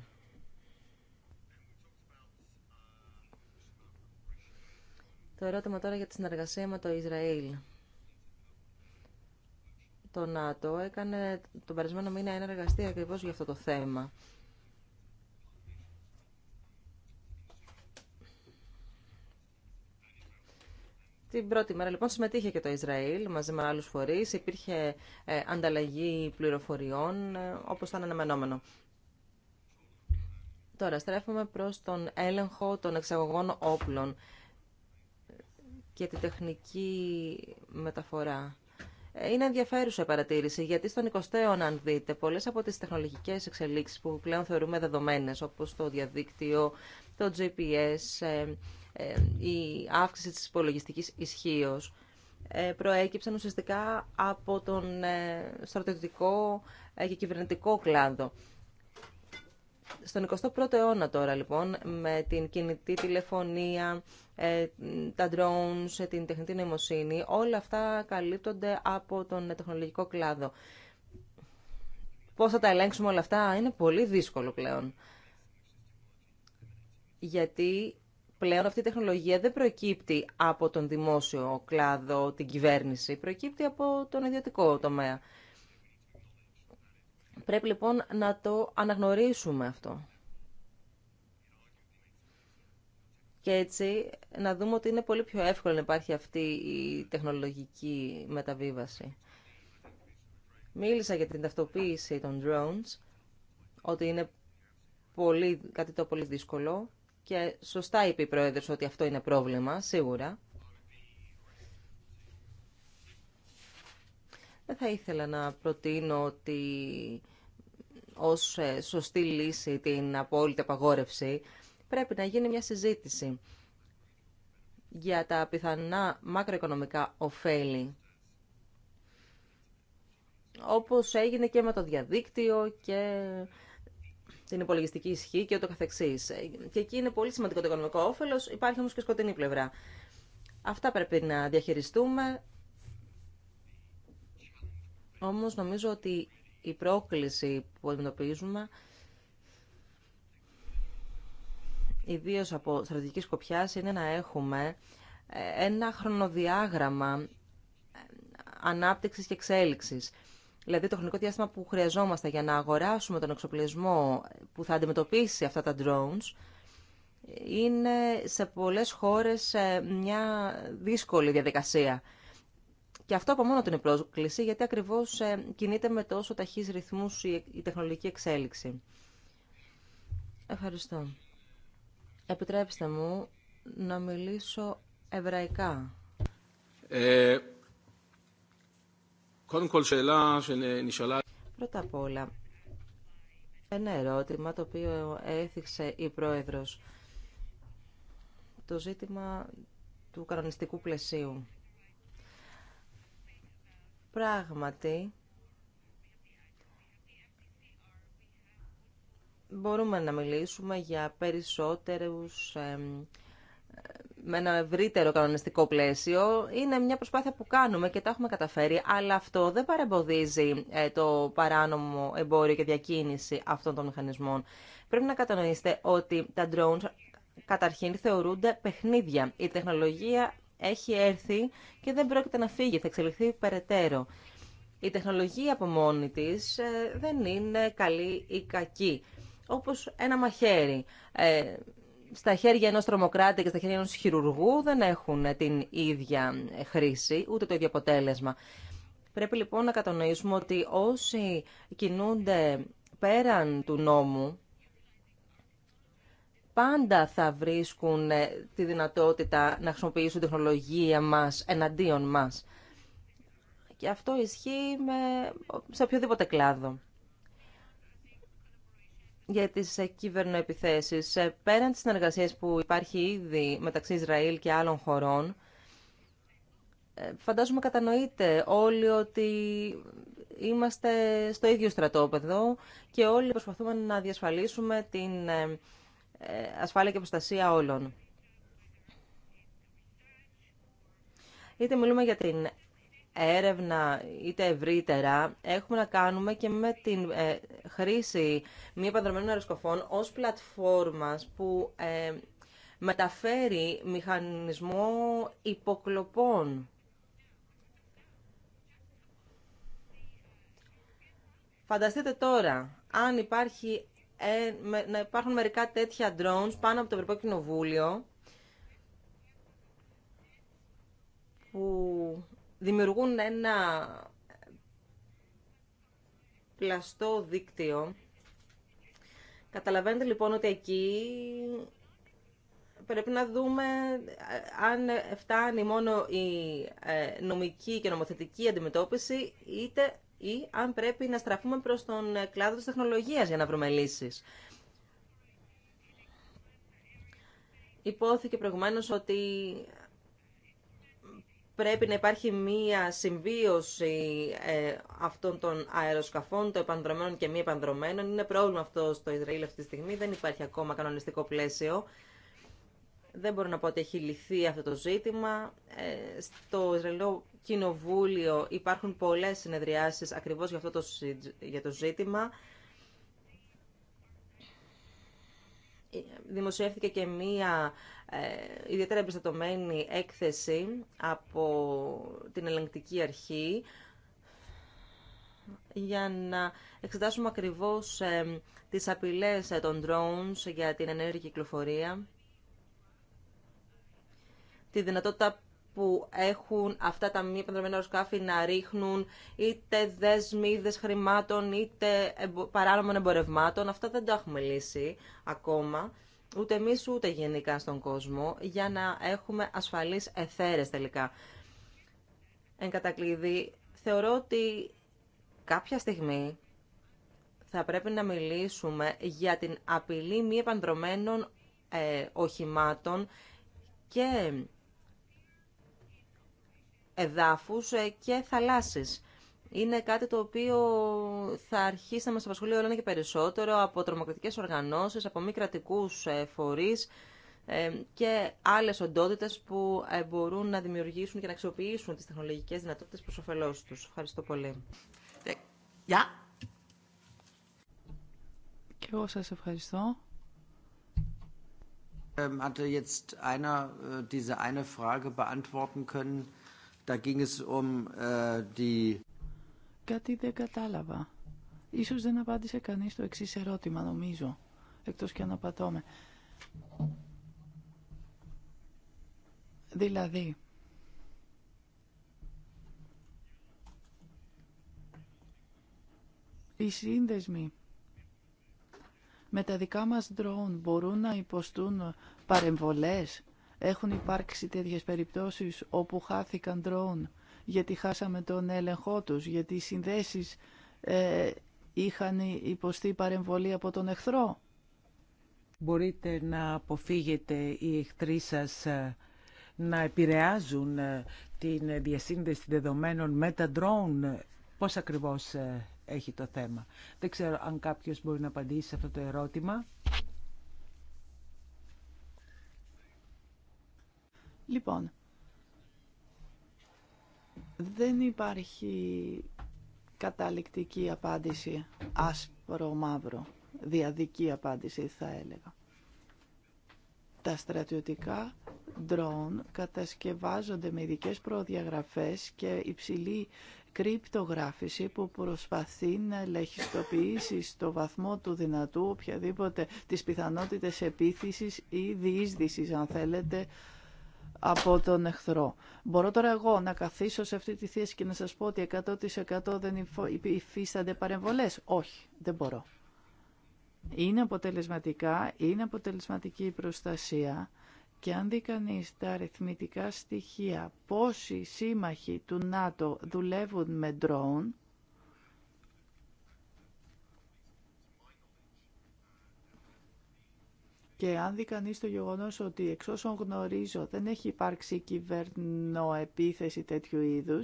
Speaker 2: Το ερώτημα τώρα για τη συνεργασία με το Ισραήλ το ΝΑΤΟ έκανε τον περασμένο μήνα ένα εργαστήριο ακριβώ για αυτό το θέμα. Την πρώτη μέρα λοιπόν συμμετείχε και το Ισραήλ μαζί με άλλους φορείς. Υπήρχε ε, ανταλλαγή πληροφοριών ε, όπως ήταν αναμενόμενο. Τώρα στρέφουμε προς τον έλεγχο των εξαγωγών όπλων και τη τεχνική μεταφορά. Είναι ενδιαφέρουσα η παρατήρηση, γιατί στον 20ο αιώνα, αν δείτε, πολλέ από τι τεχνολογικέ εξελίξει που πλέον θεωρούμε δεδομένε, όπω το διαδίκτυο, το GPS, ε, ε, η αύξηση τη υπολογιστική ισχύω, ε, προέκυψαν ουσιαστικά από τον στρατιωτικό και κυβερνητικό κλάδο. Στον 21ο αιώνα τώρα λοιπόν, με την κινητή τηλεφωνία, ε, τα drones, ε, την τεχνητή νοημοσύνη, όλα αυτά καλύπτονται από τον ε, τεχνολογικό κλάδο. Πώς θα τα ελέγξουμε όλα αυτά είναι πολύ δύσκολο πλέον. Γιατί πλέον αυτή η τεχνολογία δεν προκύπτει από τον δημόσιο κλάδο, την κυβέρνηση, προκύπτει από τον ιδιωτικό τομέα. Πρέπει λοιπόν να το αναγνωρίσουμε αυτό. Και έτσι να δούμε ότι είναι πολύ πιο εύκολο να υπάρχει αυτή η τεχνολογική μεταβίβαση. Μίλησα για την ταυτοποίηση των drones, ότι είναι πολύ, κάτι το πολύ δύσκολο και σωστά είπε η Πρόεδρος ότι αυτό είναι πρόβλημα, σίγουρα. Δεν θα ήθελα να προτείνω ότι ως ε, σωστή λύση την απόλυτη απαγόρευση πρέπει να γίνει μια συζήτηση για τα πιθανά μακροοικονομικά ωφέλη όπως έγινε και με το διαδίκτυο και την υπολογιστική ισχύ και ούτω καθεξής. Και εκεί είναι πολύ σημαντικό το οικονομικό όφελος, υπάρχει όμως και σκοτεινή πλευρά. Αυτά πρέπει να διαχειριστούμε. Όμως νομίζω ότι η πρόκληση που αντιμετωπίζουμε ιδίως από στρατηγική σκοπιά, είναι να έχουμε ε, ένα χρονοδιάγραμμα ε, ανάπτυξης και εξέλιξης. Δηλαδή το χρονικό διάστημα που χρειαζόμαστε για να αγοράσουμε τον εξοπλισμό που θα αντιμετωπίσει αυτά τα drones είναι σε πολλές χώρες ε, μια δύσκολη διαδικασία. Και αυτό από μόνο την γιατί ακριβώς κινείται με τόσο ταχύς ρυθμούς η τεχνολογική εξέλιξη. Ευχαριστώ. Επιτρέψτε μου να μιλήσω εβραϊκά. Ε, Πρώτα απ' όλα, ένα ερώτημα το οποίο έθιξε η Πρόεδρος. Το ζήτημα του κανονιστικού πλαισίου. Πράγματι, μπορούμε να μιλήσουμε για περισσότερους με ένα ευρύτερο κανονιστικό πλαίσιο. Είναι μια προσπάθεια που κάνουμε και τα έχουμε καταφέρει, αλλά αυτό δεν παρεμποδίζει ε, το παράνομο εμπόριο και διακίνηση αυτών των μηχανισμών. Πρέπει να κατανοήσετε ότι τα drones καταρχήν θεωρούνται παιχνίδια. Η τεχνολογία έχει έρθει και δεν πρόκειται να φύγει, θα εξελιχθεί περαιτέρω. Η τεχνολογία από μόνη της ε, δεν είναι καλή ή κακή όπως ένα μαχαίρι. Ε, στα χέρια ενός τρομοκράτη και στα χέρια ενός χειρουργού δεν έχουν την ίδια χρήση, ούτε το ίδιο αποτέλεσμα. Πρέπει λοιπόν να κατανοήσουμε ότι όσοι κινούνται πέραν του νόμου, πάντα θα βρίσκουν ε, τη δυνατότητα να χρησιμοποιήσουν τεχνολογία μας εναντίον μας. Και αυτό ισχύει με, σε οποιοδήποτε κλάδο για τις ε, κυβερνοεπιθέσεις. Πέραν τη συνεργασία που υπάρχει ήδη μεταξύ Ισραήλ και άλλων χωρών, ε, φαντάζομαι κατανοείτε όλοι ότι είμαστε στο ίδιο στρατόπεδο και όλοι προσπαθούμε να διασφαλίσουμε την ε, ασφάλεια και προστασία όλων. Είτε μιλούμε για την έρευνα είτε ευρύτερα έχουμε να κάνουμε και με την ε, χρήση μη επανδρομένων αεροσκοφών ως πλατφόρμας που ε, μεταφέρει μηχανισμό υποκλοπών. Φανταστείτε τώρα, αν υπάρχει, ε, να υπάρχουν μερικά τέτοια drones πάνω από το Ευρωπαϊκό Κοινοβούλιο, που δημιουργούν ένα πλαστό δίκτυο. Καταλαβαίνετε λοιπόν ότι εκεί πρέπει να δούμε ε, αν φτάνει μόνο η ε, νομική και νομοθετική αντιμετώπιση είτε ή αν πρέπει να στραφούμε προς τον κλάδο της τεχνολογίας για να βρούμε λύσεις. Υπόθηκε προηγουμένως ότι πρέπει να υπάρχει μία συμβίωση ε, αυτών των αεροσκαφών, των επανδρομένων και μη επανδρομένων. Είναι πρόβλημα αυτό στο Ισραήλ αυτή τη στιγμή. Δεν υπάρχει ακόμα κανονιστικό πλαίσιο. Δεν μπορώ να πω ότι έχει λυθεί αυτό το ζήτημα. Ε, στο Ισραηλό Κοινοβούλιο υπάρχουν πολλές συνεδριάσεις ακριβώς για αυτό το, για το ζήτημα. δημοσιεύθηκε και μία ε, ιδιαίτερα εμπιστατωμένη έκθεση από την ελεγκτική αρχή για να εξετάσουμε ακριβώς ε, τις απειλές ε, των drones για την ενέργεια κυκλοφορία, τη δυνατότητα που έχουν αυτά τα μη επανδρομένα αεροσκάφη να ρίχνουν είτε δεσμίδες χρημάτων είτε παράνομων εμπορευμάτων. Αυτά δεν τα έχουμε λύσει ακόμα, ούτε εμεί ούτε γενικά στον κόσμο, για να έχουμε ασφαλείς εθέρες τελικά. Εν κατακλείδη, θεωρώ ότι κάποια στιγμή θα πρέπει να μιλήσουμε για την απειλή μη επανδρομένων ε, οχημάτων και εδάφους ε, και θαλάσσεις. Είναι κάτι το οποίο θα αρχίσει να μας απασχολεί όλο και περισσότερο από τρομοκρατικές οργανώσεις, από μη κρατικού ε, φορείς ε, και άλλες οντότητες που μπορούν να δημιουργήσουν και να αξιοποιήσουν τις τεχνολογικές δυνατότητες προς όφελός τους. Ευχαριστώ πολύ. Γεια.
Speaker 3: Και εγώ σας ευχαριστώ. Hatte jetzt einer äh, diese eine Frage beantworten können um, äh, Κάτι δεν κατάλαβα. Ίσως δεν απάντησε κανείς το εξής ερώτημα, νομίζω. Εκτός και αν απατώμε. Δηλαδή, οι σύνδεσμοι με τα δικά μας ντρόουν μπορούν να υποστούν παρεμβολές έχουν υπάρξει τέτοιες περιπτώσεις όπου χάθηκαν ντρόουν γιατί χάσαμε τον έλεγχό τους, γιατί οι συνδέσεις ε, είχαν υποστεί παρεμβολή από τον εχθρό.
Speaker 1: Μπορείτε να αποφύγετε οι εχθροί σας ε, να επηρεάζουν ε, την διασύνδεση δεδομένων με τα drone. Πώς ακριβώς ε, έχει το θέμα. Δεν ξέρω αν κάποιος μπορεί να απαντήσει σε αυτό το ερώτημα.
Speaker 3: Λοιπόν, δεν υπάρχει καταληκτική απάντηση, άσπρο-μαύρο, διαδική απάντηση θα έλεγα. Τα στρατιωτικά ντρόν κατασκευάζονται με ειδικέ προδιαγραφές και υψηλή κρυπτογράφηση που προσπαθεί να ελεγχιστοποιήσει στο βαθμό του δυνατού οποιαδήποτε τις πιθανότητες επίθεσης ή διείσδυσης αν θέλετε από τον εχθρό. Μπορώ τώρα εγώ να καθίσω σε αυτή τη θέση και να σας πω ότι 100% δεν υφίστανται παρεμβολές. Όχι, δεν μπορώ. Είναι αποτελεσματικά, είναι αποτελεσματική η προστασία και αν δει κανεί τα αριθμητικά στοιχεία πόσοι σύμμαχοι του ΝΑΤΟ δουλεύουν με ντρόουν, Και αν δει κανεί το γεγονό ότι εξ όσων γνωρίζω δεν έχει υπάρξει κυβερνοεπίθεση τέτοιου είδου,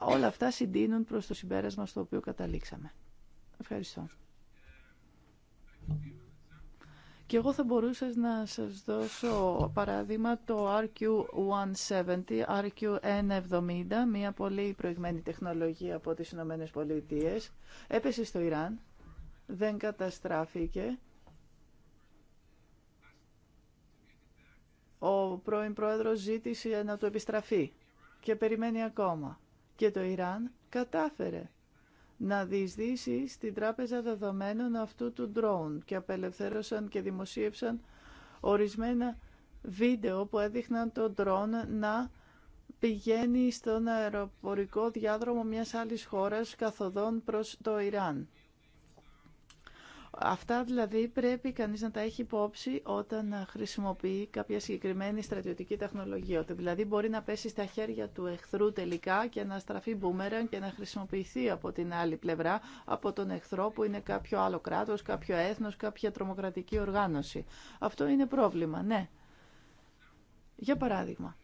Speaker 3: όλα αυτά συντείνουν προ το συμπέρασμα στο οποίο καταλήξαμε. Ευχαριστώ. Και εγώ θα μπορούσα να σας δώσω παράδειγμα το RQ170, RQ170, μια πολύ προηγμένη τεχνολογία από τις Ηνωμένες Πολιτείες. Έπεσε στο Ιράν, δεν καταστράφηκε Ο πρώην πρόεδρος ζήτησε να του επιστραφεί και περιμένει ακόμα. Και το Ιράν κατάφερε να διεισδύσει στην τράπεζα δεδομένων αυτού του ντρόουν και απελευθέρωσαν και δημοσίευσαν ορισμένα βίντεο που έδειχναν το ντρόουν να πηγαίνει στον αεροπορικό διάδρομο μιας άλλης χώρας καθοδόν προς το Ιράν. Αυτά δηλαδή πρέπει κανείς να τα έχει υπόψη όταν χρησιμοποιεί κάποια συγκεκριμένη στρατιωτική τεχνολογία. Ότι δηλαδή μπορεί να πέσει στα χέρια του εχθρού τελικά και να στραφεί μπούμεραν και να χρησιμοποιηθεί από την άλλη πλευρά, από τον εχθρό που είναι κάποιο άλλο κράτος, κάποιο έθνος, κάποια τρομοκρατική οργάνωση. Αυτό είναι πρόβλημα, ναι. Για παράδειγμα,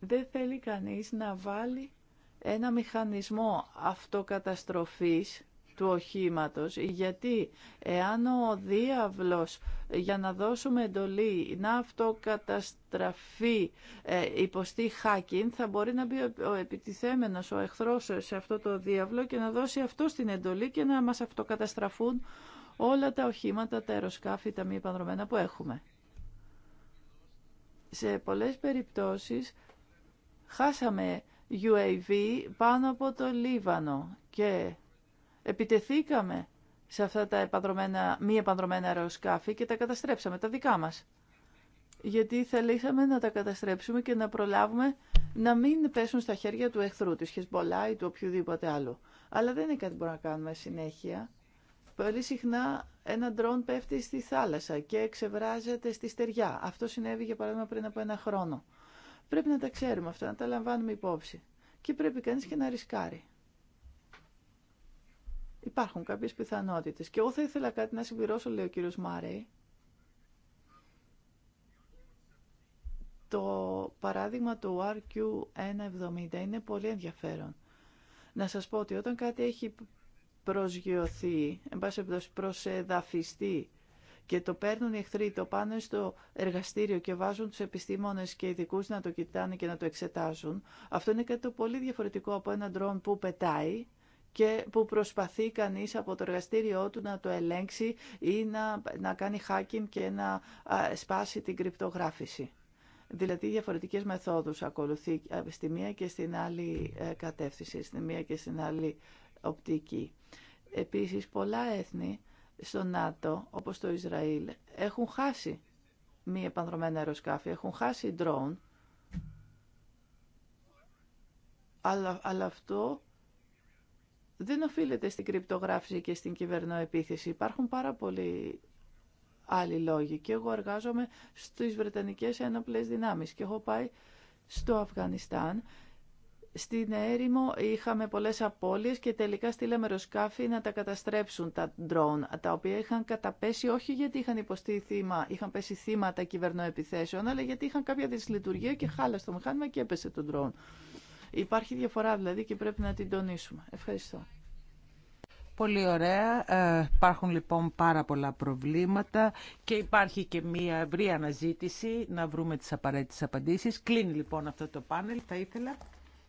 Speaker 3: δεν θέλει κανείς να βάλει ένα μηχανισμό αυτοκαταστροφής του οχήματος, γιατί εάν ο διάβλος για να δώσουμε εντολή να αυτοκαταστραφεί ε, υποστεί hacking, θα μπορεί να μπει ο επιτιθέμενος, ο εχθρός σε αυτό το διάβλο και να δώσει αυτό την εντολή και να μας αυτοκαταστραφούν όλα τα οχήματα, τα αεροσκάφη, τα μη επανδρομένα που έχουμε. Σε πολλές περιπτώσεις χάσαμε UAV πάνω από το Λίβανο και επιτεθήκαμε σε αυτά τα επανδρομένα, μη επανδρομένα αεροσκάφη και τα καταστρέψαμε, τα δικά μας. Γιατί θελήσαμε να τα καταστρέψουμε και να προλάβουμε να μην πέσουν στα χέρια του εχθρού, της Χεσμπολά ή του οποιοδήποτε άλλου. Αλλά δεν είναι κάτι που μπορούμε να κάνουμε συνέχεια. Πολύ συχνά ένα ντρόν πέφτει στη θάλασσα και εξεβράζεται στη στεριά. Αυτό συνέβη για παράδειγμα πριν από ένα χρόνο. Πρέπει να τα ξέρουμε αυτά, να τα λαμβάνουμε υπόψη. Και πρέπει κανείς και να ρισκάρει. Υπάρχουν κάποιες πιθανότητες. Και εγώ θα ήθελα κάτι να συμπληρώσω, λέει ο κύριος Μάρεϊ. Το παράδειγμα του RQ170 είναι πολύ ενδιαφέρον. Να σας πω ότι όταν κάτι έχει προσγειωθεί, εν πάση προσεδαφιστεί και το παίρνουν οι εχθροί, το πάνε στο εργαστήριο και βάζουν τους επιστήμονες και ειδικού να το κοιτάνε και να το εξετάζουν, αυτό είναι κάτι το πολύ διαφορετικό από ένα ντρόν που πετάει και που προσπαθεί κανείς από το εργαστήριό του να το ελέγξει ή να, να κάνει hacking και να σπάσει την κρυπτογράφηση. Δηλαδή διαφορετικές μεθόδους ακολουθεί στη μία και στην άλλη ε, κατεύθυνση, στη μία και στην άλλη οπτική. Επίσης πολλά έθνη στο ΝΑΤΟ, όπως το Ισραήλ, έχουν χάσει μη επανδρομένα αεροσκάφη, έχουν χάσει drone, αλλά αυτό δεν οφείλεται στην κρυπτογράφηση και στην κυβερνοεπίθεση. Υπάρχουν πάρα πολλοί άλλοι λόγοι και εγώ εργάζομαι στις Βρετανικές Ένοπλες Δυνάμεις και έχω πάει στο Αφγανιστάν. Στην έρημο είχαμε πολλές απώλειες και τελικά στείλαμε ροσκάφη να τα καταστρέψουν τα ντρόν τα οποία είχαν καταπέσει όχι γιατί είχαν υποστεί θύμα, είχαν πέσει θύματα κυβερνοεπιθέσεων, αλλά γιατί είχαν κάποια δυσλειτουργία και χάλασε το μηχάνημα και έπεσε το ντρόν. Υπάρχει διαφορά δηλαδή και πρέπει να την τονίσουμε. Ευχαριστώ.
Speaker 1: Πολύ ωραία. Ε, υπάρχουν λοιπόν πάρα πολλά προβλήματα και υπάρχει και μία ευρή αναζήτηση να βρούμε τις απαραίτητες απαντήσεις. Κλείνει λοιπόν αυτό το πάνελ. Θα ήθελα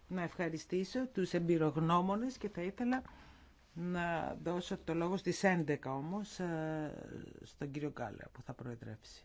Speaker 1: να ευχαριστήσω τους εμπειρογνώμονες και θα ήθελα να δώσω το λόγο στις 11 όμως ε, στον κύριο Γκάλα που θα προεδρεύσει.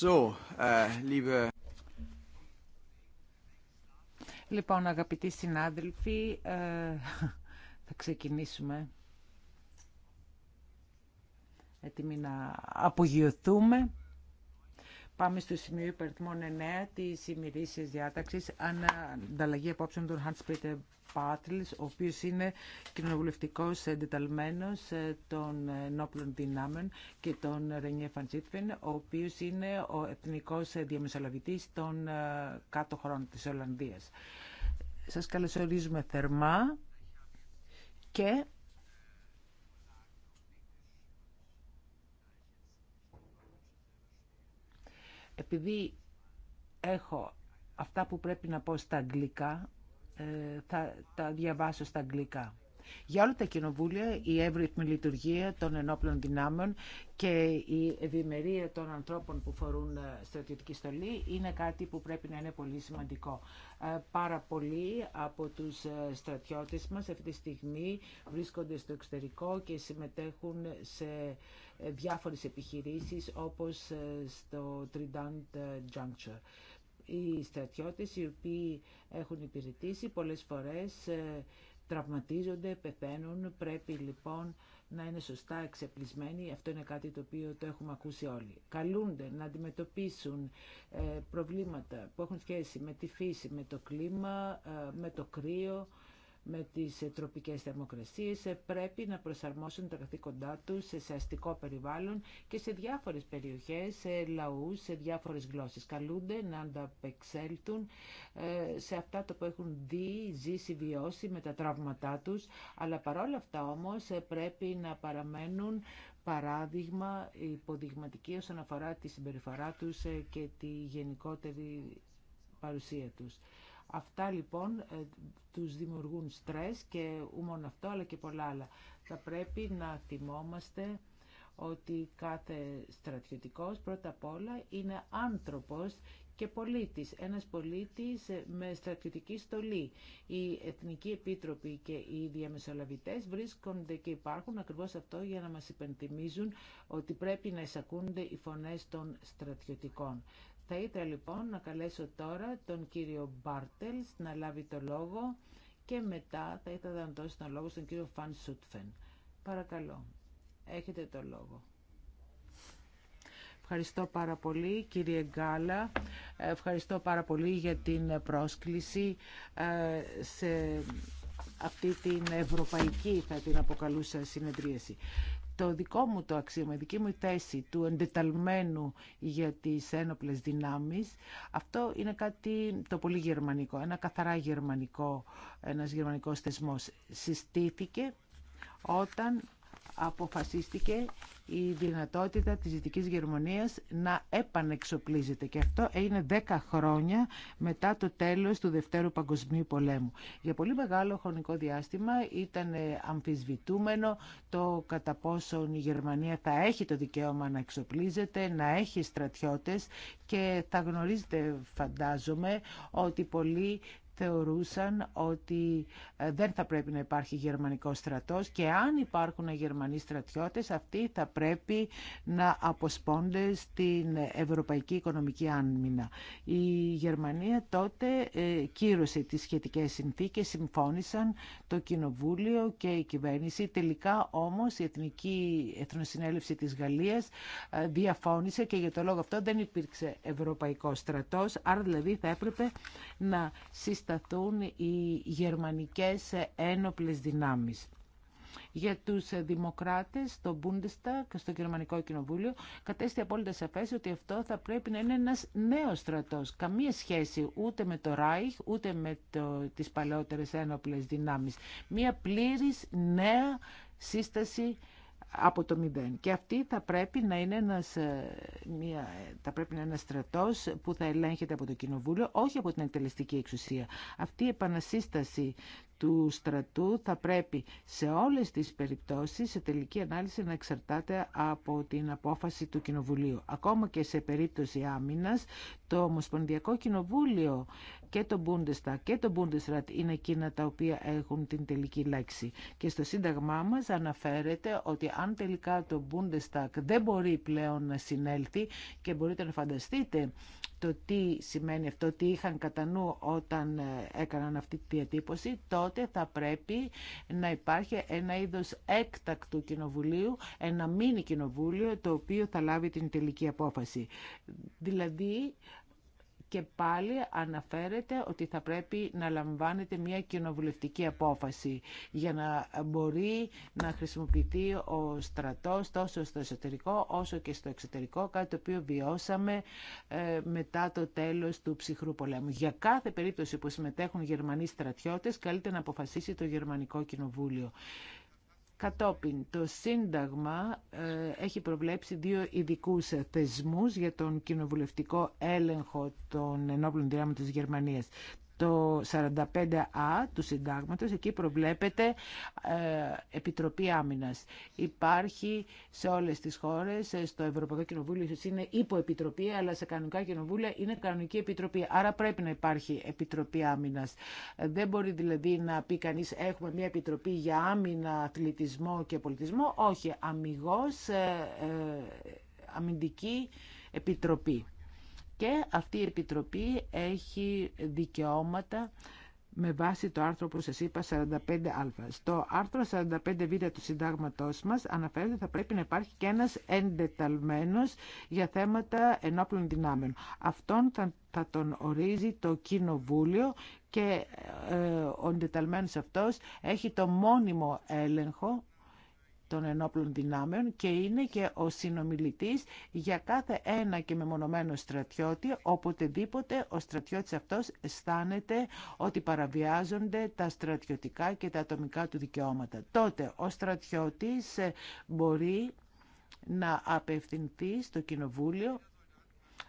Speaker 1: Uh, λοιπόν, αγαπητοί συνάδελφοι, ε, θα ξεκινήσουμε. Έτοιμοι να απογειωθούμε. Πάμε στο σημείο υπερθμών 9 τη ημερήσια διάταξης, ανταλλαγή απόψεων των Hans Peter Bartels, ο οποίος είναι κοινοβουλευτικό εντεταλμένο ε, των ενόπλων δυνάμεων και των Ρενιέ Φαντζίτφεν, ο οποίος είναι ο εθνικό διαμεσολαβητής των ε, κάτω χρόνων της Ολλανδίας. Σας καλωσορίζουμε θερμά και Επειδή έχω αυτά που πρέπει να πω στα αγγλικά, ε, θα τα διαβάσω στα αγγλικά. Για όλα τα κοινοβούλια η εύρυθμη λειτουργία των ενόπλων δυνάμεων και η ευημερία των ανθρώπων που φορούν ε, στρατιωτική στολή είναι κάτι που πρέπει να είναι πολύ σημαντικό. Ε, πάρα πολλοί από τους στρατιώτες μας αυτή τη στιγμή βρίσκονται στο εξωτερικό και συμμετέχουν σε ε, διάφορες επιχειρήσεις όπως ε, στο Trident ε, Juncture. Οι στρατιώτες οι οποίοι έχουν υπηρετήσει πολλές φορές τραυματίζονται, πεθαίνουν, πρέπει λοιπόν να είναι σωστά εξεπλισμένοι. Αυτό είναι κάτι το οποίο το έχουμε ακούσει όλοι. Καλούνται να αντιμετωπίσουν προβλήματα που έχουν σχέση με τη φύση, με το κλίμα, με το κρύο, με τις ε, τροπικές θερμοκρασίες ε, πρέπει να προσαρμόσουν τα καθήκοντά τους σε αστικό περιβάλλον και σε διάφορες περιοχές, σε λαούς, σε διάφορες γλώσσες. Καλούνται να ανταπεξέλθουν ε, σε αυτά το που έχουν δει, ζήσει, βιώσει με τα τραύματά τους, αλλά παρόλα αυτά όμως πρέπει να παραμένουν παράδειγμα υποδειγματική όσον αφορά τη συμπεριφορά τους και τη γενικότερη παρουσία τους. Αυτά λοιπόν ε, τους δημιουργούν στρες και μόνο αυτό αλλά και πολλά άλλα. Θα πρέπει να θυμόμαστε ότι κάθε στρατιωτικός πρώτα απ' όλα είναι άνθρωπος και πολίτης, ένας πολίτης ε, με στρατιωτική στολή. Οι Εθνικοί Επίτροποι και οι διαμεσολαβητές βρίσκονται και υπάρχουν ακριβώς αυτό για να μας υπενθυμίζουν ότι πρέπει να εισακούνται οι φωνές των στρατιωτικών. Θα ήθελα λοιπόν να καλέσω τώρα τον κύριο Μπάρτελς να λάβει το λόγο και μετά θα ήθελα να δώσω τον λόγο στον κύριο Φαν Σούτφεν. Παρακαλώ, έχετε το λόγο. Ευχαριστώ πάρα πολύ κύριε Γκάλα, ευχαριστώ πάρα πολύ για την πρόσκληση ε, σε αυτή την ευρωπαϊκή θα την αποκαλούσα συνεδρίαση το δικό μου το αξίωμα, η δική μου θέση του εντεταλμένου για τις ένοπλες δυνάμεις, αυτό είναι κάτι το πολύ γερμανικό, ένα καθαρά γερμανικό, ένας γερμανικός θεσμός. Συστήθηκε όταν αποφασίστηκε η δυνατότητα της Δυτικής Γερμανίας να επανεξοπλίζεται. Και αυτό έγινε 10 χρόνια μετά το τέλος του Δευτέρου Παγκοσμίου Πολέμου. Για πολύ μεγάλο χρονικό διάστημα ήταν αμφισβητούμενο το κατά πόσο η Γερμανία θα έχει το δικαίωμα να εξοπλίζεται, να έχει στρατιώτες και θα γνωρίζετε φαντάζομαι ότι πολλοί θεωρούσαν ότι ε, δεν θα πρέπει να υπάρχει γερμανικός στρατός και αν υπάρχουν γερμανοί στρατιώτες αυτοί θα πρέπει να αποσπώνται στην Ευρωπαϊκή Οικονομική Άμυνα. Η Γερμανία τότε ε, κύρωσε τις σχετικές συνθήκες, συμφώνησαν το Κοινοβούλιο και η κυβέρνηση. Τελικά όμως η Εθνική Εθνοσυνέλευση της Γαλλίας ε, διαφώνησε και για το λόγο αυτό δεν υπήρξε Ευρωπαϊκό στρατός, άρα δηλαδή θα έπρεπε να σταθούν οι γερμανικές ένοπλες δυνάμεις. Για τους δημοκράτες στο Bundestag, στο Γερμανικό Κοινοβούλιο, κατέστη απόλυτα σαφές ότι αυτό θα πρέπει να είναι ένας νέος στρατός. Καμία σχέση ούτε με το Reich, ούτε με το, τις παλαιότερες ένοπλες δυνάμεις. Μία πλήρης νέα σύσταση από το μηδέν. Και αυτή θα πρέπει να είναι ένας, ε, μια, θα πρέπει να είναι ένας στρατός που θα ελέγχεται από το Κοινοβούλιο, όχι από την εκτελεστική εξουσία. Αυτή η επανασύσταση του στρατού θα πρέπει σε όλες τις περιπτώσεις σε τελική ανάλυση να εξαρτάται από την απόφαση του Κοινοβουλίου. Ακόμα και σε περίπτωση άμυνας, το Ομοσπονδιακό Κοινοβούλιο και το Bundestag και το Bundesrat είναι εκείνα τα οποία έχουν την τελική λέξη. Και στο Σύνταγμά μας αναφέρεται ότι αν τελικά το Bundestag δεν μπορεί πλέον να συνέλθει και μπορείτε να φανταστείτε το τι σημαίνει αυτό, τι είχαν κατά νου όταν ε, έκαναν αυτή τη διατύπωση, τότε θα πρέπει να υπάρχει ένα είδος έκτακτου κοινοβουλίου, ένα μίνι κοινοβούλιο, το οποίο θα λάβει την τελική απόφαση. Δηλαδή, και πάλι αναφέρεται ότι θα πρέπει να λαμβάνεται μια κοινοβουλευτική απόφαση για να μπορεί να χρησιμοποιηθεί ο στρατός τόσο στο εσωτερικό όσο και στο εξωτερικό, κάτι το οποίο βιώσαμε ε, μετά το τέλος του ψυχρού πολέμου. Για κάθε περίπτωση που συμμετέχουν Γερμανοί στρατιώτες, καλείται να αποφασίσει το Γερμανικό Κοινοβούλιο. Κατόπιν, το Σύνταγμα ε, έχει προβλέψει δύο ειδικού θεσμούς για τον κοινοβουλευτικό έλεγχο των ενόπλων δυνάμεων της Γερμανίας το 45α του συντάγματος, εκεί προβλέπεται ε, Επιτροπή Άμυνας. Υπάρχει σε όλες τις χώρες, ε, στο Ευρωπαϊκό Κοινοβούλιο ίσως είναι υποεπιτροπή, αλλά σε κανονικά κοινοβούλια είναι κανονική επιτροπή. Άρα πρέπει να υπάρχει Επιτροπή Άμυνας. Δεν μπορεί δηλαδή να πει κανείς έχουμε μια επιτροπή για άμυνα, αθλητισμό και πολιτισμό. Όχι, αμυγός ε, ε, αμυντική επιτροπή. Και αυτή η Επιτροπή έχει δικαιώματα με βάση το άρθρο που σας είπα 45α. Στο άρθρο 45β του συντάγματός μας αναφέρεται ότι θα πρέπει να υπάρχει και ένας εντεταλμένος για θέματα ενόπλων δυνάμεων. Αυτόν θα, τον ορίζει το Κοινοβούλιο και ε, ο εντεταλμένος αυτός έχει το μόνιμο έλεγχο των ενόπλων δυνάμεων και είναι και ο συνομιλητής για κάθε ένα και μεμονωμένο στρατιώτη, οποτεδήποτε ο στρατιώτης αυτός αισθάνεται ότι παραβιάζονται τα στρατιωτικά και τα ατομικά του δικαιώματα. Τότε ο στρατιώτης ε, μπορεί να απευθυνθεί στο Κοινοβούλιο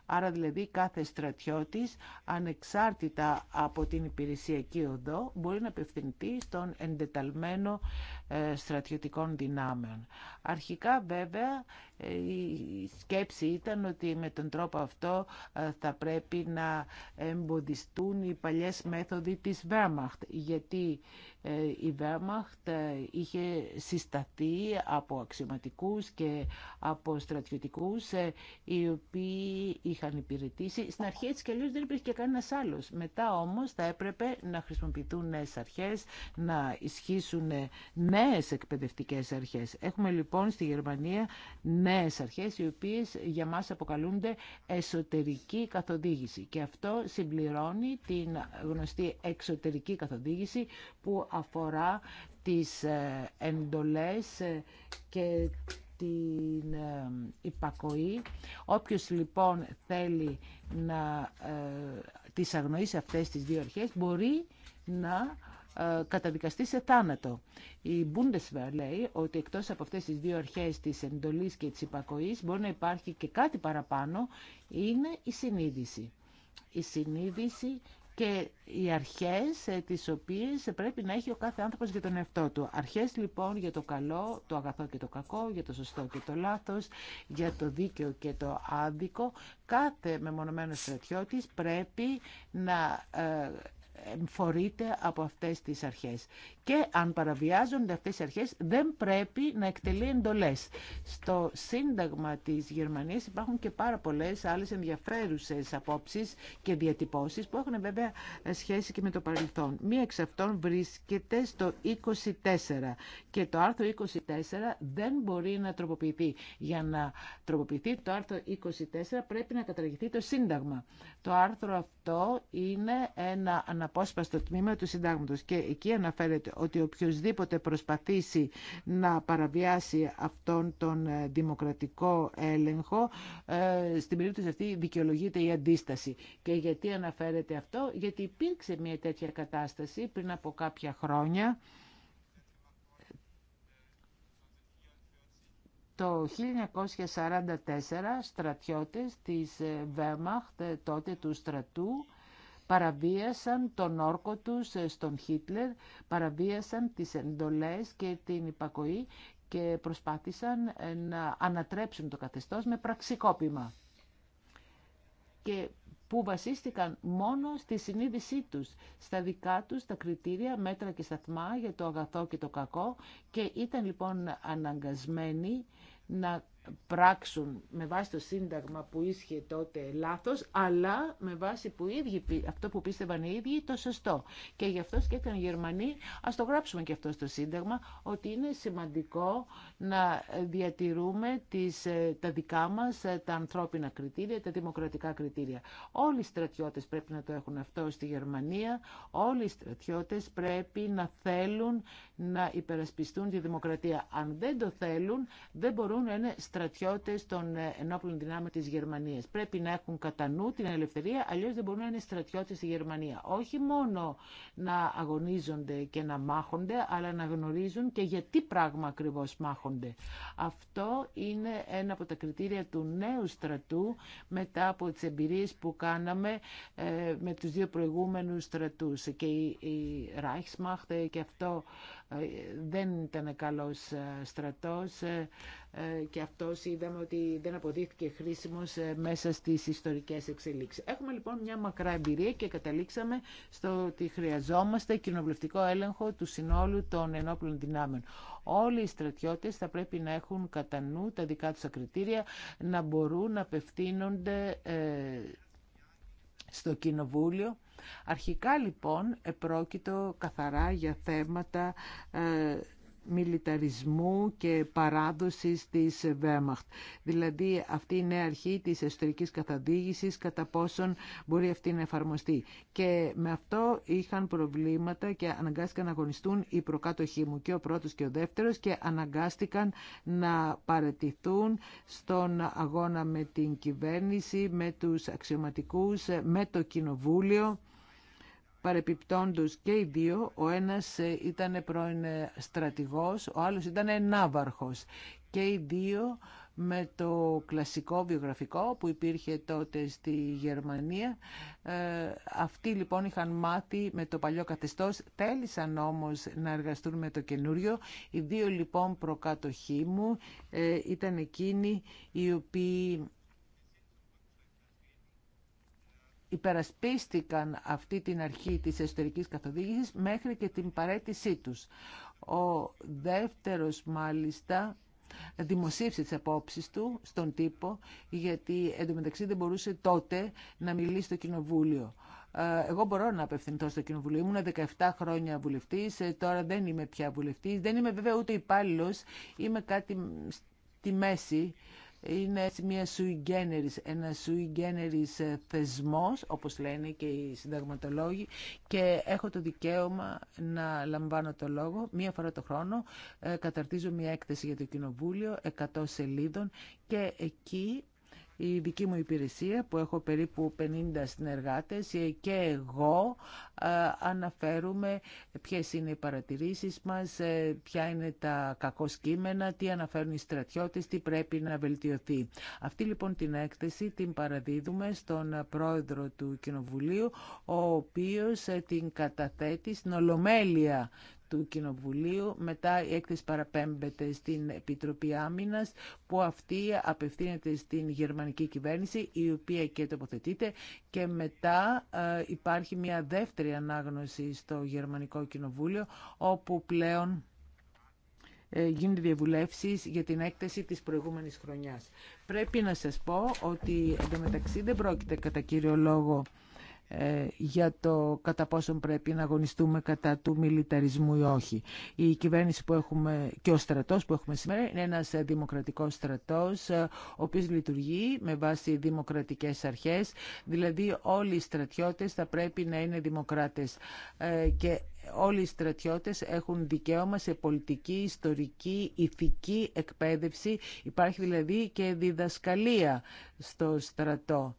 Speaker 1: Άρα δηλαδή κάθε στρατιώτης ανεξάρτητα από την υπηρεσιακή οδό μπορεί να απευθυνθεί στον εντεταλμένο ε, στρατιωτικών δυνάμεων. Αρχικά βέβαια ε, η σκέψη ήταν ότι με τον τρόπο αυτό ε, θα πρέπει να εμποδιστούν οι παλιές μέθοδοι της Wehrmacht γιατί η Wehrmacht είχε συσταθεί από αξιωματικούς και από στρατιωτικούς οι οποίοι είχαν υπηρετήσει. Στην αρχή έτσι και αλλιώ δεν υπήρχε και κανένα άλλο. Μετά όμω θα έπρεπε να χρησιμοποιηθούν νέε αρχέ, να ισχύσουν νέε εκπαιδευτικέ αρχέ. Έχουμε λοιπόν στη Γερμανία νέε αρχέ, οι οποίε για μα αποκαλούνται εσωτερική καθοδήγηση. Και αυτό συμπληρώνει την γνωστή εξωτερική καθοδήγηση που αφορά τις ε, εντολές ε, και την ε, υπακοή. Όποιος λοιπόν θέλει να ε, τις αγνοήσει αυτές τις δύο αρχές μπορεί να ε, καταδικαστεί σε θάνατο. Η Bundeswehr λέει ότι εκτός από αυτές τις δύο αρχές της εντολής και της υπακοής μπορεί να υπάρχει και κάτι παραπάνω, είναι η συνείδηση. Η συνείδηση και οι αρχές ε, τις οποίες πρέπει να έχει ο κάθε άνθρωπος για τον εαυτό του. Αρχές λοιπόν για το καλό, το αγαθό και το κακό, για το σωστό και το λάθος, για το δίκαιο και το άδικο. Κάθε μεμονωμένο στρατιώτης πρέπει να ε, εμφορείται από αυτές τις αρχές και αν παραβιάζονται αυτές οι αρχές δεν πρέπει να εκτελεί εντολές. Στο Σύνταγμα της Γερμανίας υπάρχουν και πάρα πολλές άλλες ενδιαφέρουσες απόψεις και διατυπώσεις που έχουν βέβαια σχέση και με το παρελθόν. Μία εξ αυτών βρίσκεται στο 24 και το άρθρο 24 δεν μπορεί να τροποποιηθεί. Για να τροποποιηθεί το άρθρο 24 πρέπει να καταργηθεί το Σύνταγμα. Το άρθρο αυτό είναι ένα αναπόσπαστο τμήμα του Συντάγματος και εκεί αναφέρεται ότι οποιοδήποτε προσπαθήσει να παραβιάσει αυτόν τον ε, δημοκρατικό έλεγχο, ε, στην περίπτωση αυτή δικαιολογείται η αντίσταση. Και γιατί αναφέρεται αυτό, γιατί υπήρξε μια τέτοια κατάσταση πριν από κάποια χρόνια, Το 1944 στρατιώτες της ε, Wehrmacht, τότε του στρατού, παραβίασαν τον όρκο τους ε, στον Χίτλερ, παραβίασαν τις εντολές και την υπακοή και προσπάθησαν ε, να ανατρέψουν το καθεστώς με πραξικόπημα. Και που βασίστηκαν μόνο στη συνείδησή τους, στα δικά τους τα κριτήρια, μέτρα και σταθμά για το αγαθό και το κακό και ήταν λοιπόν αναγκασμένοι να πράξουν με βάση το σύνταγμα που ίσχυε τότε λάθος, αλλά με βάση που ίδιοι, αυτό που πίστευαν οι ίδιοι το σωστό. Και γι' αυτό σκέφτηκαν οι Γερμανοί, ας το γράψουμε και αυτό στο σύνταγμα, ότι είναι σημαντικό να διατηρούμε τις, ε, τα δικά μας, ε, τα ανθρώπινα κριτήρια, τα δημοκρατικά κριτήρια. Όλοι οι στρατιώτες πρέπει να το έχουν αυτό στη Γερμανία, όλοι οι στρατιώτες πρέπει να θέλουν να υπερασπιστούν τη δημοκρατία. Αν δεν το θέλουν, δεν μπορούν να είναι στρατιώτες στρατιώτες των ε, ενόπλων δυνάμεων της Γερμανίας. Πρέπει να έχουν κατά νου την ελευθερία, αλλιώς δεν μπορούν να είναι στρατιώτες στη Γερμανία. Όχι μόνο να αγωνίζονται και να μάχονται, αλλά να γνωρίζουν και γιατί πράγμα ακριβώ μάχονται. Αυτό είναι ένα από τα κριτήρια του νέου στρατού μετά από τι εμπειρίε που κάναμε ε, με του δύο προηγούμενου στρατού. Και η Reichsmacht ε, και αυτό δεν ήταν καλός ε, στρατός ε, ε, και αυτός είδαμε ότι δεν αποδείχθηκε χρήσιμος μέσα στις ιστορικές εξελίξεις. Έχουμε λοιπόν μια μακρά εμπειρία και καταλήξαμε στο ότι χρειαζόμαστε κοινοβουλευτικό έλεγχο του συνόλου των ενόπλων δυνάμεων. Όλοι οι στρατιώτες θα πρέπει να έχουν κατά νου τα δικά τους ακριτήρια, να μπορούν να απευθύνονται στο Κοινοβούλιο. Αρχικά λοιπόν επρόκειτο καθαρά για θέματα ε, μιλιταρισμού και παράδοσης της Wehrmacht. Δηλαδή αυτή η νέα αρχή της εσωτερικής καθοδήγησης κατά πόσον μπορεί αυτή να εφαρμοστεί. Και με αυτό είχαν προβλήματα και αναγκάστηκαν να αγωνιστούν οι προκάτοχοί μου και ο πρώτος και ο δεύτερος και αναγκάστηκαν να παρατηθούν στον αγώνα με την κυβέρνηση, με τους αξιωματικούς, με το κοινοβούλιο παρεπιπτόντος και οι δύο, ο ένας ε, ήταν πρώην ε, στρατηγός, ο άλλος ήταν ναύαρχος και οι δύο με το κλασικό βιογραφικό που υπήρχε τότε στη Γερμανία. Ε, αυτοί λοιπόν είχαν μάθει με το παλιό καθεστώς, θέλησαν όμως να εργαστούν με το καινούριο. Οι δύο λοιπόν προκάτοχοί μου ήταν εκείνοι οι οποίοι υπερασπίστηκαν αυτή την αρχή της εσωτερικής καθοδήγησης μέχρι και την παρέτησή τους. Ο δεύτερος μάλιστα δημοσίευσε τις απόψεις του στον τύπο γιατί εντωμεταξύ δεν μπορούσε τότε να μιλήσει στο κοινοβούλιο. Ε, εγώ μπορώ να απευθυνθώ στο Κοινοβουλίο. Ήμουν 17 χρόνια βουλευτή, ε, τώρα δεν είμαι πια βουλευτή. Δεν είμαι βέβαια ούτε υπάλληλο. Είμαι κάτι στη μέση είναι μια sui generis, ένα sui generis ε, θεσμός, όπως λένε και οι συνταγματολόγοι, και έχω το δικαίωμα να λαμβάνω το λόγο. Μία φορά το χρόνο ε, καταρτίζω μια έκθεση για το Κοινοβούλιο, 100 σελίδων, και εκεί η δική μου υπηρεσία που έχω περίπου 50 συνεργάτες ε, και εγώ ε, αναφέρουμε ποιες είναι οι παρατηρήσεις μας, ε, ποια είναι τα κακό σκήμενα, τι αναφέρουν οι στρατιώτες, τι πρέπει να βελτιωθεί. Αυτή λοιπόν την έκθεση την παραδίδουμε στον πρόεδρο του Κοινοβουλίου, ο οποίος την καταθέτει στην Ολομέλεια του Κοινοβουλίου. Μετά η έκθεση παραπέμπεται στην Επιτροπή Άμυνας που αυτή απευθύνεται στην γερμανική κυβέρνηση η οποία και τοποθετείται και μετά ε, υπάρχει μια δεύτερη ανάγνωση στο Γερμανικό Κοινοβούλιο όπου πλέον ε, γίνονται διαβουλεύσεις για την έκθεση της προηγούμενης χρονιάς. Πρέπει να σας πω ότι εντωμεταξύ δεν πρόκειται κατά κύριο λόγο ε, για το κατά πόσον πρέπει να αγωνιστούμε κατά του μιλιταρισμού ή όχι. Η κυβέρνηση που έχουμε και ο στρατός που έχουμε σήμερα είναι ένας δημοκρατικός στρατός ε, ο οποίος λειτουργεί με βάση δημοκρατικές αρχές δηλαδή όλοι οι στρατιώτες θα πρέπει να είναι δημοκράτες ε, και όλοι οι στρατιώτες έχουν δικαίωμα σε πολιτική, ιστορική, ηθική εκπαίδευση. Υπάρχει δηλαδή και διδασκαλία στο στρατό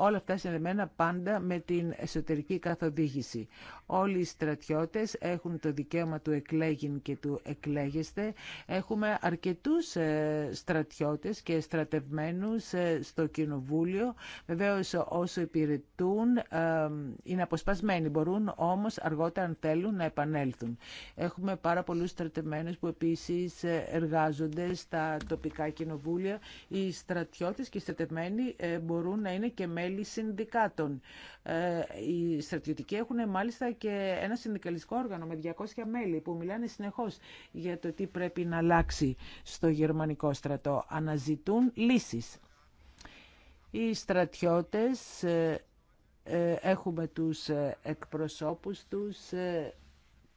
Speaker 1: Όλα αυτά συνδεμένα πάντα με την εσωτερική καθοδήγηση. Όλοι οι στρατιώτες έχουν το δικαίωμα του εκλέγην και του εκλέγεστε. Έχουμε αρκετούς ε, στρατιώτες και στρατευμένους ε, στο Κοινοβούλιο. Βεβαίως όσο υπηρετούν ε, είναι αποσπασμένοι. Μπορούν όμως αργότερα αν θέλουν να επανέλθουν. Έχουμε πάρα πολλούς στρατευμένους που επίσης εργάζονται στα τοπικά κοινοβούλια. Οι στρατιώτες και οι στρατευμένοι μπορούν να είναι και μέλη συνδικάτων. Ε, οι στρατιωτικοί έχουν μάλιστα και ένα συνδικαλιστικό όργανο με 200 μέλη που μιλάνε συνεχώς για το τι πρέπει να αλλάξει στο γερμανικό στρατό. Αναζητούν λύσεις. Οι στρατιώτες ε, ε, έχουμε τους εκπροσώπους τους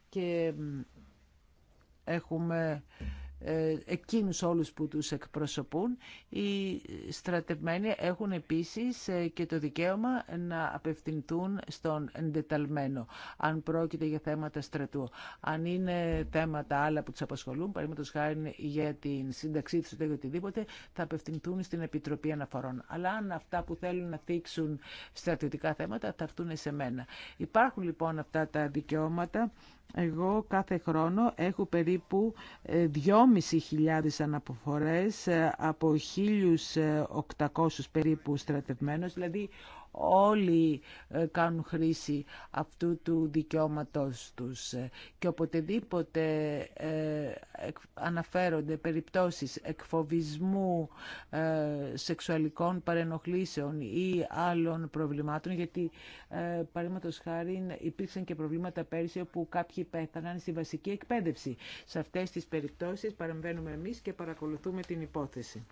Speaker 1: και έχουμε ε, εκείνους όλους που τους εκπροσωπούν. Οι στρατευμένοι έχουν επίσης ε, και το δικαίωμα να απευθυνθούν στον εντεταλμένο, αν πρόκειται για θέματα στρατού. Αν είναι θέματα άλλα που τους απασχολούν, παραδείγματος χάρη για την σύνταξή τους ή οτιδήποτε, θα απευθυνθούν στην Επιτροπή Αναφορών. Αλλά αν αυτά που θέλουν να θίξουν στρατιωτικά θέματα, θα έρθουν σε μένα. Υπάρχουν λοιπόν αυτά τα δικαιώματα εγώ κάθε χρόνο έχω περίπου 2.500 ε, αναποφορές ε, από 1.800 ε, περίπου στρατευμένους, δηλαδή Όλοι ε, κάνουν χρήση αυτού του δικαιώματός τους ε, και οποτεδήποτε ε, αναφέρονται περιπτώσεις εκφοβισμού σεξουαλικών παρενοχλήσεων ή άλλων προβλημάτων γιατί παραδείγματος χάρη υπήρξαν και προβλήματα πέρυσι όπου κάποιοι πέθαναν στη βασική εκπαίδευση. Σε αυτές τις περιπτώσεις παρεμβαίνουμε εμείς και παρακολουθούμε την υπόθεση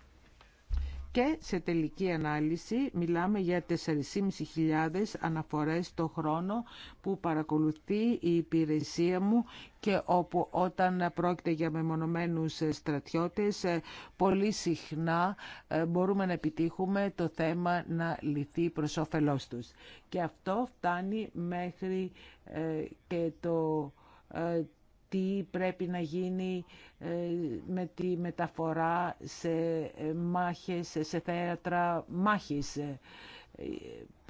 Speaker 1: και σε τελική ανάλυση μιλάμε για 4.500 αναφορές το χρόνο που παρακολουθεί η υπηρεσία μου και όπου όταν πρόκειται για μεμονωμένους στρατιώτες ε, πολύ συχνά ε, μπορούμε να επιτύχουμε το θέμα να λυθεί προς όφελός τους. Και αυτό φτάνει μέχρι ε, και το τι πρέπει να γίνει ε, με τη μεταφορά σε μάχες, σε θέατρα μάχης. Ε,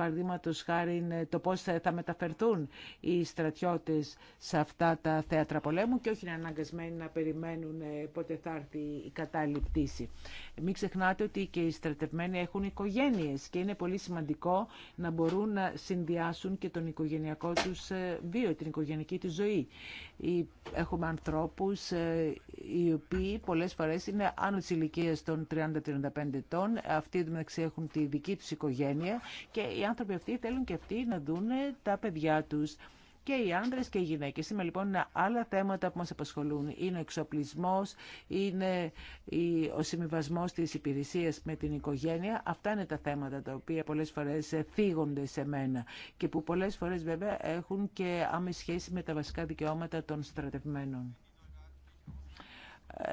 Speaker 1: Παραδείγματο χάρη το πώ θα μεταφερθούν οι στρατιώτε σε αυτά τα θέατρα πολέμου και όχι να αναγκασμένοι να περιμένουν ε, πότε θα έρθει η κατάλληλη πτήση. Μην ξεχνάτε ότι και οι στρατευμένοι έχουν οικογένειε και είναι πολύ σημαντικό να μπορούν να συνδυάσουν και τον οικογενειακό του ε, βίο, την οικογενειακή του ζωή. Έχουμε ανθρώπου ε, οι οποίοι πολλέ φορέ είναι άνω τη ηλικία των 30-35 ετών. Αυτοί μεταξύ έχουν τη δική του οικογένεια και οι άνθρωποι αυτοί θέλουν και αυτοί να δουν τα παιδιά τους και οι άνδρες και οι γυναίκες. Σήμερα λοιπόν είναι άλλα θέματα που μας απασχολούν. Είναι ο εξοπλισμός, είναι ο συμβιβασμό της υπηρεσίας με την οικογένεια. Αυτά είναι τα θέματα τα οποία πολλές φορές θίγονται σε μένα και που πολλές φορές βέβαια έχουν και άμεση σχέση με τα βασικά δικαιώματα των στρατευμένων.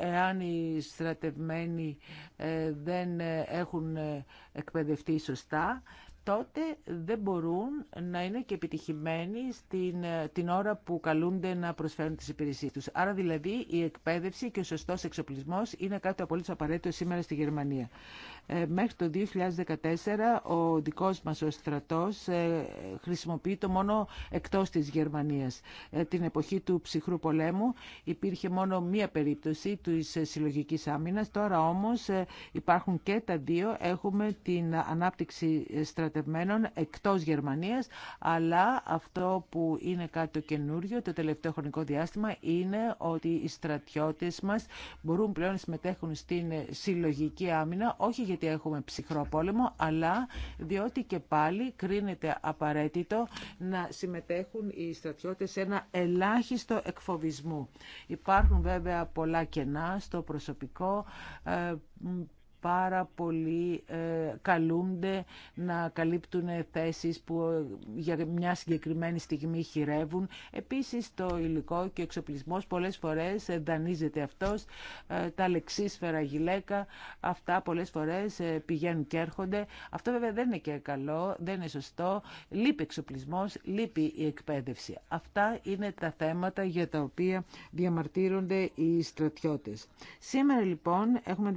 Speaker 1: Εάν οι στρατευμένοι ε, δεν ε, έχουν ε, εκπαιδευτεί σωστά, τότε δεν μπορούν να είναι και επιτυχημένοι στην, ε, την ώρα που καλούνται να προσφέρουν τις υπηρεσίες τους. Άρα δηλαδή η εκπαίδευση και ο σωστός εξοπλισμός είναι κάτι απολύτως απαραίτητο σήμερα στη Γερμανία. Ε, μέχρι το 2014 ο δικός μας ο στρατός ε, χρησιμοποιεί το μόνο εκτός της Γερμανίας. Ε, την εποχή του ψυχρού πολέμου υπήρχε μόνο μία περίπτωση της συλλογικής άμυνας. Τώρα όμως υπάρχουν και τα δύο. Έχουμε την ανάπτυξη στρατευμένων εκτός Γερμανίας, αλλά αυτό που είναι κάτι το καινούριο το τελευταίο χρονικό διάστημα είναι ότι οι στρατιώτες μας μπορούν πλέον να συμμετέχουν στην συλλογική άμυνα, όχι για γιατί έχουμε ψυχρό πόλεμο, αλλά διότι και πάλι κρίνεται απαραίτητο να συμμετέχουν οι στρατιώτες σε ένα ελάχιστο εκφοβισμού. Υπάρχουν βέβαια πολλά κενά στο προσωπικό, ε, πάρα πολλοί ε, καλούνται να καλύπτουν θέσεις που ε, για μια συγκεκριμένη στιγμή χειρεύουν. Επίσης το υλικό και ο εξοπλισμός πολλές φορές δανείζεται αυτός, ε, τα λεξίσφαιρα γυλαίκα, αυτά πολλές φορές πηγαίνουν και έρχονται. Αυτό βέβαια δεν είναι και καλό, δεν είναι σωστό. Λείπει εξοπλισμός, λείπει η εκπαίδευση. Αυτά είναι τα θέματα για τα οποία διαμαρτύρονται οι στρατιώτες. Σήμερα λοιπόν έχουμε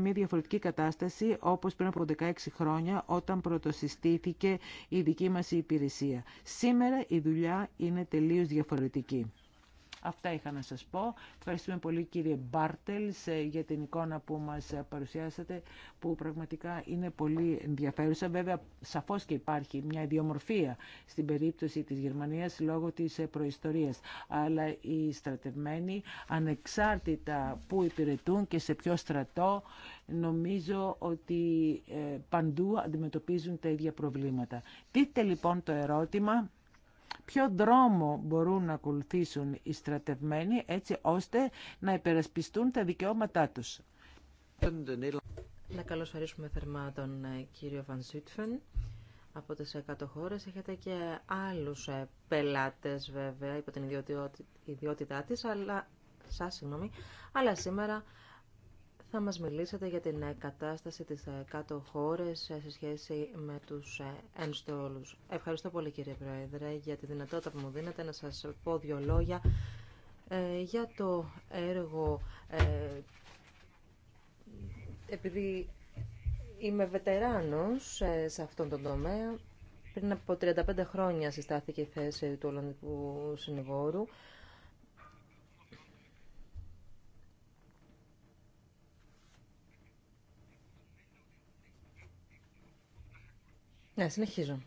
Speaker 1: μια διαφορετική κατάσταση όπως πριν από 16 χρόνια όταν πρωτοσυστήθηκε η δική μας υπηρεσία. Σήμερα η δουλειά είναι τελείως διαφορετική. Αυτά είχα να σας πω. Ευχαριστούμε πολύ κύριε Μπάρτελς για την εικόνα που μας παρουσιάσατε που πραγματικά είναι πολύ ενδιαφέρουσα. Βέβαια σαφώς και υπάρχει μια ιδιομορφία στην περίπτωση της Γερμανίας λόγω της προϊστορίας. Αλλά οι στρατευμένοι ανεξάρτητα που υπηρετούν και σε ποιο στρατό νομίζω ότι ε, παντού αντιμετωπίζουν τα ίδια προβλήματα. Τίτε λοιπόν το ερώτημα ποιο δρόμο μπορούν να ακολουθήσουν οι στρατευμένοι έτσι ώστε να
Speaker 2: υπερασπιστούν τα δικαιώματά τους. Να καλωσορίσουμε θερμά τον ε, κύριο Βαν Σίτφεν από τις 100 χώρες. Έχετε και άλλους ε, πελάτες βέβαια υπό την ιδιότητά της, αλλά, σας, συγγνώμη, αλλά σήμερα θα μας μιλήσετε για την ε, κατάσταση της 100 ε, χώρες ε, σε σχέση με τους ενστόλους. Ευχαριστώ πολύ κύριε Πρόεδρε για τη δυνατότητα που μου δίνετε να σας πω δύο λόγια για το έργο επειδή είμαι βετεράνος σε αυτόν τον τομέα πριν από 35 χρόνια συστάθηκε η θέση του Ολλανδικού Συνηγόρου Ναι, συνεχίζω.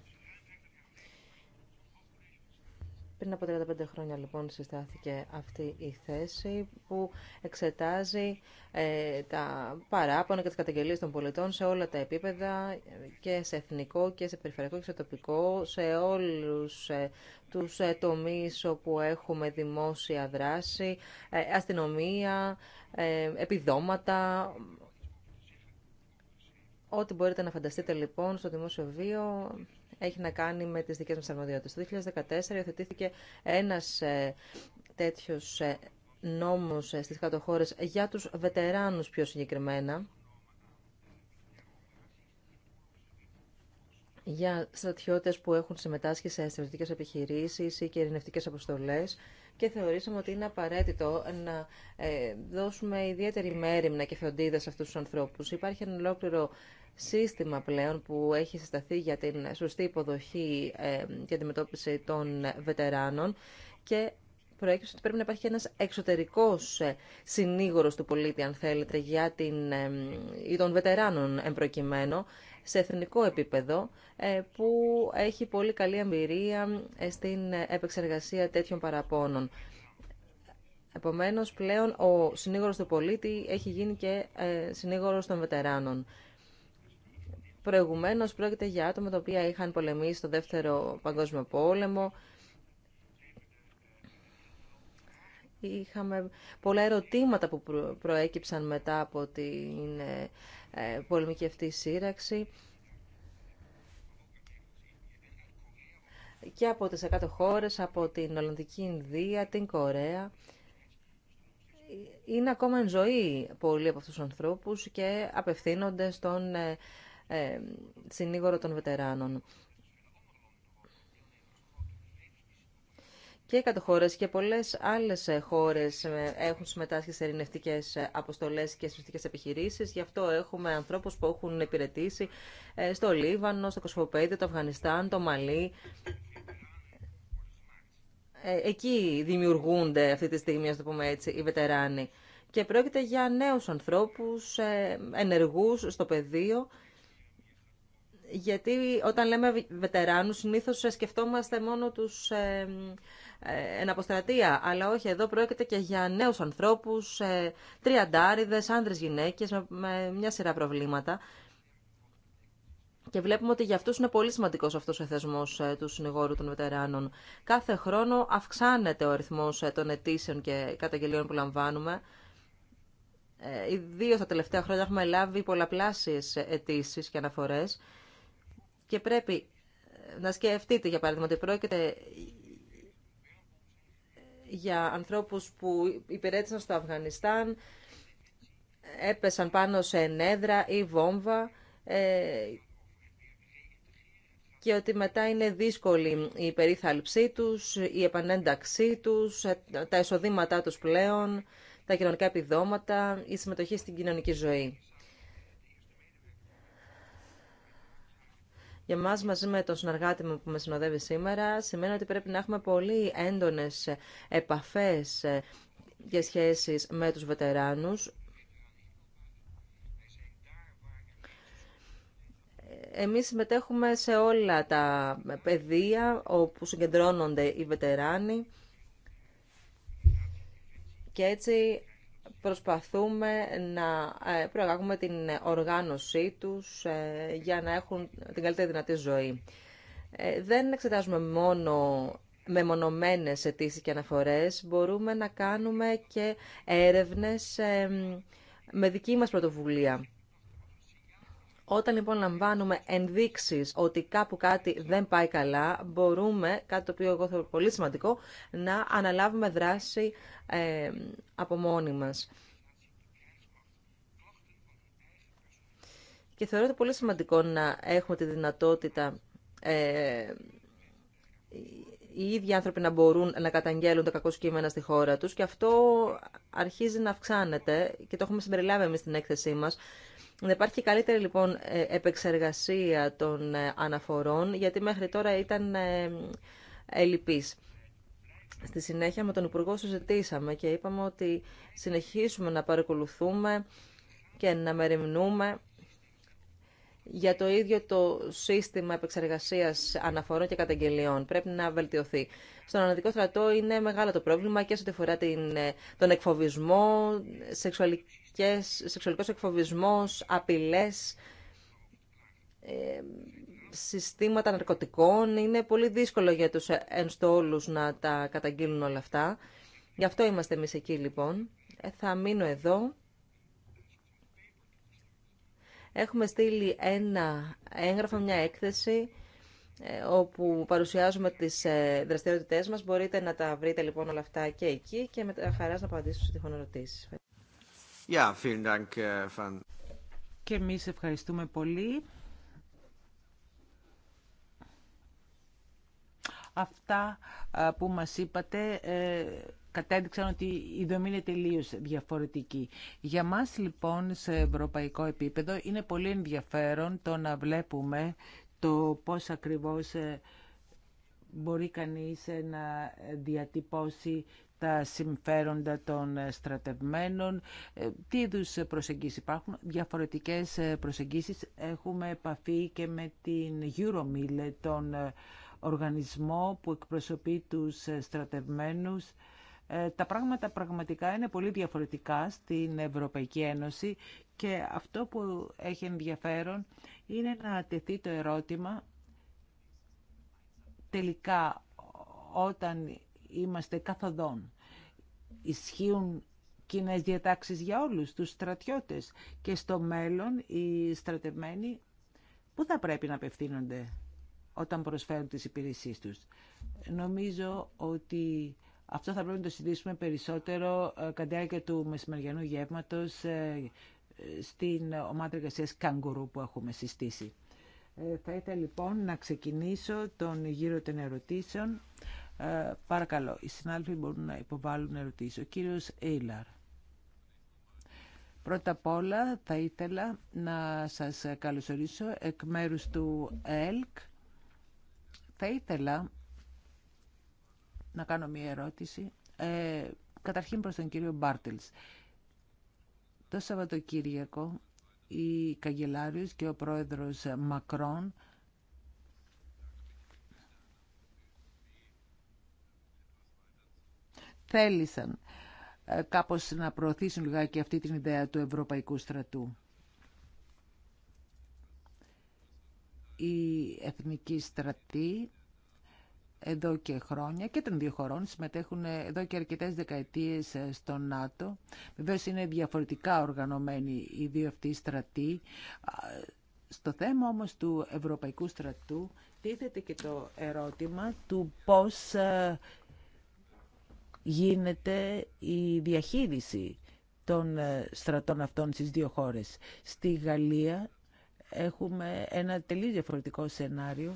Speaker 2: Πριν από 35 χρόνια λοιπόν συστάθηκε αυτή η θέση που εξετάζει ε, τα παράπονα και τις καταγγελίες των πολιτών σε όλα τα επίπεδα και σε εθνικό και σε περιφερειακό και σε τοπικό, σε όλους ε, τους ε, τομείς όπου έχουμε δημόσια δράση, ε, αστυνομία, επιδόματα, Ό,τι μπορείτε να φανταστείτε λοιπόν στο δημόσιο βίο έχει να κάνει με τις δικές μας αρμοδιότητες. Το 2014 υιοθετήθηκε ένας ε, τέτοιος ε, νόμος ε, στις κάτω χώρες για τους βετεράνους πιο συγκεκριμένα. για στρατιώτες που έχουν συμμετάσχει σε στρατιωτικές επιχειρήσεις ή και ειρηνευτικές αποστολές και θεωρήσαμε ότι είναι απαραίτητο να δώσουμε ιδιαίτερη μέρημνα και φροντίδα σε αυτούς τους ανθρώπους. Υπάρχει ένα ολόκληρο σύστημα πλέον που έχει συσταθεί για την σωστή υποδοχή και αντιμετώπιση των βετεράνων και προέκυψε ότι πρέπει να υπάρχει ένας εξωτερικός ε, συνήγορος του πολίτη, αν θέλετε, για την, ή των βετεράνων εμπροκειμένο, σε εθνικό επίπεδο, ε, που έχει πολύ καλή εμπειρία ε, στην επεξεργασία τέτοιων παραπώνων. Επομένως, πλέον ο συνήγορος του πολίτη έχει γίνει και συνήγορος των βετεράνων. Προηγουμένω πρόκειται για άτομα τα οποία είχαν πολεμήσει στο Δεύτερο Παγκόσμιο Πόλεμο. Είχαμε πολλά ερωτήματα που προέκυψαν μετά από την ε, ε, πολεμική αυτή σύραξη. και από τις 100 χώρες, από την Ολλανδική Ινδία, την Κορέα. Είναι ακόμα εν ζωή πολλοί από αυτούς τους ανθρώπους και απευθύνονται στον ε, ε, συνήγορο των βετεράνων. Και οι και πολλέ άλλε ε, χώρες ε, έχουν συμμετάσχει σε ειρηνευτικέ αποστολές και συμμετικές επιχειρήσεις. Γι' αυτό έχουμε ανθρώπους που έχουν υπηρετήσει στο Λίβανο, στο Κοσμοπέδιο, το Αφγανιστάν, το Μαλί. Εκεί δημιουργούνται αυτή τη στιγμή, α το πούμε έτσι, οι βετεράνοι. Και πρόκειται για νέου ανθρώπου, ενεργού στο πεδίο γιατί όταν λέμε βετεράνους συνήθως ε, σκεφτόμαστε μόνο τους ε, ε, αλλά όχι εδώ πρόκειται και για νέους ανθρώπους, ε, τριαντάριδες, άνδρες, γυναίκες, με, μια σειρά προβλήματα. Και βλέπουμε ότι για αυτούς είναι πολύ σημαντικός αυτός ο θεσμός ε, του συνηγόρου των βετεράνων. Κάθε χρόνο αυξάνεται ο αριθμός ε, των αιτήσεων και καταγγελίων που λαμβάνουμε. Ε, Ιδίω τα τελευταία χρόνια έχουμε λάβει πολλαπλάσιες αιτήσει και αναφορές. Και πρέπει ε, να σκεφτείτε, για παράδειγμα, ότι πρόκειται για ανθρώπους που υπηρέτησαν στο Αφγανιστάν, έπεσαν πάνω σε ενέδρα ή βόμβα ε, και ότι μετά είναι δύσκολη η περίθαλψή τους, η επανένταξή τους, ε, τα εισοδήματά τους πλέον, τα κοινωνικά επιδόματα, η συμμετοχή στην κοινωνική ζωή. Για μας μαζί με το συνεργάτη μου που με συνοδεύει σήμερα σημαίνει ότι πρέπει να έχουμε πολύ έντονες επαφές ε, και σχέσεις με τους βετεράνου. Εμείς συμμετέχουμε σε όλα τα πεδία όπου συγκεντρώνονται οι βετεράνοι και έτσι προσπαθούμε να ε, προαγάγουμε την οργάνωσή τους ε, για να έχουν την καλύτερη δυνατή ζωή. Ε, δεν εξετάζουμε μόνο μεμονωμένες αιτήσει και αναφορές, μπορούμε να κάνουμε και έρευνες με δική μας πρωτοβουλία. Όταν λοιπόν λαμβάνουμε ενδείξει ότι κάπου κάτι δεν πάει καλά, μπορούμε, κάτι το οποίο εγώ θεωρώ πολύ σημαντικό, να αναλάβουμε δράση ε, από μόνοι μα. Και θεωρώ ότι πολύ σημαντικό να έχουμε τη δυνατότητα ε, οι ίδιοι άνθρωποι να μπορούν να καταγγέλουν τα κακό κείμενα στη χώρα τους και αυτό αρχίζει να αυξάνεται και το έχουμε συμπεριλάβει εμείς στην έκθεσή μας να υπάρχει καλύτερη λοιπόν ε, επεξεργασία των ε, αναφορών, γιατί μέχρι τώρα ήταν ε, ελλειπής. Στη συνέχεια με τον Υπουργό συζητήσαμε και είπαμε ότι συνεχίσουμε να παρακολουθούμε και να μεριμνούμε για το ίδιο το σύστημα επεξεργασίας αναφορών και καταγγελιών. Πρέπει να βελτιωθεί. Στον αναδικό στρατό είναι μεγάλο το πρόβλημα και σε ό,τι αφορά την, τον εκφοβισμό, σεξουαλική και σεξουαλικός εκφοβισμός, απειλές, ε, συστήματα ναρκωτικών. Είναι πολύ δύσκολο για τους ενστόλους να τα καταγγείλουν όλα αυτά. Γι' αυτό είμαστε εμείς εκεί λοιπόν. Ε, θα μείνω εδώ. Έχουμε στείλει ένα έγγραφο, μια έκθεση ε, όπου παρουσιάζουμε τις δραστηριότητές μας. Μπορείτε να τα βρείτε λοιπόν όλα αυτά και εκεί και με χαρά να απαντήσω σε τυχόν ερωτήσεις vielen Dank, äh,
Speaker 1: Και εμεί ευχαριστούμε πολύ. Αυτά που μας είπατε ε, κατέδειξαν ότι η δομή είναι τελείω διαφορετική. Για μας λοιπόν σε ευρωπαϊκό επίπεδο είναι πολύ ενδιαφέρον το να βλέπουμε το πώς ακριβώς ε, μπορεί κανείς ε, να διατυπώσει τα συμφέροντα των ε, στρατευμένων, ε, τι είδου ε, προσεγγίσεις υπάρχουν, διαφορετικές προσεγγίσεις. Έχουμε επαφή και με την Euromill, τον οργανισμό που εκπροσωπεί τους στρατευμένους. Τα πράγματα πραγματικά είναι πολύ διαφορετικά στην Ευρωπαϊκή Ένωση και αυτό που έχει ενδιαφέρον είναι να τεθεί το ερώτημα τελικά όταν είμαστε καθοδόν. Ισχύουν κοινέ διατάξεις για όλους τους στρατιώτες και στο μέλλον οι στρατευμένοι πού θα πρέπει να απευθύνονται όταν προσφέρουν τις υπηρεσίες τους. Νομίζω ότι αυτό θα πρέπει να το συζητήσουμε περισσότερο ε, κατά διάρκεια του μεσημεριανού γεύματος ε, στην ομάδα εργασία Καγκουρού που έχουμε συστήσει. Ε, θα ήθελα λοιπόν να ξεκινήσω τον γύρο των ερωτήσεων ε, παρακαλώ, οι συνάδελφοι μπορούν να υποβάλουν ερωτήσεις. Ο κύριος Έιλαρ. Πρώτα απ' όλα θα ήθελα να σας καλωσορίσω εκ μέρους του ΕΛΚ. Θα ήθελα να κάνω μία ερώτηση. Ε, καταρχήν προς τον κύριο Μπάρτελς. Το Σαββατοκύριακο η Καγκελάριος και ο πρόεδρος Μακρόν θέλησαν ε, κάπως να προωθήσουν λιγάκι αυτή την ιδέα του Ευρωπαϊκού στρατού. Οι εθνικοί στρατοί εδώ και χρόνια και των δύο χωρών συμμετέχουν ε, εδώ και αρκετές δεκαετίες ε, στο ΝΑΤΟ. Βεβαίως είναι διαφορετικά οργανωμένοι οι δύο αυτοί στρατοί. Στο θέμα όμως του Ευρωπαϊκού στρατού τίθεται και το ερώτημα του πώς γίνεται η διαχείριση των ε, στρατών αυτών στις δύο χώρες. Στη Γαλλία έχουμε ένα τελείως διαφορετικό σενάριο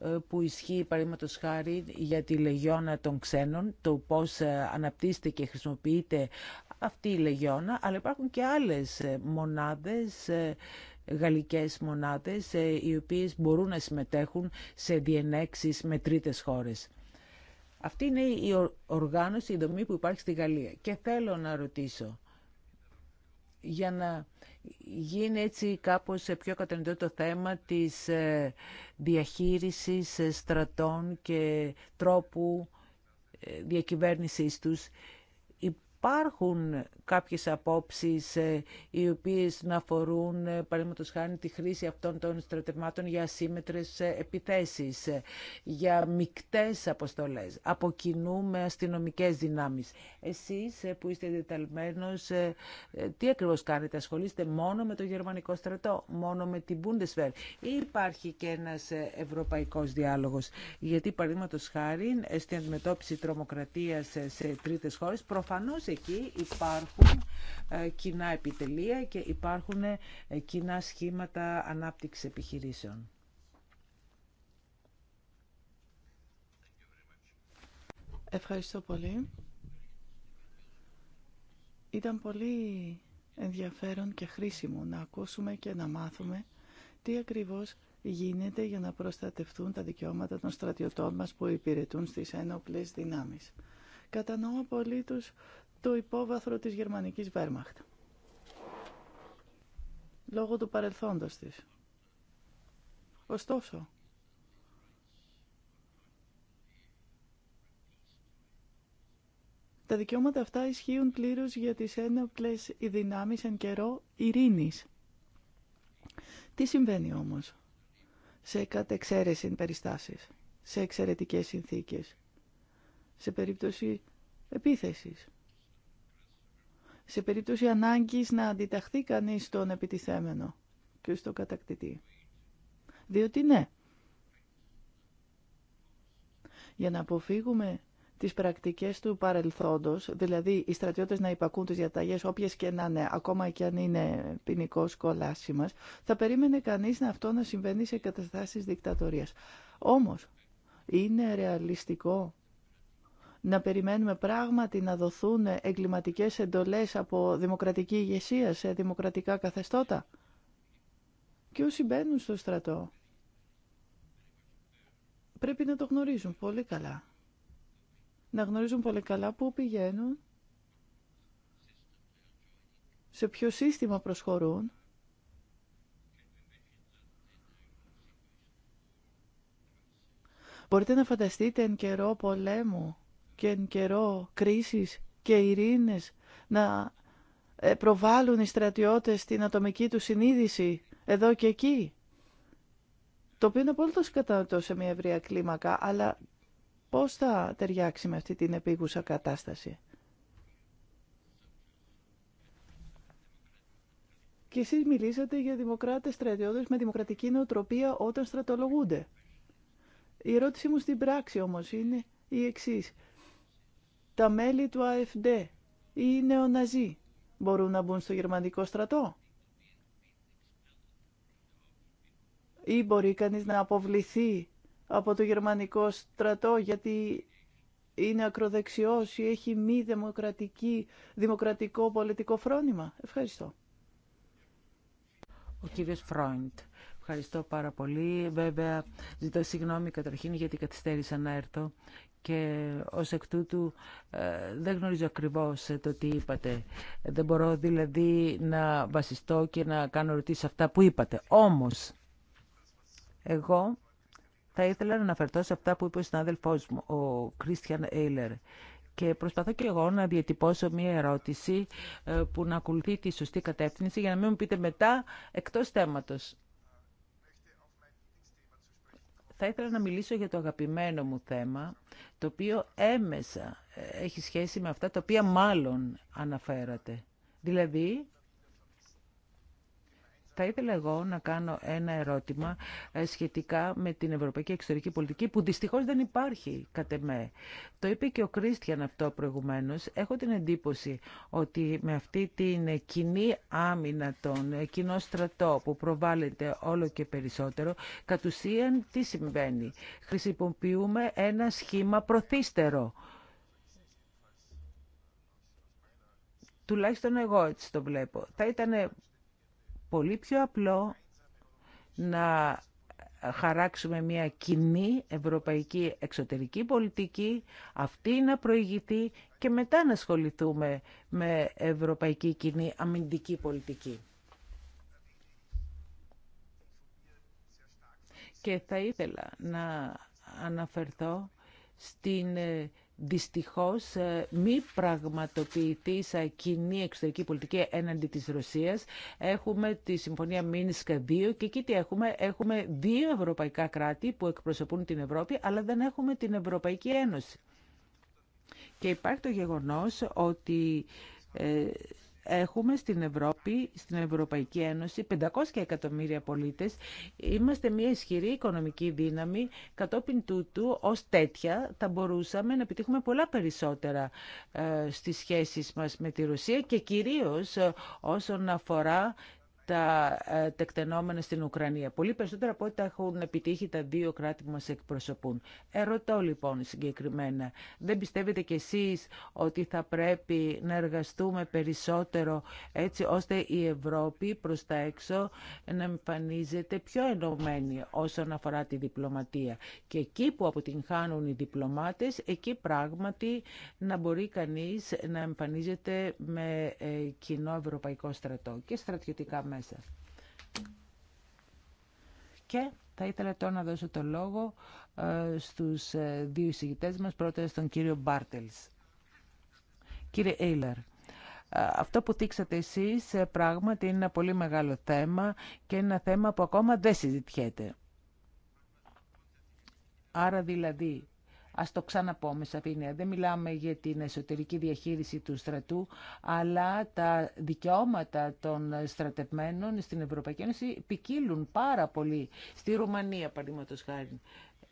Speaker 1: ε, που ισχύει παραδείγματο χάρη για τη λεγιώνα των ξένων, το πώς ε, αναπτύσσεται και χρησιμοποιείται αυτή η λεγιώνα, αλλά υπάρχουν και άλλες μονάδες, γαλλικές μονάδες, οι οποίες μπορούν να συμμετέχουν σε διενέξεις με τρίτες χώρες. Αυτή είναι η οργάνωση, η δομή που υπάρχει στη Γαλλία. Και θέλω να ρωτήσω, για να γίνει έτσι κάπως πιο κατανοητό το θέμα της ε, διαχείρισης ε, στρατών και τρόπου ε, διακυβέρνησης τους, υπάρχουν κάποιες απόψεις ε, οι οποίες να αφορούν, ε, παραδείγματος χάνει, τη χρήση αυτών των στρατευμάτων για ασύμετρες ε, επιθέσεις, για μικτές αποστολές, από κοινού με αστυνομικές δυνάμεις. Εσείς που είστε ε, τι ακριβώς κάνετε, ασχολείστε μόνο με το γερμανικό στρατό, μόνο με την Bundeswehr ή υπάρχει και ένας ευρωπαϊκός διάλογος. Γιατί, παραδείγματος χάρη, στην αντιμετώπιση τρομοκρατίας σε τρίτες χώρες, προφανώς εκεί υπάρχουν ε, κοινά επιτελεία και υπάρχουν ε, κοινά σχήματα ανάπτυξης επιχειρήσεων.
Speaker 3: Ευχαριστώ πολύ. Ήταν πολύ ενδιαφέρον και χρήσιμο να ακούσουμε και να μάθουμε τι ακριβώς γίνεται για να προστατευτούν τα δικαιώματα των στρατιωτών μας που υπηρετούν στις ένοπλες δυνάμεις. Κατανοώ τους το υπόβαθρο της γερμανικής Wehrmacht. Λόγω του παρελθόντος της. Ωστόσο, τα δικαιώματα αυτά ισχύουν πλήρως για τις ένοπλες δυνάμεις εν καιρό ειρήνης. Τι συμβαίνει όμως σε κατεξαίρεση περιστάσεις, σε εξαιρετικές συνθήκες, σε περίπτωση επίθεσης σε περίπτωση ανάγκης να αντιταχθεί κανείς στον επιτιθέμενο και στον κατακτητή. Διότι ναι, για να αποφύγουμε τις πρακτικές του παρελθόντος, δηλαδή οι στρατιώτες να υπακούν τις διαταγές όποιες και να είναι, ακόμα και αν είναι ποινικό κολάσι θα περίμενε κανείς να αυτό να συμβαίνει σε καταστάσεις δικτατορίας. Όμως, είναι ρεαλιστικό να περιμένουμε πράγματι να δοθούν εγκληματικές εντολές από δημοκρατική ηγεσία σε δημοκρατικά καθεστώτα. Και όσοι μπαίνουν στο στρατό πρέπει να το γνωρίζουν πολύ καλά. Να γνωρίζουν πολύ καλά πού πηγαίνουν, σε ποιο σύστημα προσχωρούν, Μπορείτε να φανταστείτε εν καιρό πολέμου και εν καιρό κρίσεις και ειρήνες να ε, προβάλλουν οι στρατιώτες την ατομική του συνείδηση εδώ και εκεί. Το οποίο είναι απόλυτο κατανοητό σε μια ευρία κλίμακα, αλλά πώς θα ταιριάξει με αυτή την επίγουσα κατάσταση. Και εσείς μιλήσατε για δημοκράτες στρατιώτες με δημοκρατική νοοτροπία όταν στρατολογούνται. Η ερώτησή μου στην πράξη όμως είναι η εξής τα μέλη του ΑΕΦΔ ή νεοναζί μπορούν να μπουν στο γερμανικό στρατό. Ή μπορεί κανείς να αποβληθεί από το γερμανικό στρατό γιατί είναι ακροδεξιός ή έχει μη δημοκρατική, δημοκρατικό πολιτικό φρόνημα. Ευχαριστώ.
Speaker 1: Ο κύριος Φρόιντ. Ευχαριστώ πάρα πολύ. Βέβαια, ζητώ συγγνώμη καταρχήν γιατί καθυστέρησα να έρθω και ως εκ τούτου ε, δεν γνωρίζω ακριβώς ε, το τι είπατε. Δεν μπορώ δηλαδή να βασιστώ και να κάνω ρωτήσεις αυτά που είπατε. Όμως, εγώ θα ήθελα να αναφερθώ σε αυτά που είπε ο συνάδελφός μου, ο Κρίστιαν Έιλερ. Και προσπαθώ και εγώ να διατυπώσω μία ερώτηση ε, που να ακολουθεί τη σωστή κατεύθυνση για να μην μου πείτε μετά εκτός θέματος. Θα ήθελα να μιλήσω για το αγαπημένο μου θέμα, το οποίο έμεσα έχει σχέση με αυτά τα οποία μάλλον αναφέρατε. Δηλαδή, θα ήθελα εγώ να κάνω ένα ερώτημα ε, σχετικά με την ευρωπαϊκή εξωτερική πολιτική που δυστυχώς δεν υπάρχει κατ' εμέ. Το είπε και ο Κρίστιαν αυτό προηγουμένως. Έχω την εντύπωση ότι με αυτή την κοινή άμυνα των κοινό στρατό που προβάλλεται όλο και περισσότερο, κατ' ουσίαν τι συμβαίνει. Χρησιμοποιούμε ένα σχήμα προθύστερο. τουλάχιστον εγώ έτσι το βλέπω. Θα ήταν πολύ πιο απλό να χαράξουμε μια κοινή ευρωπαϊκή εξωτερική πολιτική, αυτή να προηγηθεί και μετά να ασχοληθούμε με ευρωπαϊκή κοινή αμυντική πολιτική. Και θα ήθελα να αναφερθώ στην ε, δυστυχώς ε, μη πραγματοποιηθεί σαν κοινή εξωτερική πολιτική έναντι της Ρωσίας. Έχουμε τη Συμφωνία Μίνσκα 2 και εκεί τι έχουμε. Έχουμε δύο ευρωπαϊκά κράτη που εκπροσωπούν την Ευρώπη, αλλά δεν έχουμε την Ευρωπαϊκή Ένωση. Και υπάρχει το γεγονός ότι ε, Έχουμε στην Ευρώπη, στην Ευρωπαϊκή Ένωση, 500 εκατομμύρια πολίτες. Είμαστε μια ισχυρή οικονομική δύναμη. Κατόπιν τούτου, ως τέτοια, θα μπορούσαμε να επιτύχουμε πολλά περισσότερα ε, στις σχέσεις μας με τη Ρωσία και κυρίως ε, όσον αφορά τα ε, τεκτενόμενα στην Ουκρανία. Πολύ περισσότερα από ό,τι τα έχουν επιτύχει τα δύο κράτη που μας εκπροσωπούν. Ερωτώ λοιπόν συγκεκριμένα, δεν πιστεύετε κι εσείς ότι θα πρέπει να εργαστούμε περισσότερο έτσι ώστε η Ευρώπη προς τα έξω να εμφανίζεται πιο ενωμένη όσον αφορά τη διπλωματία. Και εκεί που αποτυγχάνουν οι διπλωμάτες, εκεί πράγματι να μπορεί κανείς να εμφανίζεται με ε, κοινό ευρωπαϊκό στρατό και στρατιωτικά μέσα. Και θα ήθελα τώρα να δώσω το λόγο ε, στους ε, δύο εισηγητές μας, πρώτα στον κύριο Μπάρτελς. Κύριε Έιλαρ, ε, αυτό που δείξατε εσείς πράγματι είναι ένα πολύ μεγάλο θέμα και ένα θέμα που ακόμα δεν συζητιέται. Άρα δηλαδή Ας το ξαναπώ με σαφήνεια. Δεν μιλάμε για την εσωτερική διαχείριση του στρατού, αλλά τα δικαιώματα των στρατευμένων στην Ευρωπαϊκή Ένωση ποικίλουν πάρα πολύ. Στη Ρουμανία, παραδείγματο χάρη.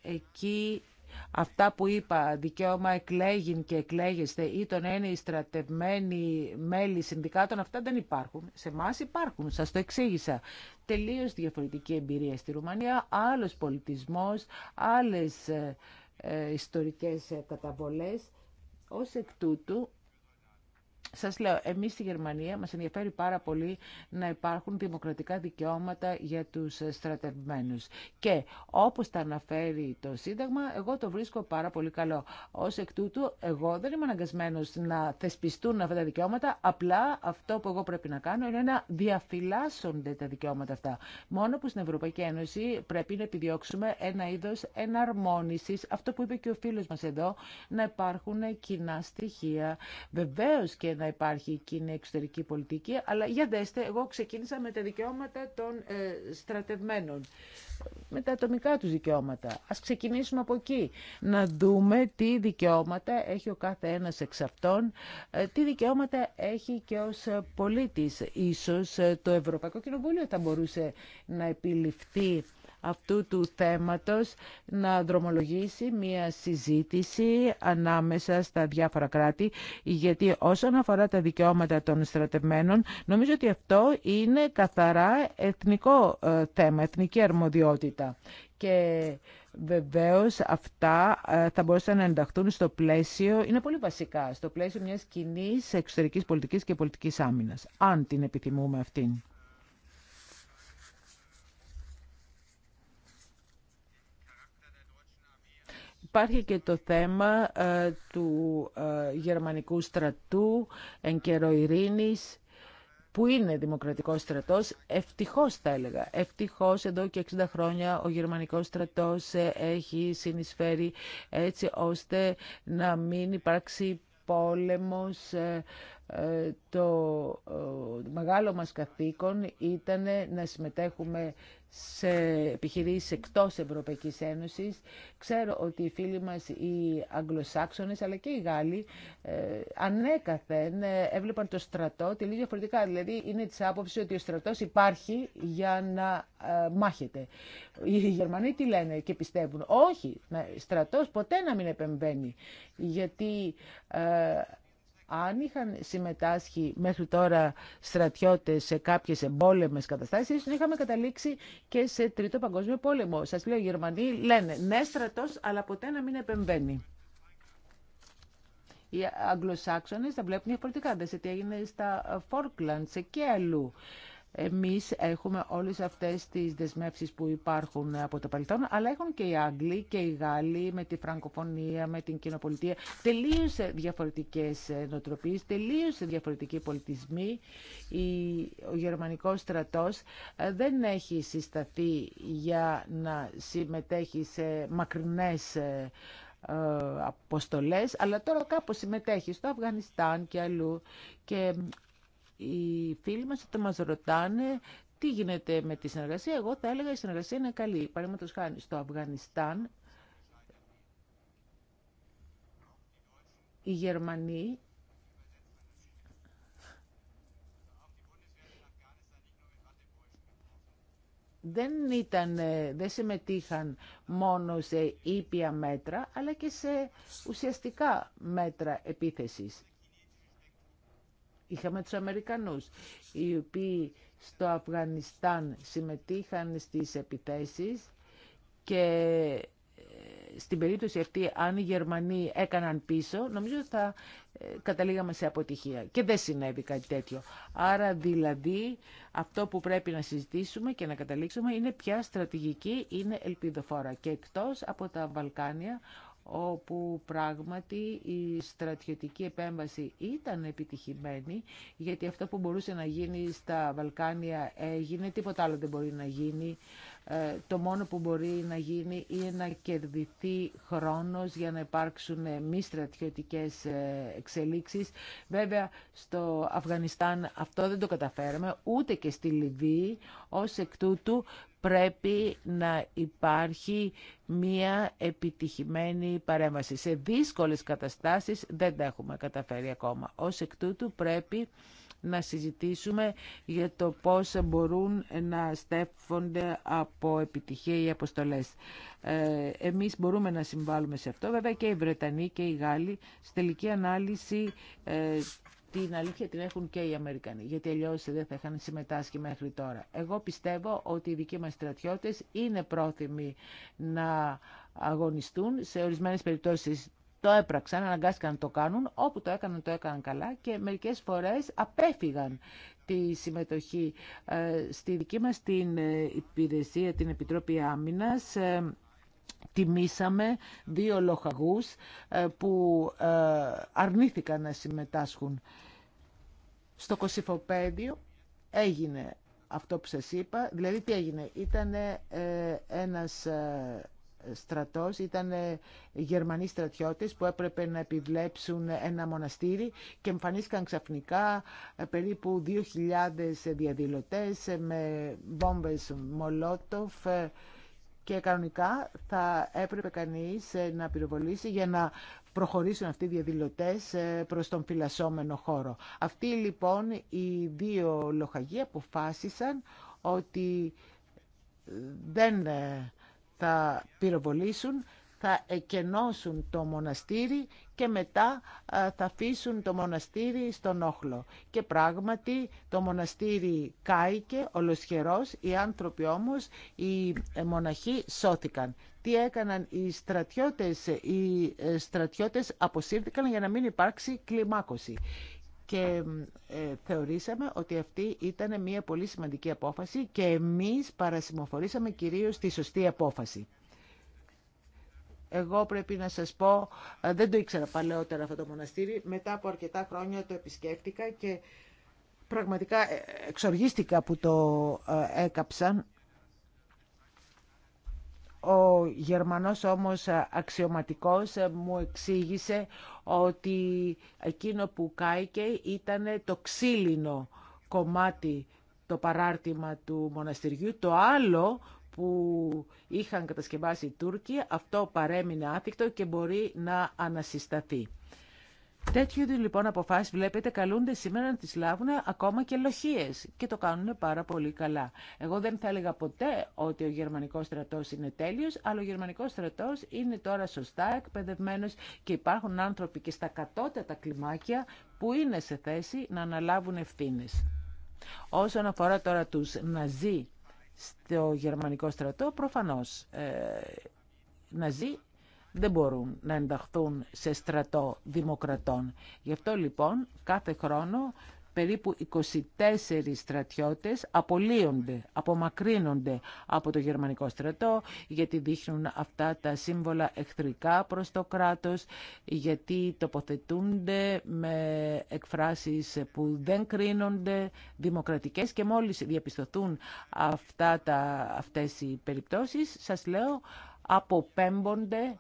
Speaker 1: Εκεί αυτά που είπα, δικαίωμα εκλέγει και εκλέγεστε ή τον ένα οι στρατευμένοι μέλη συνδικάτων, αυτά δεν υπάρχουν. Σε εμά υπάρχουν, σα το εξήγησα. Τελείω διαφορετική εμπειρία στη Ρουμανία, άλλος πολιτισμός, άλλε. Ε, ε, ιστορικές ε, καταβολές. Ως εκ τούτου σας λέω, εμείς στη Γερμανία μας ενδιαφέρει πάρα πολύ να υπάρχουν δημοκρατικά δικαιώματα για τους στρατευμένους. Και όπως τα αναφέρει το Σύνταγμα, εγώ το βρίσκω πάρα πολύ καλό. Ως εκ τούτου, εγώ δεν είμαι αναγκασμένος να θεσπιστούν αυτά τα δικαιώματα, απλά αυτό που εγώ πρέπει να κάνω είναι να διαφυλάσσονται τα δικαιώματα αυτά. Μόνο που στην Ευρωπαϊκή Ένωση πρέπει να επιδιώξουμε ένα είδος εναρμόνησης, αυτό που είπε και ο φίλος μας εδώ, να υπάρχουν κοινά στοιχεία. Βεβαίως και να υπάρχει κοινή εξωτερική πολιτική, αλλά για δέστε, εγώ ξεκίνησα με τα δικαιώματα των ε, στρατευμένων, με τα ατομικά τους δικαιώματα. Ας ξεκινήσουμε από εκεί, να δούμε τι δικαιώματα έχει ο κάθε ένας εξ αυτών, ε, τι δικαιώματα έχει και ως πολίτης. Ίσως ε, το Ευρωπαϊκό Κοινοβούλιο θα μπορούσε να επιληφθεί αυτού του θέματος να δρομολογήσει μια συζήτηση ανάμεσα στα διάφορα κράτη, γιατί όσον αφορά τα δικαιώματα των στρατευμένων, νομίζω ότι αυτό είναι καθαρά εθνικό ε, θέμα, εθνική αρμοδιότητα. Και βεβαίως αυτά ε, θα μπορούσαν να ενταχθούν στο πλαίσιο, είναι πολύ βασικά, στο πλαίσιο μιας κοινή εξωτερικής πολιτικής και πολιτικής άμυνας, αν την επιθυμούμε αυτήν. Υπάρχει και το θέμα ε, του ε, γερμανικού στρατού εν καιρό που είναι δημοκρατικός στρατός, ευτυχώς θα έλεγα. Ευτυχώς εδώ και 60 χρόνια ο γερμανικός στρατός ε, έχει συνεισφέρει έτσι ώστε να μην υπάρξει πόλεμος. Το μεγάλο μας καθήκον ήταν να συμμετέχουμε σε επιχειρήσεις εκτός Ευρωπαϊκής Ένωσης. Ξέρω ότι οι φίλοι μας οι Αγγλοσάξονες αλλά και οι Γάλλοι ε, ανέκαθεν ε, έβλεπαν το στρατό τελείως διαφορετικά. Δηλαδή είναι της άποψη ότι ο στρατός υπάρχει για να ε, μάχεται. Οι Γερμανοί τι λένε και πιστεύουν. Όχι, στρατός ποτέ να μην επεμβαίνει. Γιατί ε, αν είχαν συμμετάσχει μέχρι τώρα στρατιώτες σε κάποιες εμπόλεμες καταστάσεις, είχαμε καταλήξει και σε τρίτο παγκόσμιο πόλεμο. Σας λέω, οι Γερμανοί λένε ναι στρατός, αλλά ποτέ να μην επεμβαίνει. Οι Αγγλοσάξονες τα βλέπουν διαφορετικά. Δεν τι έγινε στα Φόρκλαντ, σε και αλλού. Εμείς έχουμε όλες αυτές τις δεσμεύσεις που υπάρχουν από το παρελθόν, αλλά έχουν και οι Άγγλοι και οι Γάλλοι με τη Φραγκοφωνία, με την Κοινοπολιτεία. Τελείως διαφορετικές νοοτροπίες, τελείως διαφορετικοί πολιτισμοί. Ο γερμανικός στρατός ε, δεν έχει συσταθεί για να συμμετέχει σε μακρινές ε, ε, αποστολές, αλλά τώρα κάπως συμμετέχει στο Αφγανιστάν και αλλού και οι φίλοι μας όταν μας ρωτάνε τι γίνεται με τη συνεργασία, εγώ θα έλεγα η συνεργασία είναι καλή. Παραδείγματο χάνει στο Αφγανιστάν, οι Γερμανοί δεν, ήταν, δεν συμμετείχαν μόνο σε ήπια μέτρα, αλλά και σε ουσιαστικά μέτρα επίθεσης. Είχαμε τους Αμερικανούς, οι οποίοι στο Αφγανιστάν συμμετείχαν στις επιθέσεις και ε, στην περίπτωση αυτή, αν οι Γερμανοί έκαναν πίσω, νομίζω θα ε, καταλήγαμε σε αποτυχία. Και δεν συνέβη κάτι τέτοιο. Άρα δηλαδή αυτό που πρέπει να συζητήσουμε και να καταλήξουμε είναι ποια στρατηγική είναι ελπιδοφόρα. Και εκτός από τα Βαλκάνια, όπου πράγματι η στρατιωτική επέμβαση ήταν επιτυχημένη, γιατί αυτό που μπορούσε να γίνει στα Βαλκάνια έγινε, τίποτα άλλο δεν μπορεί να γίνει ε, το μόνο που μπορεί να γίνει είναι να κερδιθεί χρόνος για να υπάρξουν μη στρατιωτικές ε, εξελίξεις. Βέβαια, στο Αφγανιστάν αυτό δεν το καταφέραμε, ούτε και στη Λιβύη, ως εκ τούτου πρέπει να υπάρχει μία επιτυχημένη παρέμβαση. Σε δύσκολες καταστάσεις δεν τα έχουμε καταφέρει ακόμα. Ως εκ τούτου πρέπει να συζητήσουμε για το πώς μπορούν να στέφονται από επιτυχία οι αποστολές. Ε, εμείς μπορούμε να συμβάλλουμε σε αυτό. Βέβαια και οι Βρετανοί και οι Γάλλοι στη τελική ανάλυση ε, την αλήθεια την έχουν και οι Αμερικανοί, γιατί αλλιώ δεν θα είχαν συμμετάσχει μέχρι τώρα. Εγώ πιστεύω ότι οι δικοί μας στρατιώτες είναι πρόθυμοι να αγωνιστούν. Σε ορισμένες περιπτώσεις το έπραξαν, αναγκάστηκαν να το κάνουν, όπου το έκαναν το έκαναν καλά και μερικές φορές απέφυγαν τη συμμετοχή. Ε, στη δική μας την ε, υπηρεσία, την Επιτροπή Άμυνας, ε, τιμήσαμε δύο λοχαγούς που αρνήθηκαν να συμμετάσχουν. Στο Κωσυφοπέδιο έγινε αυτό που σας είπα, δηλαδή τι έγινε, ήταν ένας στρατός ήταν ε, Γερμανοί στρατιώτες που έπρεπε να επιβλέψουν ένα μοναστήρι και εμφανίστηκαν ξαφνικά ε, περίπου 2.000 διαδηλωτές ε, με βόμβες Μολότοφ και κανονικά θα έπρεπε κανείς να πυροβολήσει για να προχωρήσουν αυτοί οι διαδηλωτές προς τον φυλασσόμενο χώρο. Αυτοί λοιπόν οι δύο λοχαγοί αποφάσισαν ότι δεν θα πυροβολήσουν, θα εκενώσουν το μοναστήρι και μετά θα αφήσουν το μοναστήρι στον όχλο. Και πράγματι το μοναστήρι κάηκε ολοσχερός, οι άνθρωποι όμως, οι ε, μοναχοί σώθηκαν. Τι έκαναν οι στρατιώτες, οι ε, στρατιώτες αποσύρθηκαν για να μην υπάρξει κλιμάκωση και ε, θεωρήσαμε ότι αυτή ήταν μια πολύ σημαντική απόφαση και εμείς παρασημοφορήσαμε κυρίως τη σωστή απόφαση. Εγώ πρέπει να σας πω, ε, δεν το ήξερα παλαιότερα αυτό το μοναστήρι, μετά από αρκετά χρόνια το επισκέφτηκα και πραγματικά ε, εξοργίστηκα που το έκαψαν ο Γερμανός όμως αξιωματικός μου εξήγησε ότι εκείνο που κάηκε ήταν το ξύλινο κομμάτι, το παράρτημα του μοναστηριού. Το άλλο που είχαν κατασκευάσει οι Τούρκοι, αυτό παρέμεινε άθικτο και μπορεί να ανασυσταθεί. Τέτοιου είδου λοιπόν αποφάσει βλέπετε καλούνται σήμερα να τι λάβουν ακόμα και λοχίε και το κάνουν πάρα πολύ καλά. Εγώ δεν θα έλεγα ποτέ ότι ο γερμανικό στρατό είναι τέλειο, αλλά ο γερμανικό στρατό είναι τώρα σωστά εκπαιδευμένο και υπάρχουν άνθρωποι και στα κατώτατα κλιμάκια που είναι σε θέση να αναλάβουν ευθύνε. Όσον αφορά τώρα τους ναζί στο γερμανικό στρατό, προφανώ. ε, ναζί δεν μπορούν να ενταχθούν σε στρατό δημοκρατών. Γι' αυτό λοιπόν κάθε χρόνο περίπου 24 στρατιώτες απολύονται, απομακρύνονται από το γερμανικό στρατό γιατί δείχνουν αυτά τα σύμβολα εχθρικά προς το κράτος, γιατί τοποθετούνται με εκφράσεις που δεν κρίνονται δημοκρατικές και μόλις διαπιστωθούν αυτά τα, αυτές οι περιπτώσεις, σας λέω, αποπέμπονται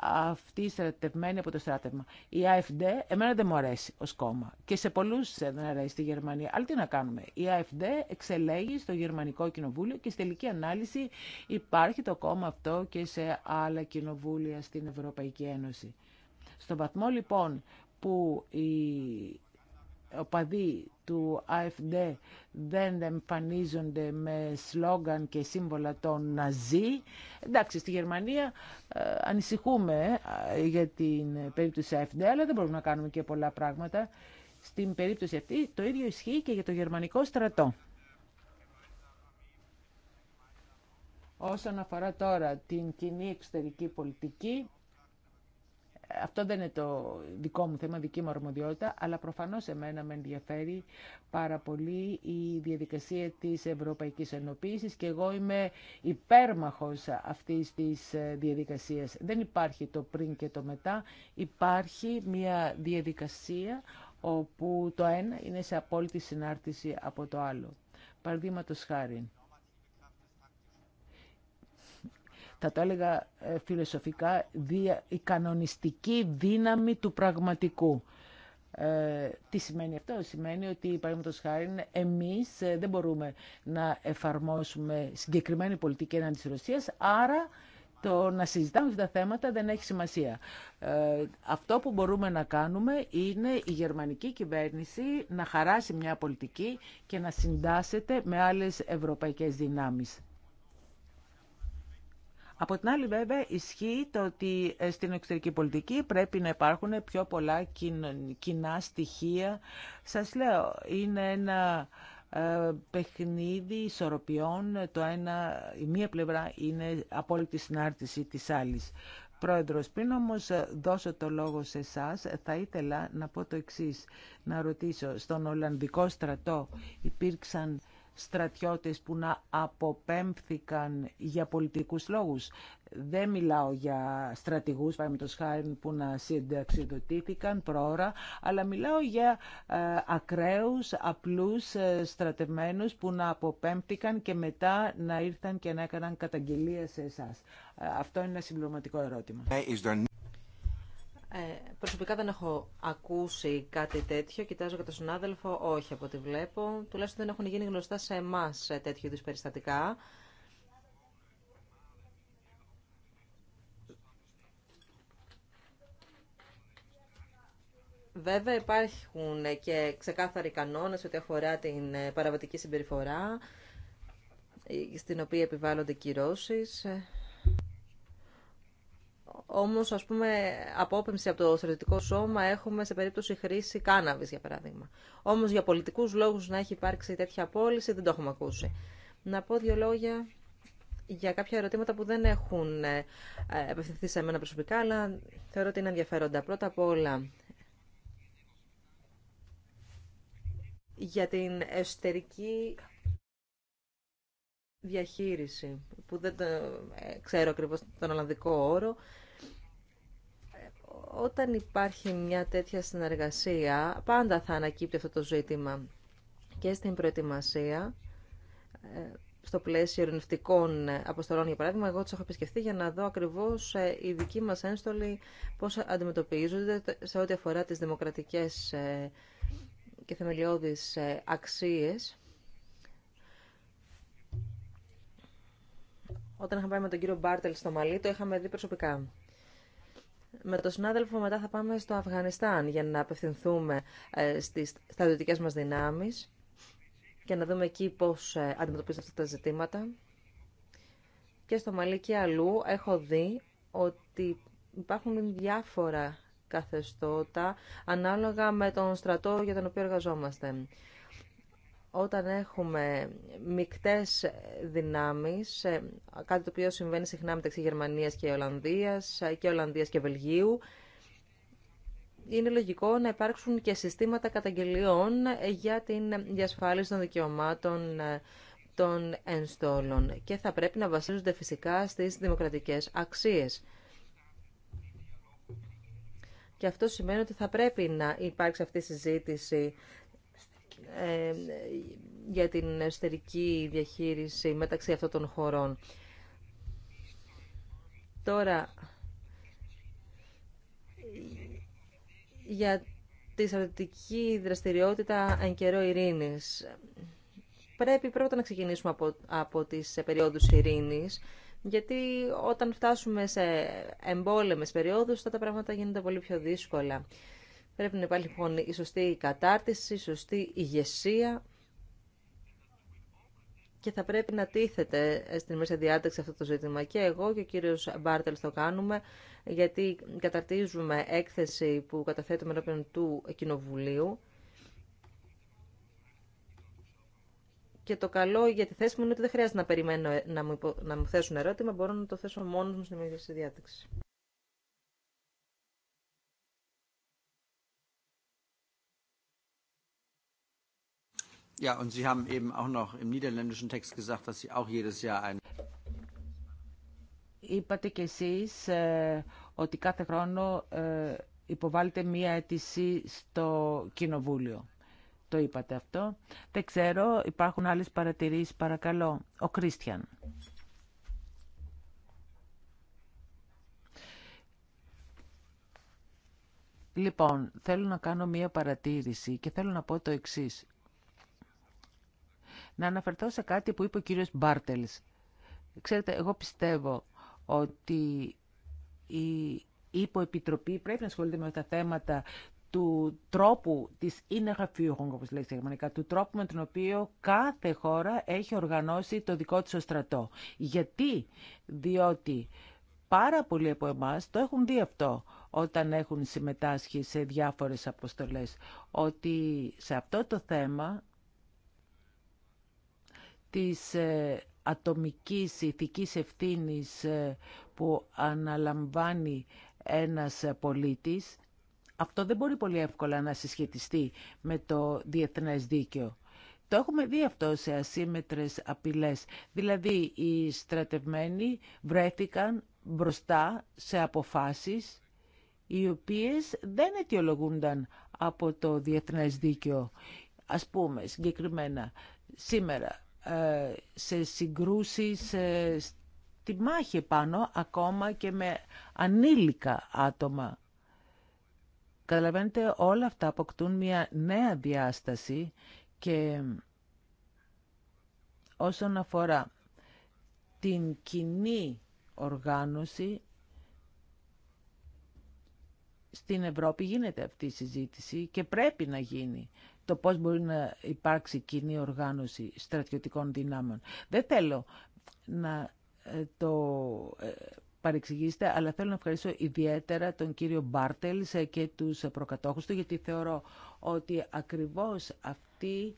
Speaker 1: αυτή η στρατευμένη από το στράτευμα. Η AFD εμένα δεν μου αρέσει ως κόμμα και σε πολλούς δεν αρέσει στη Γερμανία. Αλλά τι να κάνουμε. Η AFD εξελέγει στο Γερμανικό Κοινοβούλιο και στη τελική ανάλυση υπάρχει το κόμμα αυτό και σε άλλα κοινοβούλια στην Ευρωπαϊκή Ένωση. Στον βαθμό λοιπόν που η οπαδοί του ΑΕΦΔ δεν εμφανίζονται με σλόγγαν και σύμβολα των Ναζί. Εντάξει, στη Γερμανία ε, ανησυχούμε ε, για την περίπτωση AFD, αλλά δεν μπορούμε να κάνουμε και πολλά πράγματα. Στην περίπτωση αυτή το ίδιο ισχύει και για το γερμανικό στρατό. Όσον αφορά τώρα την κοινή εξωτερική πολιτική, αυτό δεν είναι το δικό μου θέμα, δική μου αρμοδιότητα, αλλά προφανώς εμένα με ενδιαφέρει πάρα πολύ η διαδικασία της Ευρωπαϊκής Ενοποίησης και εγώ είμαι υπέρμαχος αυτής της ε, διαδικασίας. Δεν υπάρχει το πριν και το μετά, υπάρχει μια διαδικασία όπου το ένα είναι σε απόλυτη συνάρτηση από το άλλο. Παραδείγματο χάρη, θα το έλεγα ε, φιλοσοφικά, η κανονιστική δύναμη του πραγματικού. Ε, τι σημαίνει αυτό, σημαίνει ότι παραδείγματο χάρη εμείς ε, δεν μπορούμε να εφαρμόσουμε συγκεκριμένη πολιτική έναντι της Ρωσίας, άρα το να συζητάμε αυτά τα θέματα δεν έχει σημασία. Ε, αυτό που μπορούμε να κάνουμε είναι η γερμανική κυβέρνηση να χαράσει μια πολιτική και να συντάσσεται με άλλες ευρωπαϊκές δυνάμεις. Από την άλλη βέβαια ισχύει το ότι ε, στην εξωτερική πολιτική πρέπει να υπάρχουν πιο πολλά κοινά στοιχεία. Σας λέω, είναι ένα ε, παιχνίδι ισορροπιών. Το ένα, η μία πλευρά είναι απόλυτη συνάρτηση της άλλης. Πρόεδρος, πριν όμως ε, δώσω το λόγο σε εσά, θα ήθελα να πω το εξής, να ρωτήσω, στον Ολλανδικό στρατό υπήρξαν στρατιώτες που να αποπέμφθηκαν για πολιτικούς λόγους. Δεν μιλάω για στρατηγούς, χάρη, που να συνταξιδοτήθηκαν πρόωρα, αλλά μιλάω για ε, ακραίους, απλούς ε, που να αποπέμπτηκαν και μετά να ήρθαν και να έκαναν καταγγελία σε εσάς. Ε, αυτό είναι ένα συμπληρωματικό ερώτημα.
Speaker 2: Ε, προσωπικά δεν έχω ακούσει κάτι τέτοιο. Κοιτάζω κατά συνάδελφο, όχι από ό,τι βλέπω. Τουλάχιστον δεν έχουν γίνει γνωστά σε εμά ε, τέτοιου είδου περιστατικά. Βέβαια υπάρχουν και ξεκάθαροι κανόνες ό,τι αφορά την ε, παραβατική συμπεριφορά στην οποία επιβάλλονται κυρώσεις. Όμως, ας πούμε, απόπεμψη από το στρατιωτικό σώμα έχουμε σε περίπτωση χρήση κάναβη, για παράδειγμα. Όμως, για πολιτικούς λόγους να έχει υπάρξει τέτοια απόλυση, δεν το έχουμε ακούσει. Να πω δύο λόγια για κάποια ερωτήματα που δεν έχουν επευθυνθεί σε μένα προσωπικά, αλλά θεωρώ ότι είναι ενδιαφέροντα. Πρώτα απ' όλα, για την εσωτερική διαχείριση, που δεν ε, ξέρω ακριβώς τον Ολλανδικό όρο, όταν υπάρχει μια τέτοια συνεργασία, πάντα θα ανακύπτει αυτό το ζήτημα και στην προετοιμασία, ε, στο πλαίσιο ειρηνευτικών αποστολών, για παράδειγμα, εγώ τι έχω επισκεφτεί για να δω ακριβώ οι ε, δικοί μα ένστολοι πώ αντιμετωπίζονται σε ό,τι αφορά τι δημοκρατικέ ε, και θεμελιώδει αξίε. Όταν είχα πάει με τον κύριο Μπάρτελ στο Μαλί, το είχαμε δει προσωπικά. Με τον συνάδελφο μετά θα πάμε στο Αφγανιστάν για να απευθυνθούμε ε, στις στρατιωτικές μας δυνάμεις και να δούμε εκεί πώς ε, αντιμετωπίζουν αυτά τα ζητήματα. Και στο Μαλί και αλλού έχω δει ότι υπάρχουν διάφορα καθεστώτα ανάλογα με τον στρατό για τον οποίο εργαζόμαστε όταν έχουμε μικτές δυνάμεις, ε, κάτι το οποίο συμβαίνει συχνά μεταξύ Γερμανίας και Ολλανδίας ε, και Ολλανδίας και Βελγίου, είναι λογικό να υπάρξουν και συστήματα καταγγελιών ε, για την διασφάλιση των δικαιωμάτων των ενστόλων και θα πρέπει να βασίζονται φυσικά στις δημοκρατικές αξίες. Και αυτό σημαίνει ότι θα πρέπει να υπάρξει αυτή η συζήτηση ε, για την εσωτερική διαχείριση μεταξύ αυτών των χωρών. Τώρα, για τη στρατιωτική δραστηριότητα εν καιρό ειρήνης. Πρέπει πρώτα να ξεκινήσουμε από, από τις περιόδους ειρήνης, γιατί όταν φτάσουμε σε εμπόλεμες περιόδους, τότε τα πράγματα γίνονται πολύ πιο δύσκολα. Πρέπει να υπάρχει λοιπόν η σωστή κατάρτιση, η σωστή ηγεσία και θα πρέπει να τίθεται στην μέσα διάταξη αυτό το ζήτημα. Και εγώ και ο κύριος Μπάρτελ το κάνουμε, γιατί καταρτίζουμε έκθεση που καταθέτουμε ενώπιον του Κοινοβουλίου. Και το καλό για τη θέση μου είναι ότι δεν χρειάζεται να περιμένω να μου, θέσουν ερώτημα, μπορώ να το θέσω μόνο μου στην μέσα διάταξη.
Speaker 1: Ja, Είπατε και εσείς ε, ότι κάθε χρόνο ε, υποβάλλετε μία αίτηση στο Κοινοβούλιο. Το είπατε αυτό. Δεν ξέρω, υπάρχουν άλλες παρατηρήσεις, παρακαλώ. Ο Κρίστιαν. Λοιπόν, θέλω να κάνω μία παρατήρηση και θέλω να πω το εξής να αναφερθώ σε κάτι που είπε ο κύριος Μπάρτελς. Ξέρετε, εγώ πιστεύω ότι η υποεπιτροπή πρέπει να ασχολείται με τα θέματα του τρόπου της Innenverführung, όπως λέει στα γερμανικά, του τρόπου με τον οποίο κάθε χώρα έχει οργανώσει το δικό της στρατό. Γιατί, διότι πάρα πολλοί από εμάς το έχουν δει αυτό όταν έχουν συμμετάσχει σε διάφορες αποστολές, ότι σε αυτό το θέμα της ε, ατομικής ηθικής ευθύνης ε, που αναλαμβάνει ένας πολίτης, αυτό δεν μπορεί πολύ εύκολα να συσχετιστεί με το διεθνές δίκαιο. Το έχουμε δει αυτό σε ασύμετρες απειλές. Δηλαδή, οι στρατευμένοι βρέθηκαν μπροστά σε αποφάσεις οι οποίες δεν αιτιολογούνταν από το διεθνές δίκαιο. Ας πούμε, συγκεκριμένα, σήμερα ε, σε συγκρούσεις ε, στη μάχη πάνω, ακόμα και με ανήλικα άτομα. Καταλαβαίνετε, όλα αυτά αποκτούν μια νέα διάσταση και όσον αφορά την κοινή οργάνωση στην Ευρώπη γίνεται αυτή η συζήτηση και πρέπει να γίνει το πώς μπορεί να υπάρξει κοινή οργάνωση στρατιωτικών δυνάμεων. Δεν θέλω να ε, το ε, παρεξηγήσετε, αλλά θέλω να ευχαριστώ ιδιαίτερα τον κύριο Μπάρτελ ε, και τους προκατόχους του, γιατί θεωρώ ότι ακριβώς αυτοί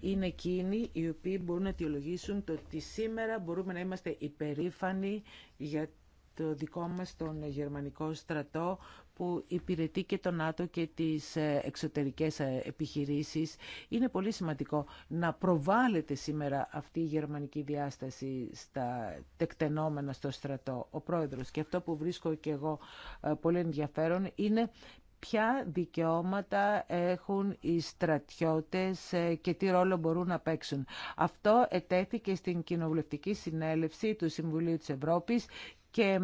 Speaker 1: είναι εκείνοι οι οποίοι μπορούν να αιτιολογήσουν το ότι σήμερα μπορούμε να είμαστε υπερήφανοι για το δικό μας τον γερμανικό στρατό που υπηρετεί και τον ΝΑΤΟ και τις ε, εξωτερικές ε, επιχειρήσεις. Είναι πολύ σημαντικό να προβάλλεται σήμερα αυτή η γερμανική διάσταση στα τεκτενόμενα στο στρατό. Ο πρόεδρος και αυτό που βρίσκω και εγώ ε, πολύ ενδιαφέρον είναι ποια δικαιώματα έχουν οι στρατιώτες και τι ρόλο μπορούν να παίξουν. Αυτό ετέθηκε στην κοινοβουλευτική συνέλευση του Συμβουλίου της Ευρώπης και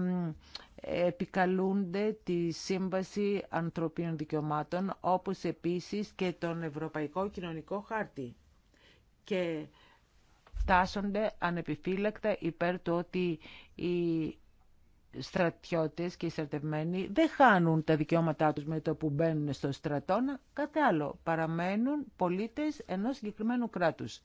Speaker 1: επικαλούνται τη Σύμβαση Ανθρωπίνων Δικαιωμάτων, όπως επίσης και τον Ευρωπαϊκό Κοινωνικό Χάρτη. Και τάσσονται ανεπιφύλακτα υπέρ του ότι οι στρατιώτες και οι στρατευμένοι δεν χάνουν τα δικαιώματά τους με το που μπαίνουν στο στρατό. κατά άλλο παραμένουν πολίτες ενός συγκεκριμένου κράτους.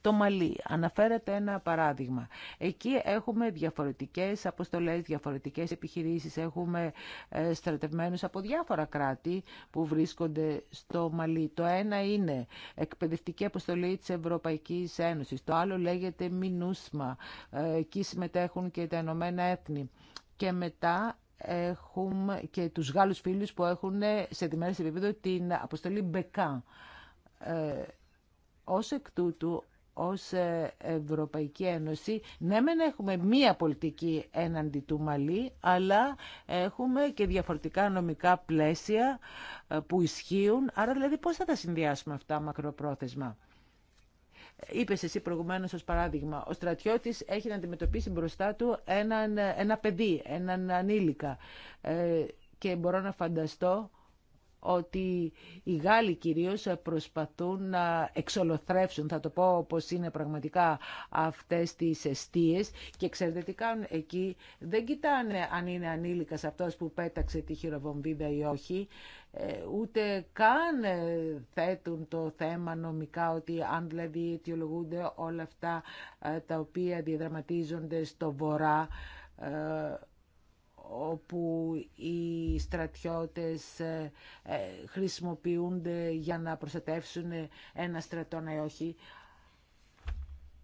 Speaker 1: Το Μαλί αναφέρεται ένα παράδειγμα. Εκεί έχουμε διαφορετικές αποστολές, διαφορετικές επιχειρήσεις, έχουμε ε, στρατευμένους από διάφορα κράτη που βρίσκονται στο Μαλί. Το ένα είναι εκπαιδευτική αποστολή της Ευρωπαϊκής Ένωσης, το άλλο λέγεται Μινούσμα, ε, εκεί συμμετέχουν και τα Ηνωμένα Έθνη. Και μετά έχουμε και τους Γάλλους φίλους που έχουν σε διμέρες επίπεδο την αποστολή Μπεκά ε, ως εκ τούτου, ως ε, Ευρωπαϊκή Ένωση, ναι μεν έχουμε μία πολιτική έναντι του Μαλή, αλλά έχουμε και διαφορετικά νομικά πλαίσια ε, που ισχύουν. Άρα δηλαδή πώς θα τα συνδυάσουμε αυτά μακροπρόθεσμα. Είπε εσύ προηγουμένω ω παράδειγμα, ο στρατιώτη έχει να αντιμετωπίσει μπροστά του έναν, ε, ένα παιδί, έναν ανήλικα. και μπορώ να φανταστώ ότι οι Γάλλοι κυρίως προσπαθούν να εξολοθρεύσουν, θα το πω όπως είναι πραγματικά αυτές τις εστίες και ξέρετε τι κάνουν εκεί, δεν κοιτάνε αν είναι ανήλικας αυτός που πέταξε τη χειροβομβίδα ή όχι, ε, ούτε καν ε, θέτουν το θέμα νομικά ότι αν δηλαδή αιτιολογούνται όλα αυτά ε, τα οποία διαδραματίζονται στο βορρά, όπου οι στρατιώτες ε, ε, χρησιμοποιούνται για να προστατεύσουν ένα στρατό ή ναι, όχι.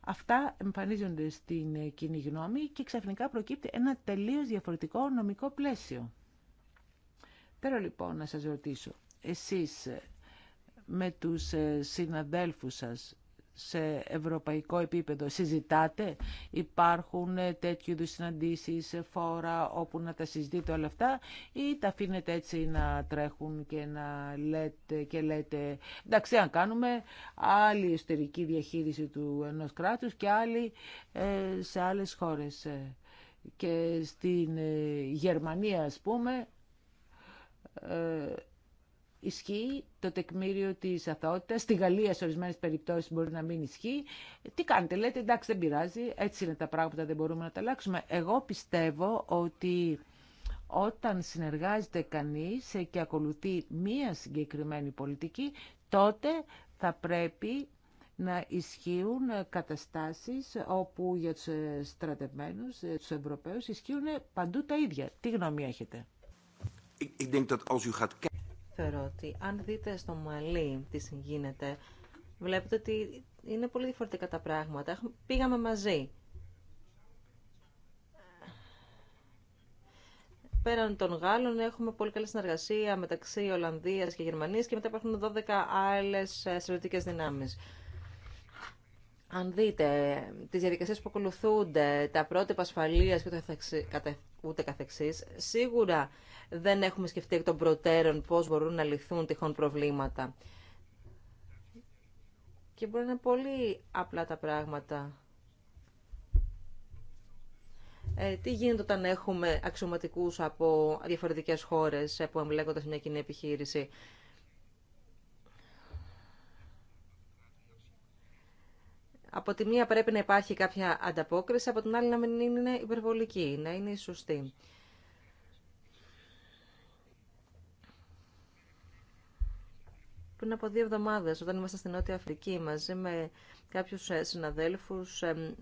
Speaker 1: Αυτά εμφανίζονται στην κοινή γνώμη και ξαφνικά προκύπτει ένα τελείως διαφορετικό νομικό πλαίσιο. Θέλω λοιπόν να σας ρωτήσω, εσείς ε, με τους συναδέλφους σας σε ευρωπαϊκό επίπεδο συζητάτε, υπάρχουν ε, τέτοιου είδου συναντήσει ε, φόρα όπου να τα συζητείτε όλα αυτά ή τα αφήνετε έτσι να τρέχουν και να λέτε, και λέτε εντάξει αν κάνουμε άλλη εσωτερική διαχείριση του ενός κράτους και άλλη ε, σε άλλες χώρες. Και στην Γερμανία ας πούμε ισχύει το τεκμήριο τη αθότητα Στη Γαλλία σε ορισμένες περιπτώσεις μπορεί να μην ισχύει. Τι κάνετε, λέτε εντάξει δεν πειράζει, έτσι είναι τα πράγματα, δεν μπορούμε να τα αλλάξουμε. Εγώ πιστεύω ότι όταν συνεργάζεται κανείς και ακολουθεί μία συγκεκριμένη πολιτική, τότε θα πρέπει να ισχύουν καταστάσεις όπου για τους ε,
Speaker 2: στρατευμένους, ε, τους Ευρωπαίους, ισχύουν παντού τα ίδια. Τι γνώμη έχετε? θεωρώ ότι αν δείτε στο Μαλί τι γίνεται, βλέπετε ότι είναι πολύ διαφορετικά τα πράγματα. Πήγαμε μαζί. Πέραν των Γάλλων έχουμε πολύ καλή συνεργασία μεταξύ Ολλανδίας και Γερμανίας και μετά υπάρχουν 12 άλλες ε, στρατιωτικές δυνάμεις. Αν δείτε ε, τις διαδικασίες που ακολουθούνται, τα πρότυπα ασφαλείας και ούτε καθεξής, σίγουρα δεν έχουμε σκεφτεί εκ των προτέρων πώς μπορούν να λυθούν τυχόν προβλήματα. Και μπορεί να είναι πολύ απλά τα πράγματα. Ε, τι γίνεται όταν έχουμε αξιωματικούς από διαφορετικές χώρες που εμπλέκονται σε μια κοινή επιχείρηση. Από τη μία πρέπει να υπάρχει κάποια ανταπόκριση, από την άλλη να μην είναι υπερβολική, να είναι σωστή. πριν από δύο εβδομάδες όταν ήμασταν στην Νότια Αφρική μαζί με κάποιους ε, συναδέλφους ε,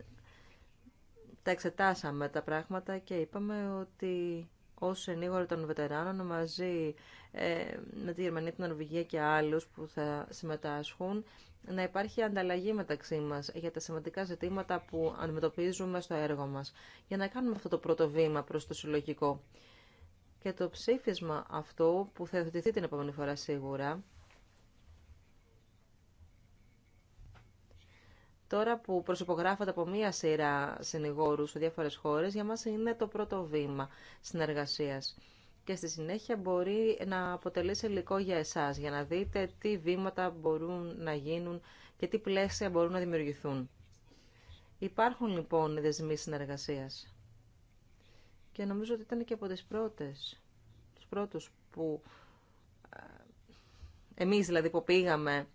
Speaker 2: τα εξετάσαμε τα πράγματα και είπαμε ότι ως ενίγορο των βετεράνων μαζί ε, με τη Γερμανία, την Νορβηγία και άλλους που θα συμμετάσχουν να υπάρχει ανταλλαγή μεταξύ μας για τα σημαντικά ζητήματα που αντιμετωπίζουμε στο έργο μας για να κάνουμε αυτό το πρώτο βήμα προς το συλλογικό. Και το ψήφισμα αυτό που θα την επόμενη φορά σίγουρα Τώρα που προσυπογράφονται από μία σειρά συνηγόρου σε διάφορε χώρες, για μας είναι το πρώτο βήμα συνεργασία. Και στη συνέχεια μπορεί να αποτελέσει υλικό για εσάς, για να δείτε τι βήματα μπορούν να γίνουν και τι πλαίσια μπορούν να δημιουργηθούν. Υπάρχουν λοιπόν δεσμοί συνεργασία. Και νομίζω ότι ήταν και από τις πρώτες, τους πρώτους που ε, εμείς δηλαδή που πήγαμε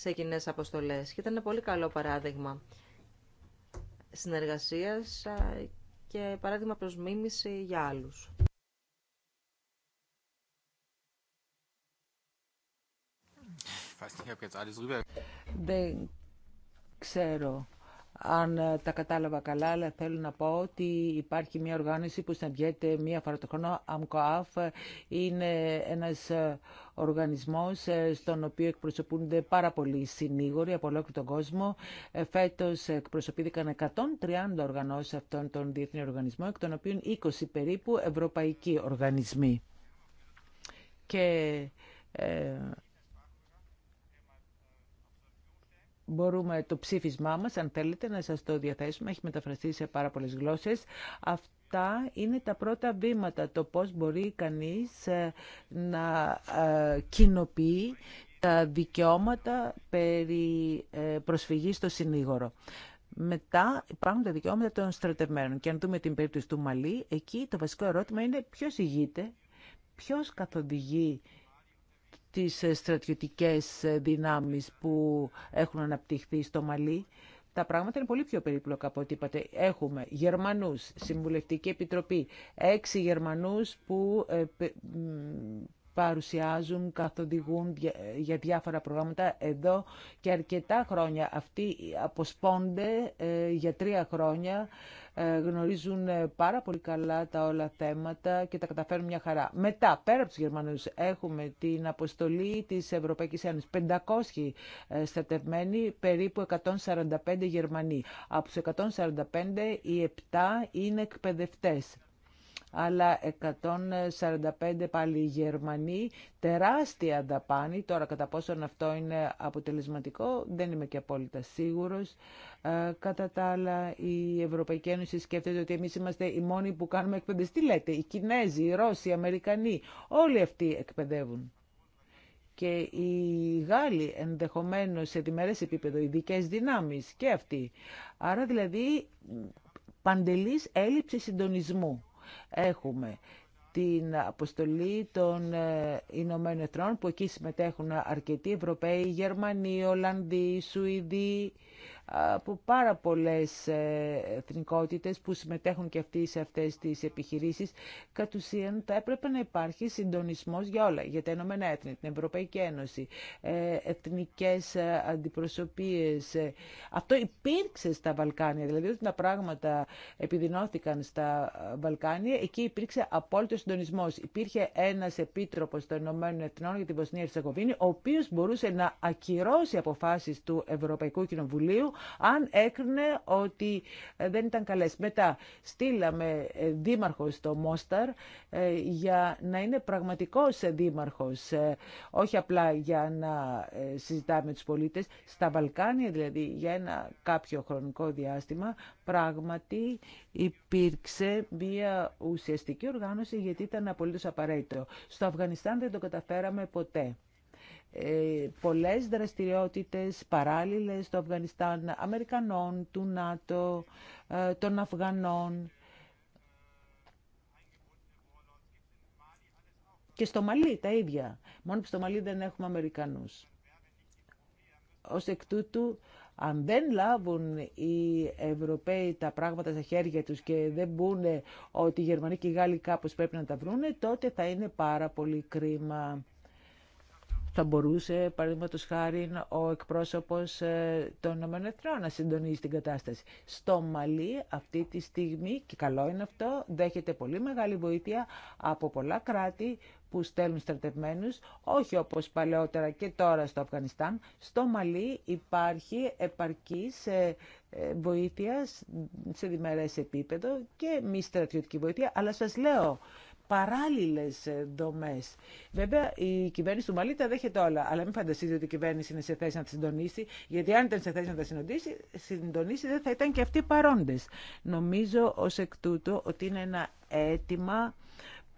Speaker 2: σε κοινέ αποστολές και ήταν ένα πολύ καλό παράδειγμα συνεργασίας και παράδειγμα προς για άλλους.
Speaker 1: Δεν ξέρω αν ε, τα κατάλαβα καλά, αλλά θέλω να πω ότι υπάρχει μια οργάνωση που συναντιέται μία φορά το χρόνο, ΑΜΚΟΑΦ, είναι ένας ε, οργανισμός ε, στον οποίο εκπροσωπούνται πάρα πολλοί συνήγοροι από ολόκληρο τον κόσμο. Φέτος εκπροσωπήθηκαν 130 οργανώσεις αυτών των διεθνών οργανισμών, εκ των οποίων 20 περίπου ευρωπαϊκοί οργανισμοί. Και μπορούμε το ψήφισμά μας, αν θέλετε, να σας το διαθέσουμε. Έχει μεταφραστεί σε πάρα πολλές γλώσσες. Αυτά είναι τα πρώτα βήματα, το πώς μπορεί κανείς ε, να ε, κοινοποιεί τα δικαιώματα περί ε, προσφυγής στο συνήγορο. Μετά υπάρχουν τα δικαιώματα των στρατευμένων. Και αν δούμε την περίπτωση του Μαλή, εκεί το βασικό ερώτημα είναι ποιος ηγείται, ποιος καθοδηγεί τις ε, στρατιωτικές ε, δυνάμεις που έχουν αναπτυχθεί στο Μαλί. Τα πράγματα είναι πολύ πιο περίπλοκα από ό,τι είπατε. Έχουμε Γερμανούς, Συμβουλευτική Επιτροπή, έξι Γερμανούς που ε, παρουσιάζουν, καθοδηγούν για διάφορα προγράμματα εδώ και αρκετά χρόνια. Αυτοί αποσπώνται ε, για τρία χρόνια, ε, γνωρίζουν ε, πάρα πολύ καλά τα όλα θέματα και τα καταφέρνουν μια χαρά. Μετά, πέρα από τους Γερμανούς, έχουμε την αποστολή της Ευρωπαϊκής Ένωσης. 500 στρατευμένοι, περίπου 145 Γερμανοί. Από τους 145, οι 7 είναι εκπαιδευτές αλλά 145 πάλι οι Γερμανοί. Τεράστια δαπάνη. Τώρα κατά πόσον αυτό είναι αποτελεσματικό δεν είμαι και απόλυτα σίγουρος. Ε, κατά τα άλλα η Ευρωπαϊκή Ένωση σκέφτεται ότι εμείς είμαστε οι μόνοι που κάνουμε εκπαιδευτή. Τι λέτε, οι Κινέζοι, οι Ρώσοι, οι Αμερικανοί, όλοι αυτοί εκπαιδεύουν και οι Γάλλοι ενδεχομένως σε διμερές επίπεδο, οι ειδικέ δυνάμεις και αυτοί. Άρα δηλαδή παντελής έλλειψη συντονισμού. Έχουμε την αποστολή των ε, Ηνωμένων Εθνών που εκεί συμμετέχουν αρκετοί Ευρωπαίοι, Γερμανοί, Ολλανδοί, Σουηδοί, από πάρα πολλές ε, εθνικότητες που συμμετέχουν και αυτοί σε αυτές τις επιχειρήσεις, κατ' ουσίαν θα έπρεπε να υπάρχει συντονισμός για όλα, για τα Ηνωμένα Έθνη, την Ευρωπαϊκή Ένωση, ε, εθνικές ε, αντιπροσωπείες. Αυτό υπήρξε στα Βαλκάνια, δηλαδή όταν τα πράγματα επιδεινώθηκαν στα Βαλκάνια, εκεί υπήρξε απόλυτο συντονισμός. Υπήρχε ένας επίτροπος των Ηνωμένων Εθνών για την Βοσνία Ερσεγοβίνη, ο οποίος μπορούσε να ακυρώσει αποφάσεις του Ευρωπαϊκού Κοινοβουλίου αν έκρινε ότι ε, δεν ήταν καλές. Μετά στείλαμε ε, δήμαρχο στο Μόσταρ ε, για να είναι πραγματικός δήμαρχος, όχι απλά για να συζητάμε τους πολίτες. Στα Βαλκάνια δηλαδή για ένα κάποιο χρονικό διάστημα πράγματι υπήρξε μια ουσιαστική οργάνωση γιατί ήταν απολύτως απαραίτητο. Στο Αφγανιστάν δεν το καταφέραμε ποτέ. Ε, πολλές δραστηριότητες παράλληλες στο Αφγανιστάν Αμερικανών, του ΝΑΤΟ, ε, των Αφγανών. Και στο Μαλί τα ίδια. Μόνο που στο Μαλί δεν έχουμε Αμερικανούς. Ως εκ τούτου, αν δεν λάβουν οι Ευρωπαίοι τα πράγματα στα χέρια τους και δεν μπουν ότι οι Γερμανοί και οι Γάλλοι κάπως πρέπει να τα βρούνε, τότε θα είναι πάρα πολύ κρίμα. Θα μπορούσε, παραδείγματο χάρη, ο εκπρόσωπο ε, των ΗΠΑ να συντονίζει την κατάσταση. Στο Μαλί αυτή τη στιγμή, και καλό είναι αυτό, δέχεται πολύ μεγάλη βοήθεια από πολλά κράτη που στέλνουν στρατευμένους, όχι όπως παλαιότερα και τώρα στο Αφγανιστάν. Στο Μαλί υπάρχει επαρκής ε, ε, βοήθεια σε διμερές επίπεδο και μη στρατιωτική βοήθεια, αλλά σας λέω, παράλληλες ε, δομές. Βέβαια, η κυβέρνηση του Μαλίτα τα δέχεται όλα, αλλά μην φανταστείτε ότι η κυβέρνηση είναι σε θέση να τα συντονίσει, γιατί αν ήταν σε θέση να τα συντονίσει, συντονίσει δεν θα ήταν και αυτοί παρόντες. Νομίζω ως εκ τούτου ότι είναι ένα αίτημα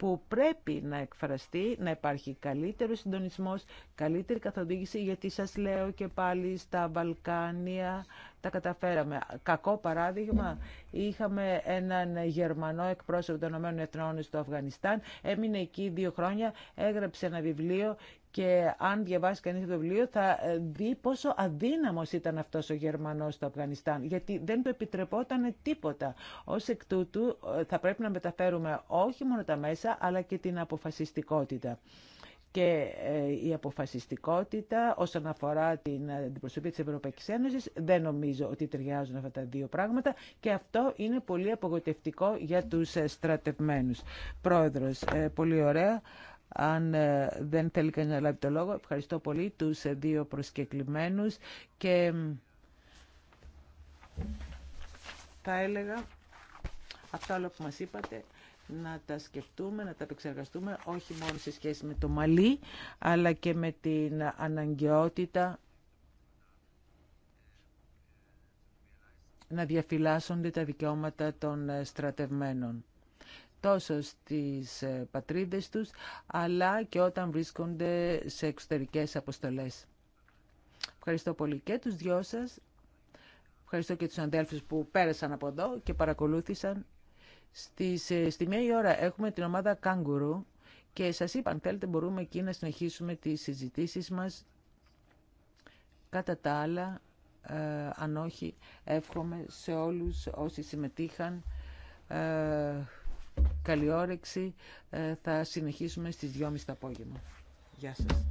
Speaker 1: που πρέπει να εκφραστεί, να υπάρχει καλύτερο συντονισμός, καλύτερη καθοδήγηση, γιατί σας λέω και πάλι στα Βαλκάνια τα καταφέραμε. Κακό παράδειγμα, είχαμε έναν Γερμανό εκπρόσωπο των ΗΕ στο Αφγανιστάν, έμεινε εκεί δύο χρόνια, έγραψε ένα βιβλίο και αν διαβάσει κανείς το βιβλίο θα ε, δει πόσο αδύναμος ήταν αυτός ο Γερμανός στο Αφγανιστάν, γιατί δεν του επιτρεπόταν τίποτα. Ως εκ τούτου ε, θα πρέπει να μεταφέρουμε όχι μόνο τα μέσα, αλλά και την αποφασιστικότητα και ε, η αποφασιστικότητα όσον αφορά την αντιπροσωπή της Ευρωπαϊκής Ένωσης δεν νομίζω ότι ταιριάζουν αυτά τα δύο πράγματα και αυτό είναι πολύ απογοητευτικό για τους στρατευμένους. Πρόεδρος, πολύ ωραία. Αν ε, δεν θέλει κανείς να λάβει το λόγο, ευχαριστώ πολύ τους ε, δύο προσκεκλημένους και θα έλεγα αυτά όλα που μας είπατε να τα σκεφτούμε, να τα επεξεργαστούμε όχι μόνο σε σχέση με το μαλλί αλλά και με την αναγκαιότητα να διαφυλάσσονται τα δικαιώματα των ε, στρατευμένων τόσο στις ε, πατρίδες τους, αλλά και όταν βρίσκονται σε εξωτερικές αποστολές. Ευχαριστώ πολύ και τους δυο σας. Ευχαριστώ και τους αδέλφους που πέρασαν από εδώ και παρακολούθησαν. Στις, ε, στη μία η ώρα έχουμε την ομάδα Κάγκουρου και σας είπα, αν θέλετε μπορούμε εκεί να συνεχίσουμε τις συζητήσεις μας. Κατά τα άλλα, ε, αν όχι, εύχομαι σε όλους όσοι συμμετείχαν Καλή όρεξη. Ε, θα συνεχίσουμε στις 2.30 το απόγευμα. Γεια σας.